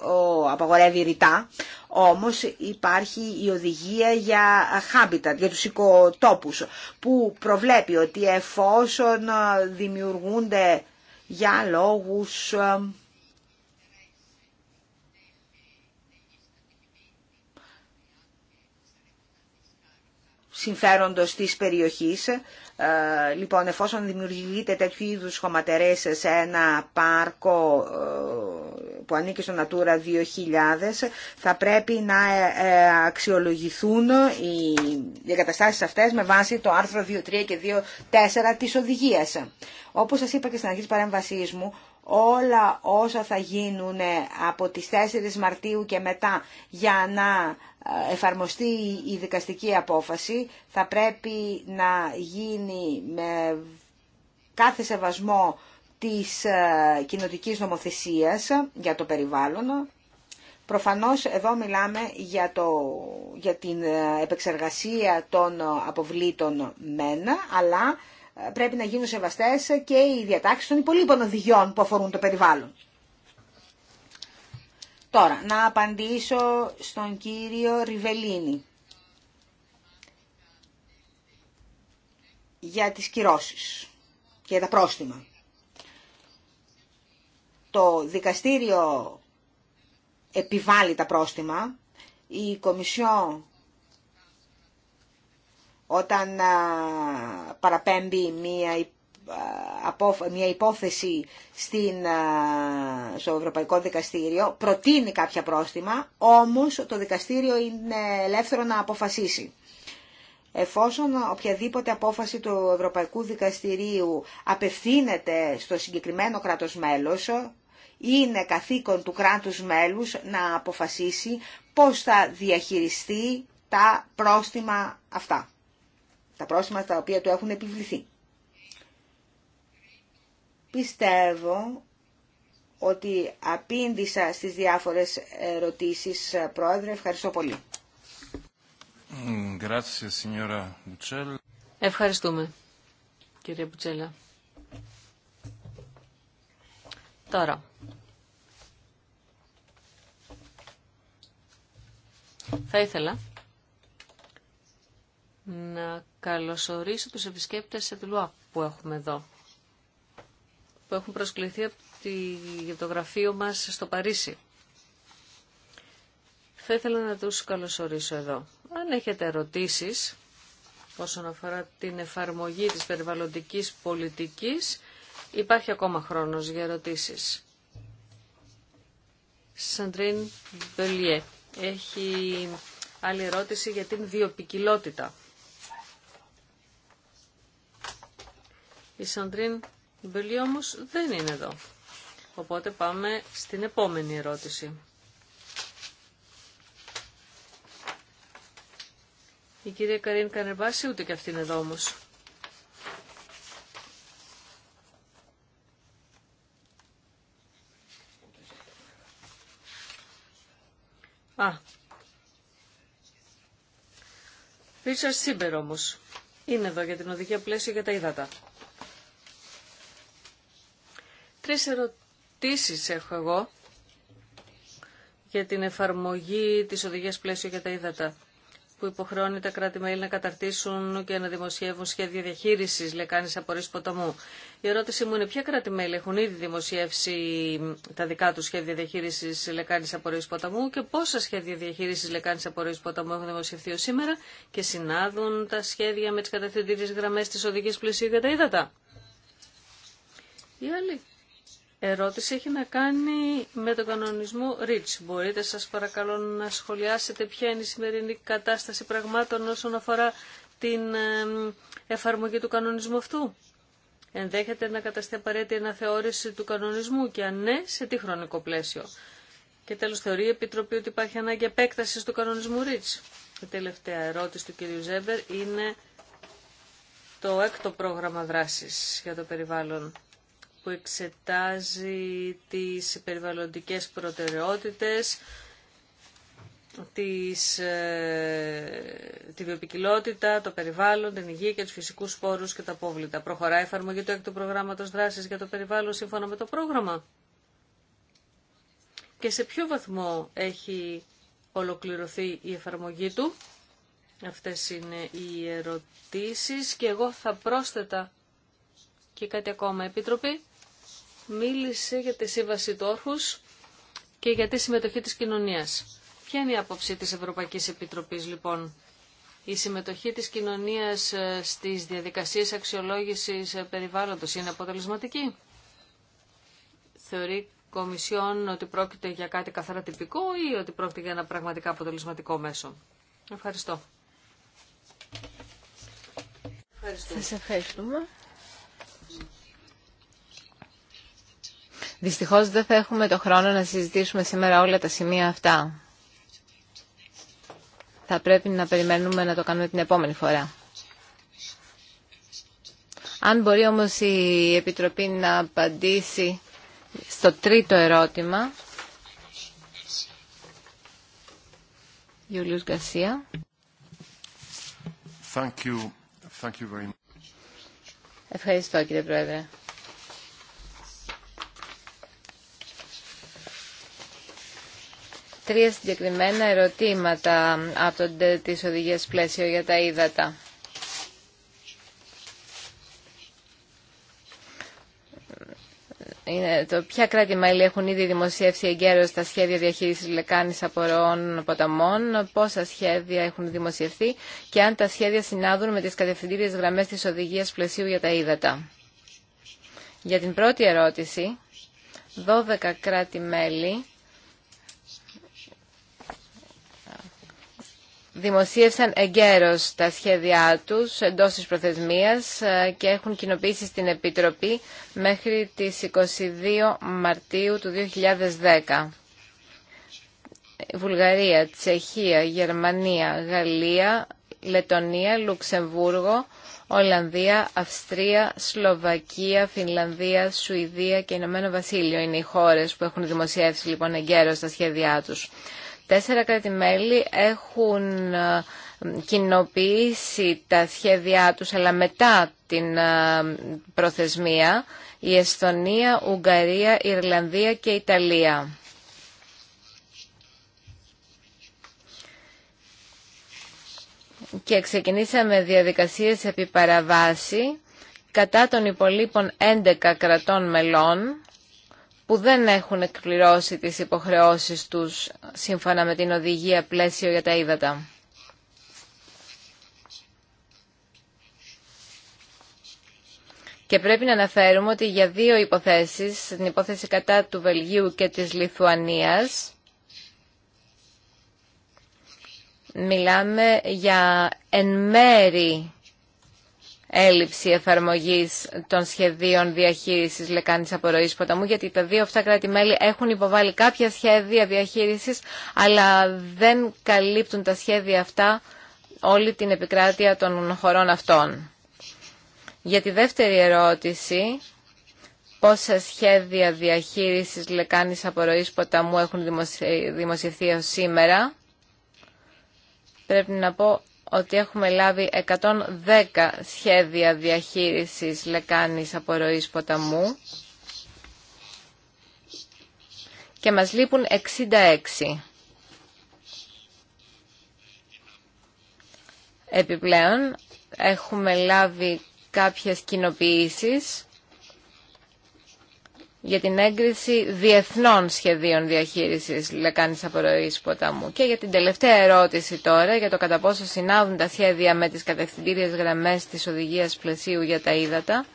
απαγορεύει ρητά. Όμως υπάρχει η οδηγία για habitat, για τους οικοτόπους, που προβλέπει ότι εφόσον ε, δημιουργούνται για λόγους... Ε, συμφέροντος της περιοχής ε, λοιπόν, εφόσον δημιουργείται τέτοιου είδους χωματερές σε ένα πάρκο ε, που ανήκει στο Natura 2000, θα πρέπει να ε, αξιολογηθούν οι εγκαταστάσεις αυτές με βάση το άρθρο 2.3 και 2.4 της οδηγίας. Όπως σας είπα και στην αρχή της παρέμβασής μου, όλα όσα θα γίνουν ε, από τις 4 Μαρτίου και μετά για να ε, εφαρμοστεί η δικαστική απόφαση θα πρέπει να γίνει με κάθε σεβασμό της ε, κοινοτικής νομοθεσίας για το περιβάλλον. Προφανώς εδώ μιλάμε για, για την επεξεργασία των αποβλήτων μένα, αλλά πρέπει να γίνουν σεβαστέ και οι διατάξεις των υπολείπων οδηγιών που αφορούν το περιβάλλον. Τώρα, να απαντήσω στον κύριο Ριβελίνη για τις κυρώσεις και τα πρόστιμα. Το δικαστήριο επιβάλλει τα πρόστιμα, η Κομισιό όταν παραπέμπει μία μια υπόθεση στην, στο Ευρωπαϊκό Δικαστήριο, προτείνει κάποια πρόστιμα, όμως το δικαστήριο είναι ελεύθερο να αποφασίσει. Εφόσον οποιαδήποτε απόφαση του Ευρωπαϊκού Δικαστηρίου απευθύνεται στο συγκεκριμένο κράτος μέλος, είναι καθήκον του κράτους μέλους να αποφασίσει πώς θα διαχειριστεί τα πρόστιμα αυτά τα πρόσημα τα οποία του έχουν επιβληθεί. Πιστεύω ότι απήντησα στις διάφορες ερωτήσεις, Πρόεδρε. Ευχαριστώ πολύ. Ευχαριστούμε, κύριε Μπουτσέλα. Τώρα, θα ήθελα να καλωσορίσω τους επισκέπτες σε δουλειά που έχουμε εδώ, που έχουν προσκληθεί από, τη, από το γραφείο μας στο Παρίσι. Θα ήθελα να τους καλωσορίσω εδώ. Αν έχετε ερωτήσεις όσον αφορά την εφαρμογή της περιβαλλοντικής πολιτικής, υπάρχει ακόμα χρόνος για ερωτήσεις. Σαντρίν Μπελιέ έχει άλλη ερώτηση για την βιοπικιλότητα. Η Σαντρίν Μπελή όμως δεν είναι εδώ. Οπότε πάμε στην επόμενη ερώτηση. Η κυρία Καρίν Κανερβάση ούτε και είναι εδώ όμως. Α. Ρίτσαρ Σίμπερ όμως. Είναι εδώ για την οδηγία πλαίσιο για τα υδάτα. Τρεις ερωτήσεις έχω εγώ για την εφαρμογή της οδηγίας πλαίσιο για τα ύδατα που υποχρεώνει τα κράτη-μέλη να καταρτήσουν και να δημοσιεύουν σχέδια διαχείριση λεκάνη απορρή ποταμού. Η ερώτησή μου είναι ποια κράτη-μέλη έχουν ήδη δημοσιεύσει τα δικά του σχέδια διαχείριση λεκάνη απορρή ποταμού και πόσα σχέδια διαχείριση λεκάνη απορρή ποταμού έχουν δημοσιευθεί σήμερα και συνάδουν τα σχέδια με τι κατευθυντήριε γραμμέ τη οδική πλαισίου για τα ύδατα. Η άλλη ερώτηση έχει να κάνει με τον κανονισμό REACH. Μπορείτε σας παρακαλώ να σχολιάσετε ποια είναι η σημερινή κατάσταση πραγμάτων όσον αφορά την εφαρμογή του κανονισμού αυτού. Ενδέχεται να καταστεί απαραίτητη αναθεώρηση του κανονισμού και αν ναι, σε τι χρονικό πλαίσιο. Και τέλος θεωρεί η Επιτροπή ότι υπάρχει ανάγκη επέκταση του κανονισμού REACH. Η τελευταία ερώτηση του κ. Ζέμπερ είναι το έκτο πρόγραμμα δράσης για το περιβάλλον που εξετάζει τις περιβαλλοντικές προτεραιότητες, ε, τη βιοπικιλότητα, το περιβάλλον, την υγεία και τους φυσικούς σπόρους και τα πόβλητα. Προχωράει η εφαρμογή του έκτου προγράμματος δράσης για το περιβάλλον σύμφωνα με το πρόγραμμα. Και σε ποιο βαθμό έχει ολοκληρωθεί η εφαρμογή του. Αυτές είναι οι ερωτήσεις και εγώ θα πρόσθετα και κάτι ακόμα. Επίτροπη, μίλησε για τη σύμβαση του και για τη συμμετοχή της κοινωνίας. Ποια είναι η άποψη της Ευρωπαϊκής Επιτροπής λοιπόν. Η συμμετοχή της κοινωνίας ε, στις διαδικασίες αξιολόγησης ε, περιβάλλοντος είναι αποτελεσματική. Θεωρεί η Κομισιόν ότι πρόκειται για κάτι καθαρά τυπικό ή ότι πρόκειται για ένα πραγματικά αποτελεσματικό μέσο. Ευχαριστώ. Ευχαριστώ. Σας ευχαριστούμε. Δυστυχώς δεν θα έχουμε το χρόνο να συζητήσουμε σήμερα όλα τα σημεία αυτά. Θα πρέπει να περιμένουμε να το κάνουμε την επόμενη φορά. Αν μπορεί όμως η Επιτροπή να απαντήσει στο τρίτο ερώτημα. Γιούλιος Γκασία. Ευχαριστώ κύριε Πρόεδρε. τρία συγκεκριμένα ερωτήματα από τις οδηγίες πλαίσιο για τα ύδατα. Είναι το ποια κράτη-μέλη έχουν ήδη δημοσιεύσει εγκαίρω τα σχέδια διαχείριση λεκάνης απορροών ποταμών, πόσα σχέδια έχουν δημοσιευθεί και αν τα σχέδια συνάδουν με τι κατευθυντήριε γραμμέ τη οδηγία πλαισίου για τα ύδατα. Για την πρώτη ερώτηση, 12 κράτη-μέλη δημοσίευσαν εγκαίρως τα σχέδιά τους εντός της προθεσμίας ε, και έχουν κοινοποιήσει στην Επιτροπή μέχρι τις 22 Μαρτίου του 2010. Βουλγαρία, Τσεχία, Γερμανία, Γαλλία, Λετωνία, Λουξεμβούργο, Ολλανδία, Αυστρία, Σλοβακία, Φινλανδία, Σουηδία και Ηνωμένο Βασίλειο είναι οι χώρες που έχουν δημοσιεύσει λοιπόν εγκαίρως τα σχέδιά τους. Τέσσερα κράτη-μέλη έχουν ε, κοινοποιήσει τα σχέδιά τους, αλλά μετά την ε, προθεσμία, η Εσθονία, Ουγγαρία, Ιρλανδία και Ιταλία. Και ξεκινήσαμε διαδικασίες επί παραβάση κατά των υπολείπων 11 κρατών μελών που δεν έχουν εκπληρώσει τις υποχρεώσεις τους σύμφωνα με την οδηγία πλαίσιο για τα ύδατα. Και πρέπει να αναφέρουμε ότι για δύο υποθέσεις, την υπόθεση κατά του Βελγίου και της Λιθουανίας, μιλάμε για εν μέρη έλλειψη εφαρμογής των σχεδίων διαχείρισης λεκάνης απορροής ποταμού, γιατί τα δύο αυτά κράτη-μέλη έχουν υποβάλει κάποια σχέδια διαχείρισης, αλλά δεν καλύπτουν τα σχέδια αυτά όλη την επικράτεια των χωρών αυτών. Για τη δεύτερη ερώτηση, πόσα σχέδια διαχείρισης λεκάνης απορροής ποταμού έχουν δημοσιευθεί σήμερα, πρέπει να πω ότι έχουμε λάβει 110 σχέδια διαχείρισης λεκάνης απορροής ποταμού και μας λείπουν 66. Επιπλέον, έχουμε λάβει κάποιες κοινοποιήσεις για την έγκριση διεθνών σχεδίων διαχείρισης λεκάνης απορροής ποταμού. Και για την τελευταία ερώτηση τώρα, για το κατά πόσο συνάδουν τα σχέδια με τις κατευθυντήριες γραμμές της οδηγίας πλαισίου για τα ύδατα.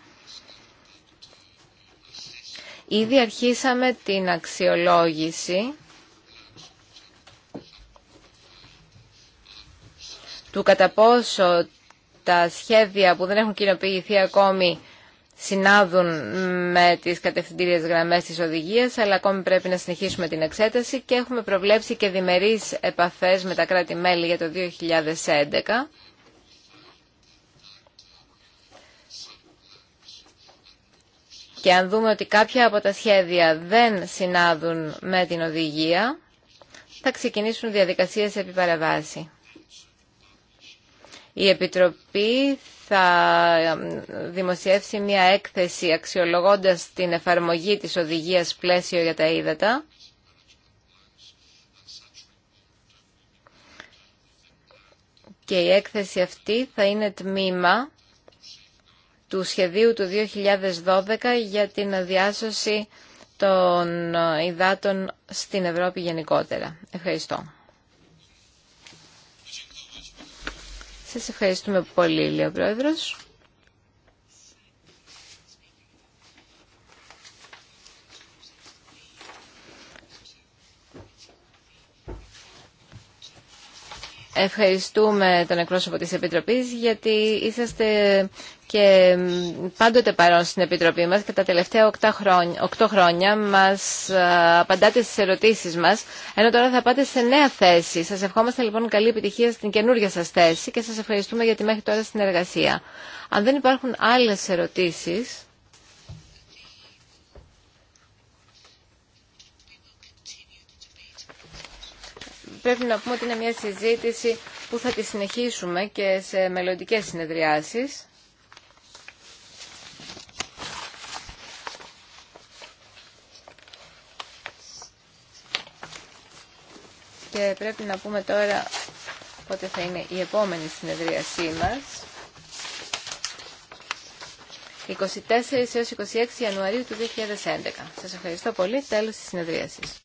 Ήδη αρχίσαμε την αξιολόγηση του κατά πόσο τα σχέδια που δεν έχουν κοινοποιηθεί ακόμη συνάδουν με τις κατευθυντήριες γραμμές της οδηγίας, αλλά ακόμη πρέπει να συνεχίσουμε την εξέταση και έχουμε προβλέψει και διμερείς επαφές με τα κράτη-μέλη για το 2011. Και αν δούμε ότι κάποια από τα σχέδια δεν συνάδουν με την οδηγία, θα ξεκινήσουν διαδικασίες επί Η Επιτροπή θα δημοσιεύσει μια έκθεση αξιολογώντας την εφαρμογή της οδηγίας πλαίσιο για τα ύδατα. Και η έκθεση αυτή θα είναι τμήμα του σχεδίου του 2012 για την αδιάσωση των υδάτων στην Ευρώπη γενικότερα. Ευχαριστώ. Σας ευχαριστούμε πολύ, λέει Πρόεδρος. Ευχαριστούμε τον εκπρόσωπο της Επιτροπής γιατί είσαστε και πάντοτε παρόν στην Επιτροπή μας και τα τελευταία 8 χρόνια, 8 χρόνια μας ε, απαντάτε στις ερωτήσεις μας ενώ τώρα θα πάτε σε νέα θέση. Σας ευχόμαστε λοιπόν καλή επιτυχία στην καινούργια σας θέση και σας ευχαριστούμε για τη μέχρι τώρα συνεργασία. Αν δεν υπάρχουν άλλες ερωτήσεις... πρέπει να πούμε ότι είναι μια συζήτηση που θα τη συνεχίσουμε και σε μελλοντικές συνεδριάσεις. Και πρέπει να πούμε τώρα πότε θα είναι η επόμενη συνεδρίασή μας. 24 έως 26 Ιανουαρίου του 2011. Σας ευχαριστώ πολύ. Τέλος της συνεδρίασης.